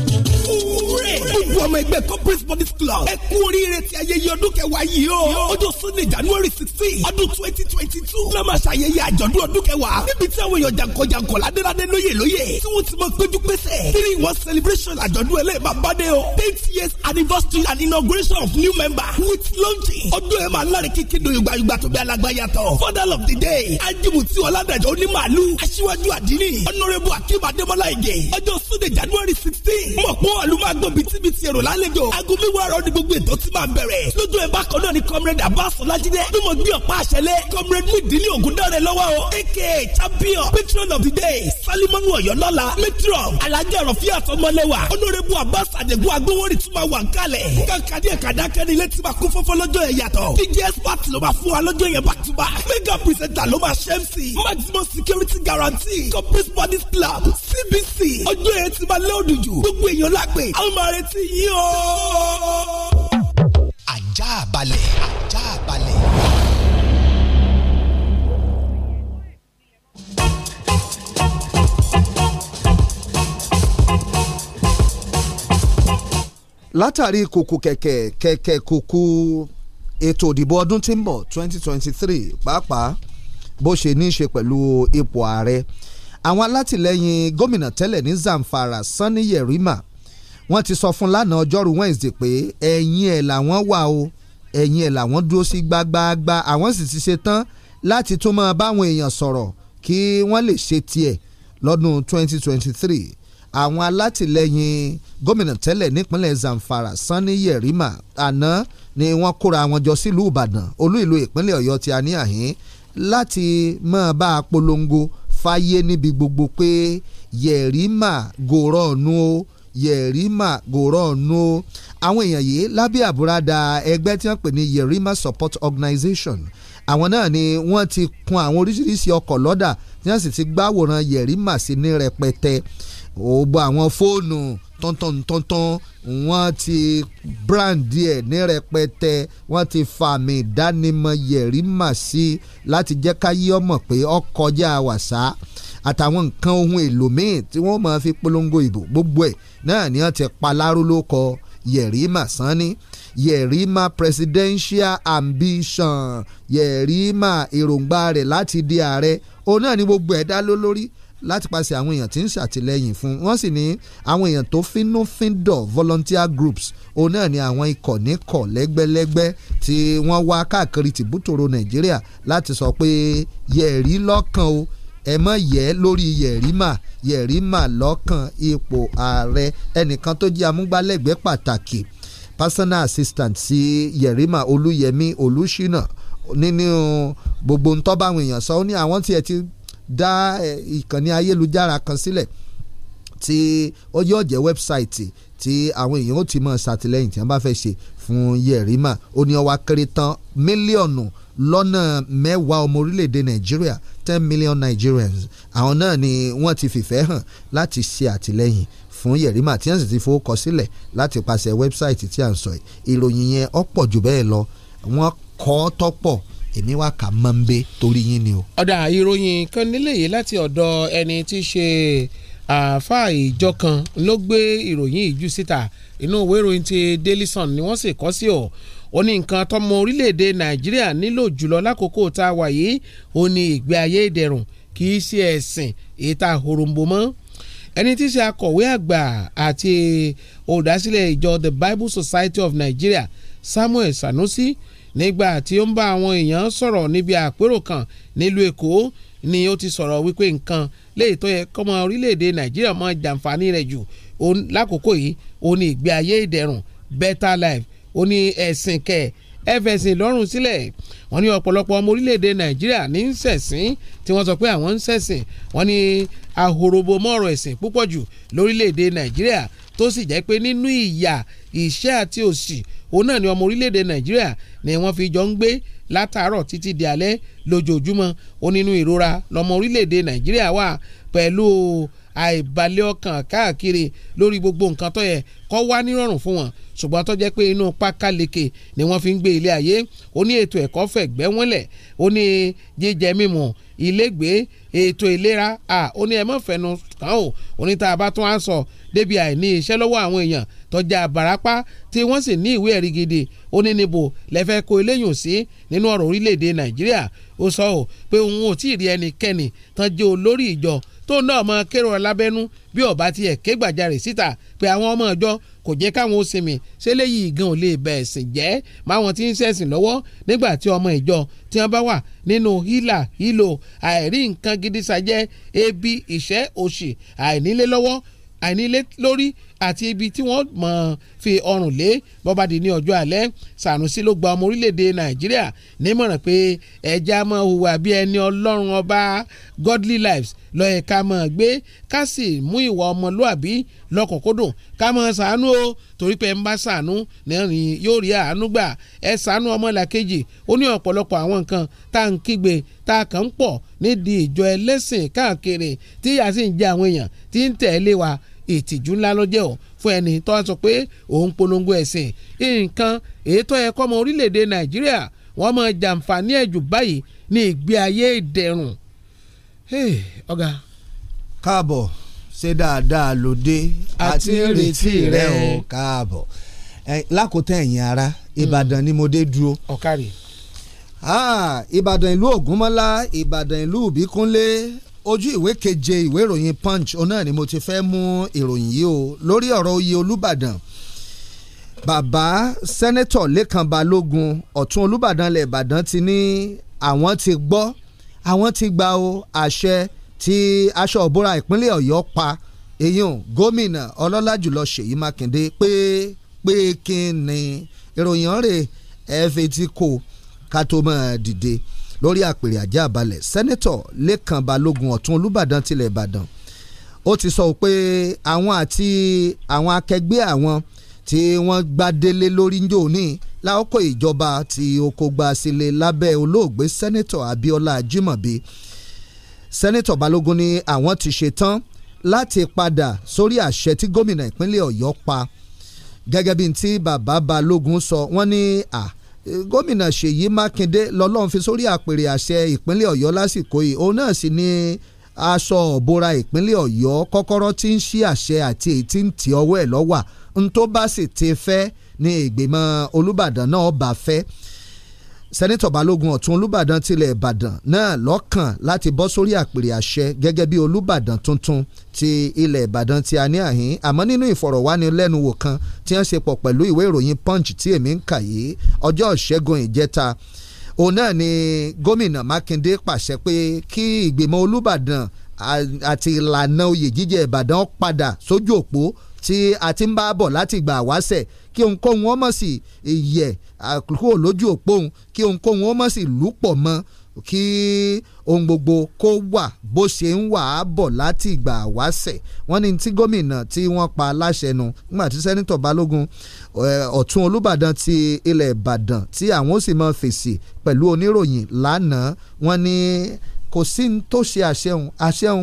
gbogbo ọmọ ẹgbẹ́ corporate
bodies club ẹ kú oríire ti ayẹyẹ ọdún kẹwàá yìí o ọjọ́ sunday january sixteen ọdún twenty twenty two ló máa ṣàyẹyẹ àjọ̀dún ọdún kẹwàá níbi tí àwọn èèyàn jàǹkànjàǹkàn ládéládé lóye lóye tí wọ́n ti mọ péjú pésẹ̀ three one celebration àjọ̀dún ẹlẹ́ẹ̀bá bádé o ten years anniversary and inauguration of new member with launching ọdún ẹ̀ máa láre kíkí doyogbayogba tó bí alágbá yàtọ̀ father of the day ajibuti ọ̀làdàjọ́ onímàálù aṣíwájú àdínì honourable akim adémọlá ìgè ọjọ́ sunday january sixteen mọ̀pọ̀ àlùmágbọ̀b òbítíbitì èrò lálejò aago mẹ́wàá àárọ̀ ni gbogbo ètò ti máa bẹ̀rẹ̀ lójú ẹ̀ bákan náà ni comrade Abbas Ọlájídé tó mọ̀ gbé ọ̀pá àṣẹlẹ̀ comrade Mudili Ògúndọ̀rẹ́ lọ́wọ́ o aka champion patron of the day Salimanu Ọ̀yọ́lọ́lá matron alhaji ọ̀rọ̀fí àtọmọlẹ́wà honorable Abbas Adegun agbowórin tún máa wà ń kalẹ̀ kankadi ẹ̀kadàkẹ́ni ilé tí máa kún fọ́fọ́ lọ́jọ́ yẹn yàtọ̀ dj sport ló máa fún wa lọ́jọ́ yẹn back to back mega presenter ló máa ṣe mc maximum security guarantee complete body club cbc ọjọ́ yẹn ti máa lé òdùjù gbogbo èèyàn lágbè àwọn máa retí yín o. ajá balẹ̀ ajá balẹ̀.
látàrí kòkò kẹ̀kẹ́ kẹ̀kẹ́ kòkò ètò ìdìbò ọdún tí ń bọ̀ twenty twenty three pàápàá bó ṣe ní í ṣe pẹ̀lú ipò ààrẹ àwọn alátìlẹyìn gómìnà tẹ́lẹ̀ ní Zamfara Sani Yerima wọ́n ti sọ fún lánàá ọjọ́rú Wednesday pé ẹ̀yìn ẹ̀ làwọn wà o ẹ̀yìn ẹ̀ làwọn dúró sí gbagba àwọn sì ti ṣe tán láti tún máa báwọn èèyàn sọ̀rọ̀ kí wọ́n lè ṣe tiẹ̀ lọ́dún 2023 àwọn alátìlẹyìn gómìnà tẹ́lẹ̀ nípínlẹ̀ Zamfara Sani Yerima àná ni wọ́n kóra wọn jọ sílùú Ìbàdàn olú ìlú ìpínlẹ̀ Ọ̀yọ́ ti àníàhín láti máa bá a polongo fáyé níbi gbogbo pé Yerima gòrọ̀ ọ̀nù o Yerima Goron o àwọn èèyàn yìí lábẹ́ àbúradà ẹgbẹ́ tí wọ́n pè ní Yerima Support Organization àwọn náà ni wọ́n ti kun àwọn oríṣiríṣi ọkọ̀ lọ́dà tí wọ́n sì ti gbàwòrán Yerima sí ní rẹpẹtẹ ògbó àwọn fóònù tọ́ntọ́ntọ́ntọ́n wọ́n ti brandi ẹ̀ ní rẹpẹtẹ wọ́n ti fàmì ìdánimọ̀ Yerima sí láti jẹ́ káyé ọmọ pé ọkọjá wàsá àtàwọn nǹkan ohun èlò míì tí wọ́n máa fi polongo ìbò gbogbo ẹ̀ náà ni wọ́n ti paláró ló kọ Yerima Sani Yerima presidential ambition Yerima èròǹgbà rẹ̀ láti di ààrẹ òun náà ni gbogbo ẹ̀ dá lólórí láti paṣẹ àwọn èèyàn tí ń ṣàtìlẹ́yìn fún wọn sì ní àwọn èèyàn tó fínúfíndọ̀ volunteer groups òun náà ni àwọn ikọ̀ níkọ̀ lẹ́gbẹ́lẹ́gbẹ́ tí wọ́n wá káàkiri tìbútòrò Nàìjíríà láti sọ pé yẹ̀rí lọ́kàn o ẹ mọ̀ yẹ́ lórí yẹ̀rìmà yẹ̀rìmà lọ́kàn ipò ààrẹ ẹnìkan tó jẹ́ amúgbálẹ́gbẹ̀ẹ́ pàtàkì personal assistant sí yẹ̀rìmà olúyẹmí olúṣínà nínú gbogbo ntọ́báwọn èèyàn sọ ó ní àwọn tiẹ̀ ti dá ìkànnì ayélujára kan sílẹ̀ tí ó yóò jẹ́ wẹ́bsáìtì tí àwọn èèyàn ó ti mọ̀ ṣàtìlẹ́yìn tí wọ́n bá fẹ́ ṣe fún yẹ̀rìmà ó ní ó wá tán mílíọ̀nù lọ́nà mẹ́wàá ọmọ orílẹ̀-èdè nàìjíríà ten million Nigerians àwọn náà ni wọ́n ti fìfẹ́ hàn láti ṣe àtìlẹ́yìn fún Yerima tí wọ́n sì ti fowókọ sílẹ̀ láti pàṣẹ wẹ́bsáìtì tí à ń sọ yìí ìròyìn yẹn ọ̀pọ̀ jù bẹ́ẹ̀ lọ wọ́n kọ́ tọ́pọ̀ èmi wá kà mọ́ ń bẹ torí yín ni o.
ọ̀dà ìròyìn kan nílé yìí láti ọ̀dọ̀ ẹni tí í ṣe àáfàá ìjọ kan ló gbé ìròyìn ìjú síta inú ìwé ìròyìn ti Daily Sun ni wọ́n sì kọ sí o ó ní nǹkan tọ́mọ orílẹ̀-èdè nàìjíríà nílò jùlọ lákòókò tá a wà yìí ó ní ìgbé ayé ìdẹ̀rùn kì í ṣe ẹ̀sìn ìta horombo mọ́ ẹni tí í ṣe akọ̀wé àgbà àti olùdásílẹ̀ ìjọ the Bible Society of Nigeria Samuel Sanusi nígbà tí ó ń bá àwọn èèyàn sọ̀rọ̀ níbi àpérò kan nílùú Èkó ni ó ti sọ̀rọ̀ wípé nǹkan léyìí tó yẹ kọ́mọ orílẹ̀-èdè Nàìjíríà máa jàǹfààní rẹ̀ jù lákòókò yìí ó ní ìgbé ayé ìdẹ̀rùn better life ó ní ẹ̀sìn kẹ̀ ẹ fẹ̀sìn lọ́rùn sílẹ̀ wọ́n ní ọ̀pọ̀lọpọ̀ ọmọ orílẹ̀-èdè nàìjíríà ní ń ṣẹ̀sìn tí wọ́n sọ pé àwọn ń ṣẹ̀sìn wọ́n ní ahorobo mọ́ọ̀rọ̀ ẹ̀sìn púpọ̀ jù lórílẹ̀-èdè nàìjíríà tó sì jẹ́ pé nínú ìyà ìṣẹ́ àti òṣì òun náà ni ọmọ orílẹ̀-èdè nàìjíríà ni wọ́n fi jọ ń gbé látàárọ̀ títí di alẹ́ lójoojúmọ́ ó ìrora lọmọ orílẹ̀-èdè nàìjíríà wà pẹ̀lú àìbalẹ̀ ọkàn káàkiri lórí gbogbo nǹkan tó yẹ kó wá nírọ̀rùn fún wọn ṣùgbọ́n tó jẹ́ pé inú pákáleke ni wọ́n fi ń gbé ilé ayé ó ní ètò ẹ̀kọ́ fẹ̀gbẹ́ wọ́nlẹ̀ ó ní jíjẹ mímu ilégbé ètò ìlera ó ní ẹ má fẹnu ó ní tá a bá tún á sọ débi àìní iṣẹ́ lọ́wọ́ àwọn èèyàn tó jẹ́ àbáràpá tí wọ́n sì ní ìwé ẹ̀rí gidi ó ní níbo lẹ́fẹ́ kó eléyùn sí nínú ọ̀rọ̀ orílẹ̀-èdè Nàìjíríà ó sọ ọ́ pé òun ò tí ì rí ẹnikẹ́ni tán jẹ́ olórí ìjọ tó náà mọ kéròrán lábẹ́nú bí ọba ti ẹ̀ ké gbàjarè síta pé àwọn ọmọ ọjọ́ kò jẹ́ káwọn ó sinmi ṣé léyìí gan ò lè bẹ̀ ẹ̀sìn jẹ́ máwọn ti ń ṣẹ̀sìn lọ́wọ́ nígbà tí ọmọ ìjọ tí wọ́n bá wà nínú hílà hílò àìrí nǹkan gidi ṣàjẹ́ ebi ìṣẹ́ òṣì àìnílé lọ́wọ́ àìnílé lórí àti ibi tí wọ́n mọ̀ fi ọrùn lé bọ́ba di ní ọjọ́ alẹ́ Sànúsí ló gba ọmọ orílẹ̀-èdè Nàìjíríà nímọ̀ràn pé ẹja máa hùwà bí ẹni ọlọ́run ọba godly lives lọ́yẹ ká máa gbé ká sì mú ìwà ọmọlúàbí lọ́kọ̀ọ́kọ́dùn ká máa ṣàánú o torí pé ẹ ń bá ṣàánú nẹ́rìn yóò rí àánú gbà ẹ ṣàánú ọmọlàkejì ó ní ọ̀pọ̀lọpọ̀ àwọn nǹkan tá à ń kígbe tá a kàn ń pọ̀ nídìí ìjọ ẹlẹ́sìn káàkiri tí yà ń jẹ àwọn èèyàn tí ń tẹ̀lé wa ìtìjú ńlá ló jẹ́ o fún ẹni tó sọ pé òun polongo ẹ̀sìn nǹkan ètò ẹ̀kọ́ ọmọ orílẹ̀-èdè nàìjíríà wọ́n mọ jàǹfààní ẹ̀jù báyìí ní ìgbé ayé ìdẹ̀rùn. ọ̀gá. káàbọ̀ ṣe dáadáa lóde àti ìrètí rẹ o káàbọ̀
lákòótán ẹ̀yin ara ìbàdàn ni mo dé dúró. ọ̀kàrẹ̀. Ah, ìbàdàn ìlú ògúnmọ́lá ìbàdàn ìlú ìbíkúnlé ojú ìwé keje ìwé ìròyìn punch òun ni mo ti fẹ́ mú ìròyìn yìí o lórí ọ̀rọ̀ oyè olùbàdàn bàbá sẹ́nẹ́tọ̀ lẹ́kàn balógun ọ̀tún olùbàdàn ilẹ̀ ìbàdàn ti ní àwọn ti gbọ́ àwọn ti gba o àṣẹ tí aṣọ òbúra ìpínlẹ̀ ọ̀yọ́ pa èyàn gómìnà ọlọ́lá jùlọ ṣèyí mákindé pé pé kí ni ìròyìn ọ̀rẹ́ ẹ̀ fetí kò ká tó máa dìde lórí àpèrè àjẹ́ àbálẹ̀ sẹ́nẹ́tọ̀ lẹ́kàn balógun ọ̀tún olúbàdàn tilẹ̀ ìbàdàn ó ti sọ pé àwọn àti àwọn akẹgbẹ́ àwọn tí wọ́n gbadélé lórí ń jò ní láòkó ìjọba tí oko gba sílẹ̀ lábẹ́ olóògbé sẹ́nẹ́tọ̀ abíọ́lá ajímọ̀bí sẹ́nẹ́tọ̀ balógun ni àwọn ti ṣetán láti padà sórí àṣẹ tí gómìnà ìpínlẹ̀ ọ̀yọ́ pa gẹ́gẹ́ bí ti bàbá balógun sọ wọ́n ní à ah, gómìnà Ṣèyí Mákindé lọ́lọ́run fi sórí àpèrè àṣẹ ìpínlẹ̀ Ọ̀yọ́ lásìkò yìí òun náà sì ni aṣọ òbora ìpínlẹ̀ Ọ̀yọ́ kọ́kọ́rọ́ tí ń ṣí àṣẹ àti èyí tí ń tì ọwọ́ ẹ̀ lọ́wà n bá sì ti fẹ́ ní ìgbìmọ̀ Olúbàdàn náà bá fẹ́ sẹ́nitọ̀ balógun ọ̀tún olùbàdàn tilẹ̀ ìbàdàn náà lọ́kàn láti bọ́ sórí àpèrè àṣẹ gẹ́gẹ́ bí olùbàdàn tuntun ti ilẹ̀ ìbàdàn tí a ní àhín àmọ́ nínú ìfọ̀rọ̀wánilẹ́nuwò kan tí wọ́n ṣe pọ̀ pẹ̀lú ìwé ìròyìn punch tí èmi ń kà yìí ọjọ́ ìṣẹ́gun ìjẹta òun náà ni gómìnà mákindé pàṣẹ pé kí ìgbìmọ̀ olùbàdàn àti ìlànà oyè jíjẹ ìbàdàn padà sójú òpó tí a ti ń bá bọ̀ láti gbà wáṣẹ̀ kí ohunkóhun ọmọ sì yẹ kúrò lójú òpó òun kí ohunkóhun ọmọ sì lúpọ̀ mọ́ kí ohun gbogbo kó wà bó ṣe ń wà á bọ̀ láti ìgbà wáṣẹ̀ wọ́n ní tí gómìnà tí wọ́n pa aláṣẹ nu nígbà tí sẹ́nitọ̀ balógun ọ̀tún olúbàdàn ti ilẹ̀ ìbàdàn tí àwọn ó sì mọ fèsì pẹ̀lú oníròyìn lánàá wọ́n ní kò sí ní tó ṣe àṣẹun àṣẹun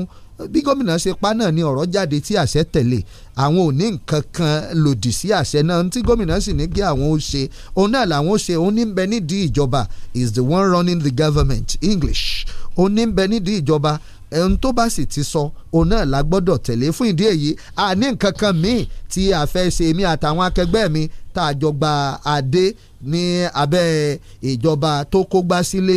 bí gómìnà ṣe pa náà ni ọ̀rọ̀ jáde tí àṣẹ tẹ̀lé àwọn ò ní nǹkan kan lòdì sí àṣẹ náà tí gómìnà sì ní kí àwọn ó ṣe òun náà làwọn ó ṣe òun ní bẹ nídìí ìjọba is the one running the government English òun ní bẹ nídìí ìjọba ẹni tó bá sì ti sọ òun náà la gbọ́dọ̀ tẹ̀lé fún ìdí èyí àní nǹkan kan míì tí a fẹ́ ṣe mí àtàwọn akẹgbẹ́ mi tá a jọ gba adé ní abẹ́ ìjọba tó kógbá sílé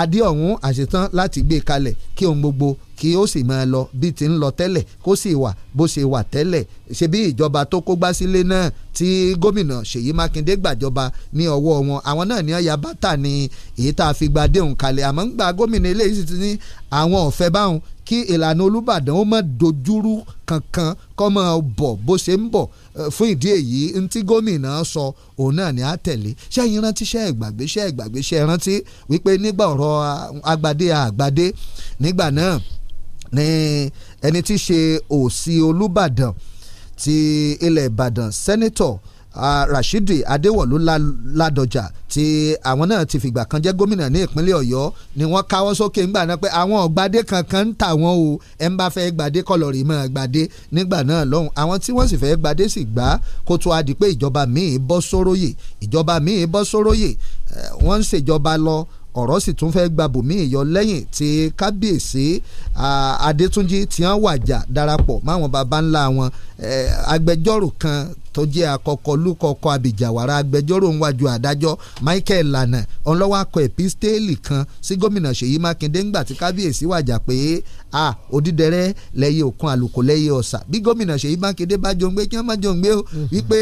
adé ọ̀hún àṣetán láti gbé kalẹ̀ kí ohun gbogbo kí ó sì máa lọ bí ti ń lọ tẹ́lẹ̀ kó sì wà bó ṣe wà tẹ́lẹ̀ ṣebí ìjọba tó kógbá sílé náà tí gómìnà Ṣèyí Mákindé gbàjọba ní ọwọ́ wọn àwọn náà ní ọ̀yà bàtà ni èyí tá a fi gba déhùn kalẹ̀ àmọ́ ń gba gómìnà eléyìí sì ti ní àwọn ọ̀fẹ́ báwọn kí ìlànà Olúbàdàn ó má dojúrú kankan kọ́ mọ́ ọ bọ̀ bó ṣe ń bọ̀ fún ìdí èyí n tí gómìnà sọ òun náà ni a tẹ̀lé ṣẹ́yìn rántí ṣẹ́ ìgbàgbé ṣẹ́ ìgbàgbé ṣẹ́ rántí wípé nígbà ọ̀rọ̀ agbadé àgbadé nígbà náà ní ẹni tí í ṣe òsì olúbàdàn ti ilẹ̀ ìbàdàn sẹ́nitọ̀ Rashidi Adéwọ̀lú Ládọjà tí àwọn náà ti fìgbà kan jẹ́ gómìnà ní ìpínlẹ̀ Ọ̀yọ́ ni wọ́n káwọ́ sókè ńgbà náà pé àwọn ọ̀gbadé kankan ń tà wọ́n o ẹ̀ ń bá fẹ́ gbadé kọlọ̀rì mọ́ gbadé nígbà náà lọ́hùn àwọn tí wọ́n sì fẹ́ gbadé sì gbà á kó tó a di pé ìjọba míì bọ́ sóróyè ìjọba míì bọ́ sóróyè wọ́n ń ṣèjọba lọ ọ̀rọ̀ sì tún fẹ́ gba bòmí ìyọ lẹ́yìn tí kábíyèsí adétúnjì tí wọ́n wàjà darapọ̀ máwọn baba ńlá wọn agbẹjọ́rò kan tó jẹ́ àkọ́kọ́ lúkọ̀ọ́kọ́ àbíjàwara agbẹjọ́rò níwájú adájọ́ Michael Lana ọlọ́wọ́ akọ epistéèlì kan sí gómìnà Ṣèyí Mákindé ńgbà tí kábíyèsí wàjà pé a òdídẹrẹ́ lẹ́yìn òkun àlùkò lẹ́yìn ọ̀sà bí gómìnà Ṣèyí Mákindé bá jòǹgbé kí wọ́n má jòǹgbé o mhm. wípé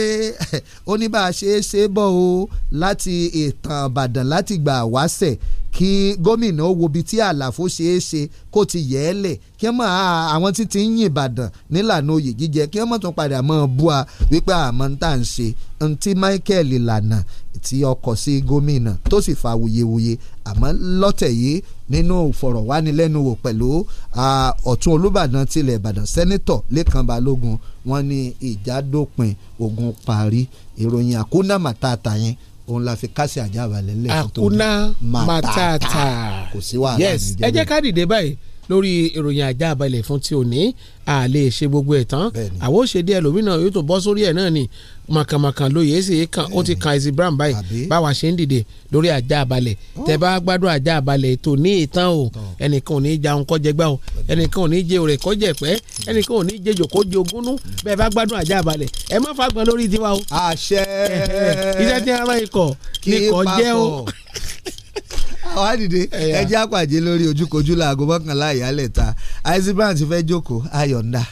[LAUGHS] ó ní bá a ṣe é ṣe é bọ̀ o láti ìtàn Ìbàdàn láti gbà wáṣẹ̀ kí gómìnà ó wo ibi tí àlàfo ṣeé ṣe kó ti yẹ̀ ẹ́ lẹ̀ kí wọ́n máa àwọn tí ti ń yìn Ìbàdàn nílànà oyè jíjẹ kí wọ́n mọ̀ tún padà mọ́ ọ búa wípé àmọ́ ń tà ń ṣe ń tí Michael Ìlànà tí ọkọ̀ sí gómìnà tó sì fa wuyewuye àmọ́ lọ́tẹ̀ yìí nínú ìfọ̀rọ̀wánilẹ́nuwò pẹ̀lú ọ̀tún Olúbàdàn tilẹ̀ Ìbàdàn sẹ́nitọ̀ Lẹ́kan Balógun wọ́n ní ìjà dópin ogun parí ìròyìn àkúnná yẹn òun la fi kásẹ̀ àjàbalẹ̀ lẹ̀. àkúná màtàtà kò sí wàhálà nídìí. ẹ jẹ́
ká dìde báyìí lórí ìròyìn ajá abalẹ̀ fún ti òní a lè ṣe gbogbo ẹ̀ tán àwọn òṣèdè ẹlòmíràn yóò tún bọ́ sórí ẹ̀ náà ni mọ̀kànmọ̀kàn lóye ṣe é kan ó ti kan ẹ̀sìn brown báyìí báwa ṣe ń dìde lórí ajá abalẹ̀ oh. tẹ bá gbádùn ajá abalẹ̀ ètò ní ìtàn o ẹnìkan ò ní ja òun kọjẹ gbá o ẹnìkan ò ní jẹ òrè kọjẹ pẹ́ hmm. ẹnìkan ò ní jẹ jòkó jẹ ogúnnú bẹ́ẹ̀ bá gbádùn ajá abalẹ̀ ẹ má fagbọn lórí tiwa o. àṣẹ iṣẹ́ tí a rán ikọ̀ ni kò jẹ́ o. [LAUGHS] àwa dìde ẹjẹ́
àpàjẹ lórí ojúkojú láago mọ́kànlá ìyálẹ̀ ta Ice ti fẹ́ jókòó ayọ̀ǹda.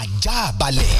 ajá balẹ̀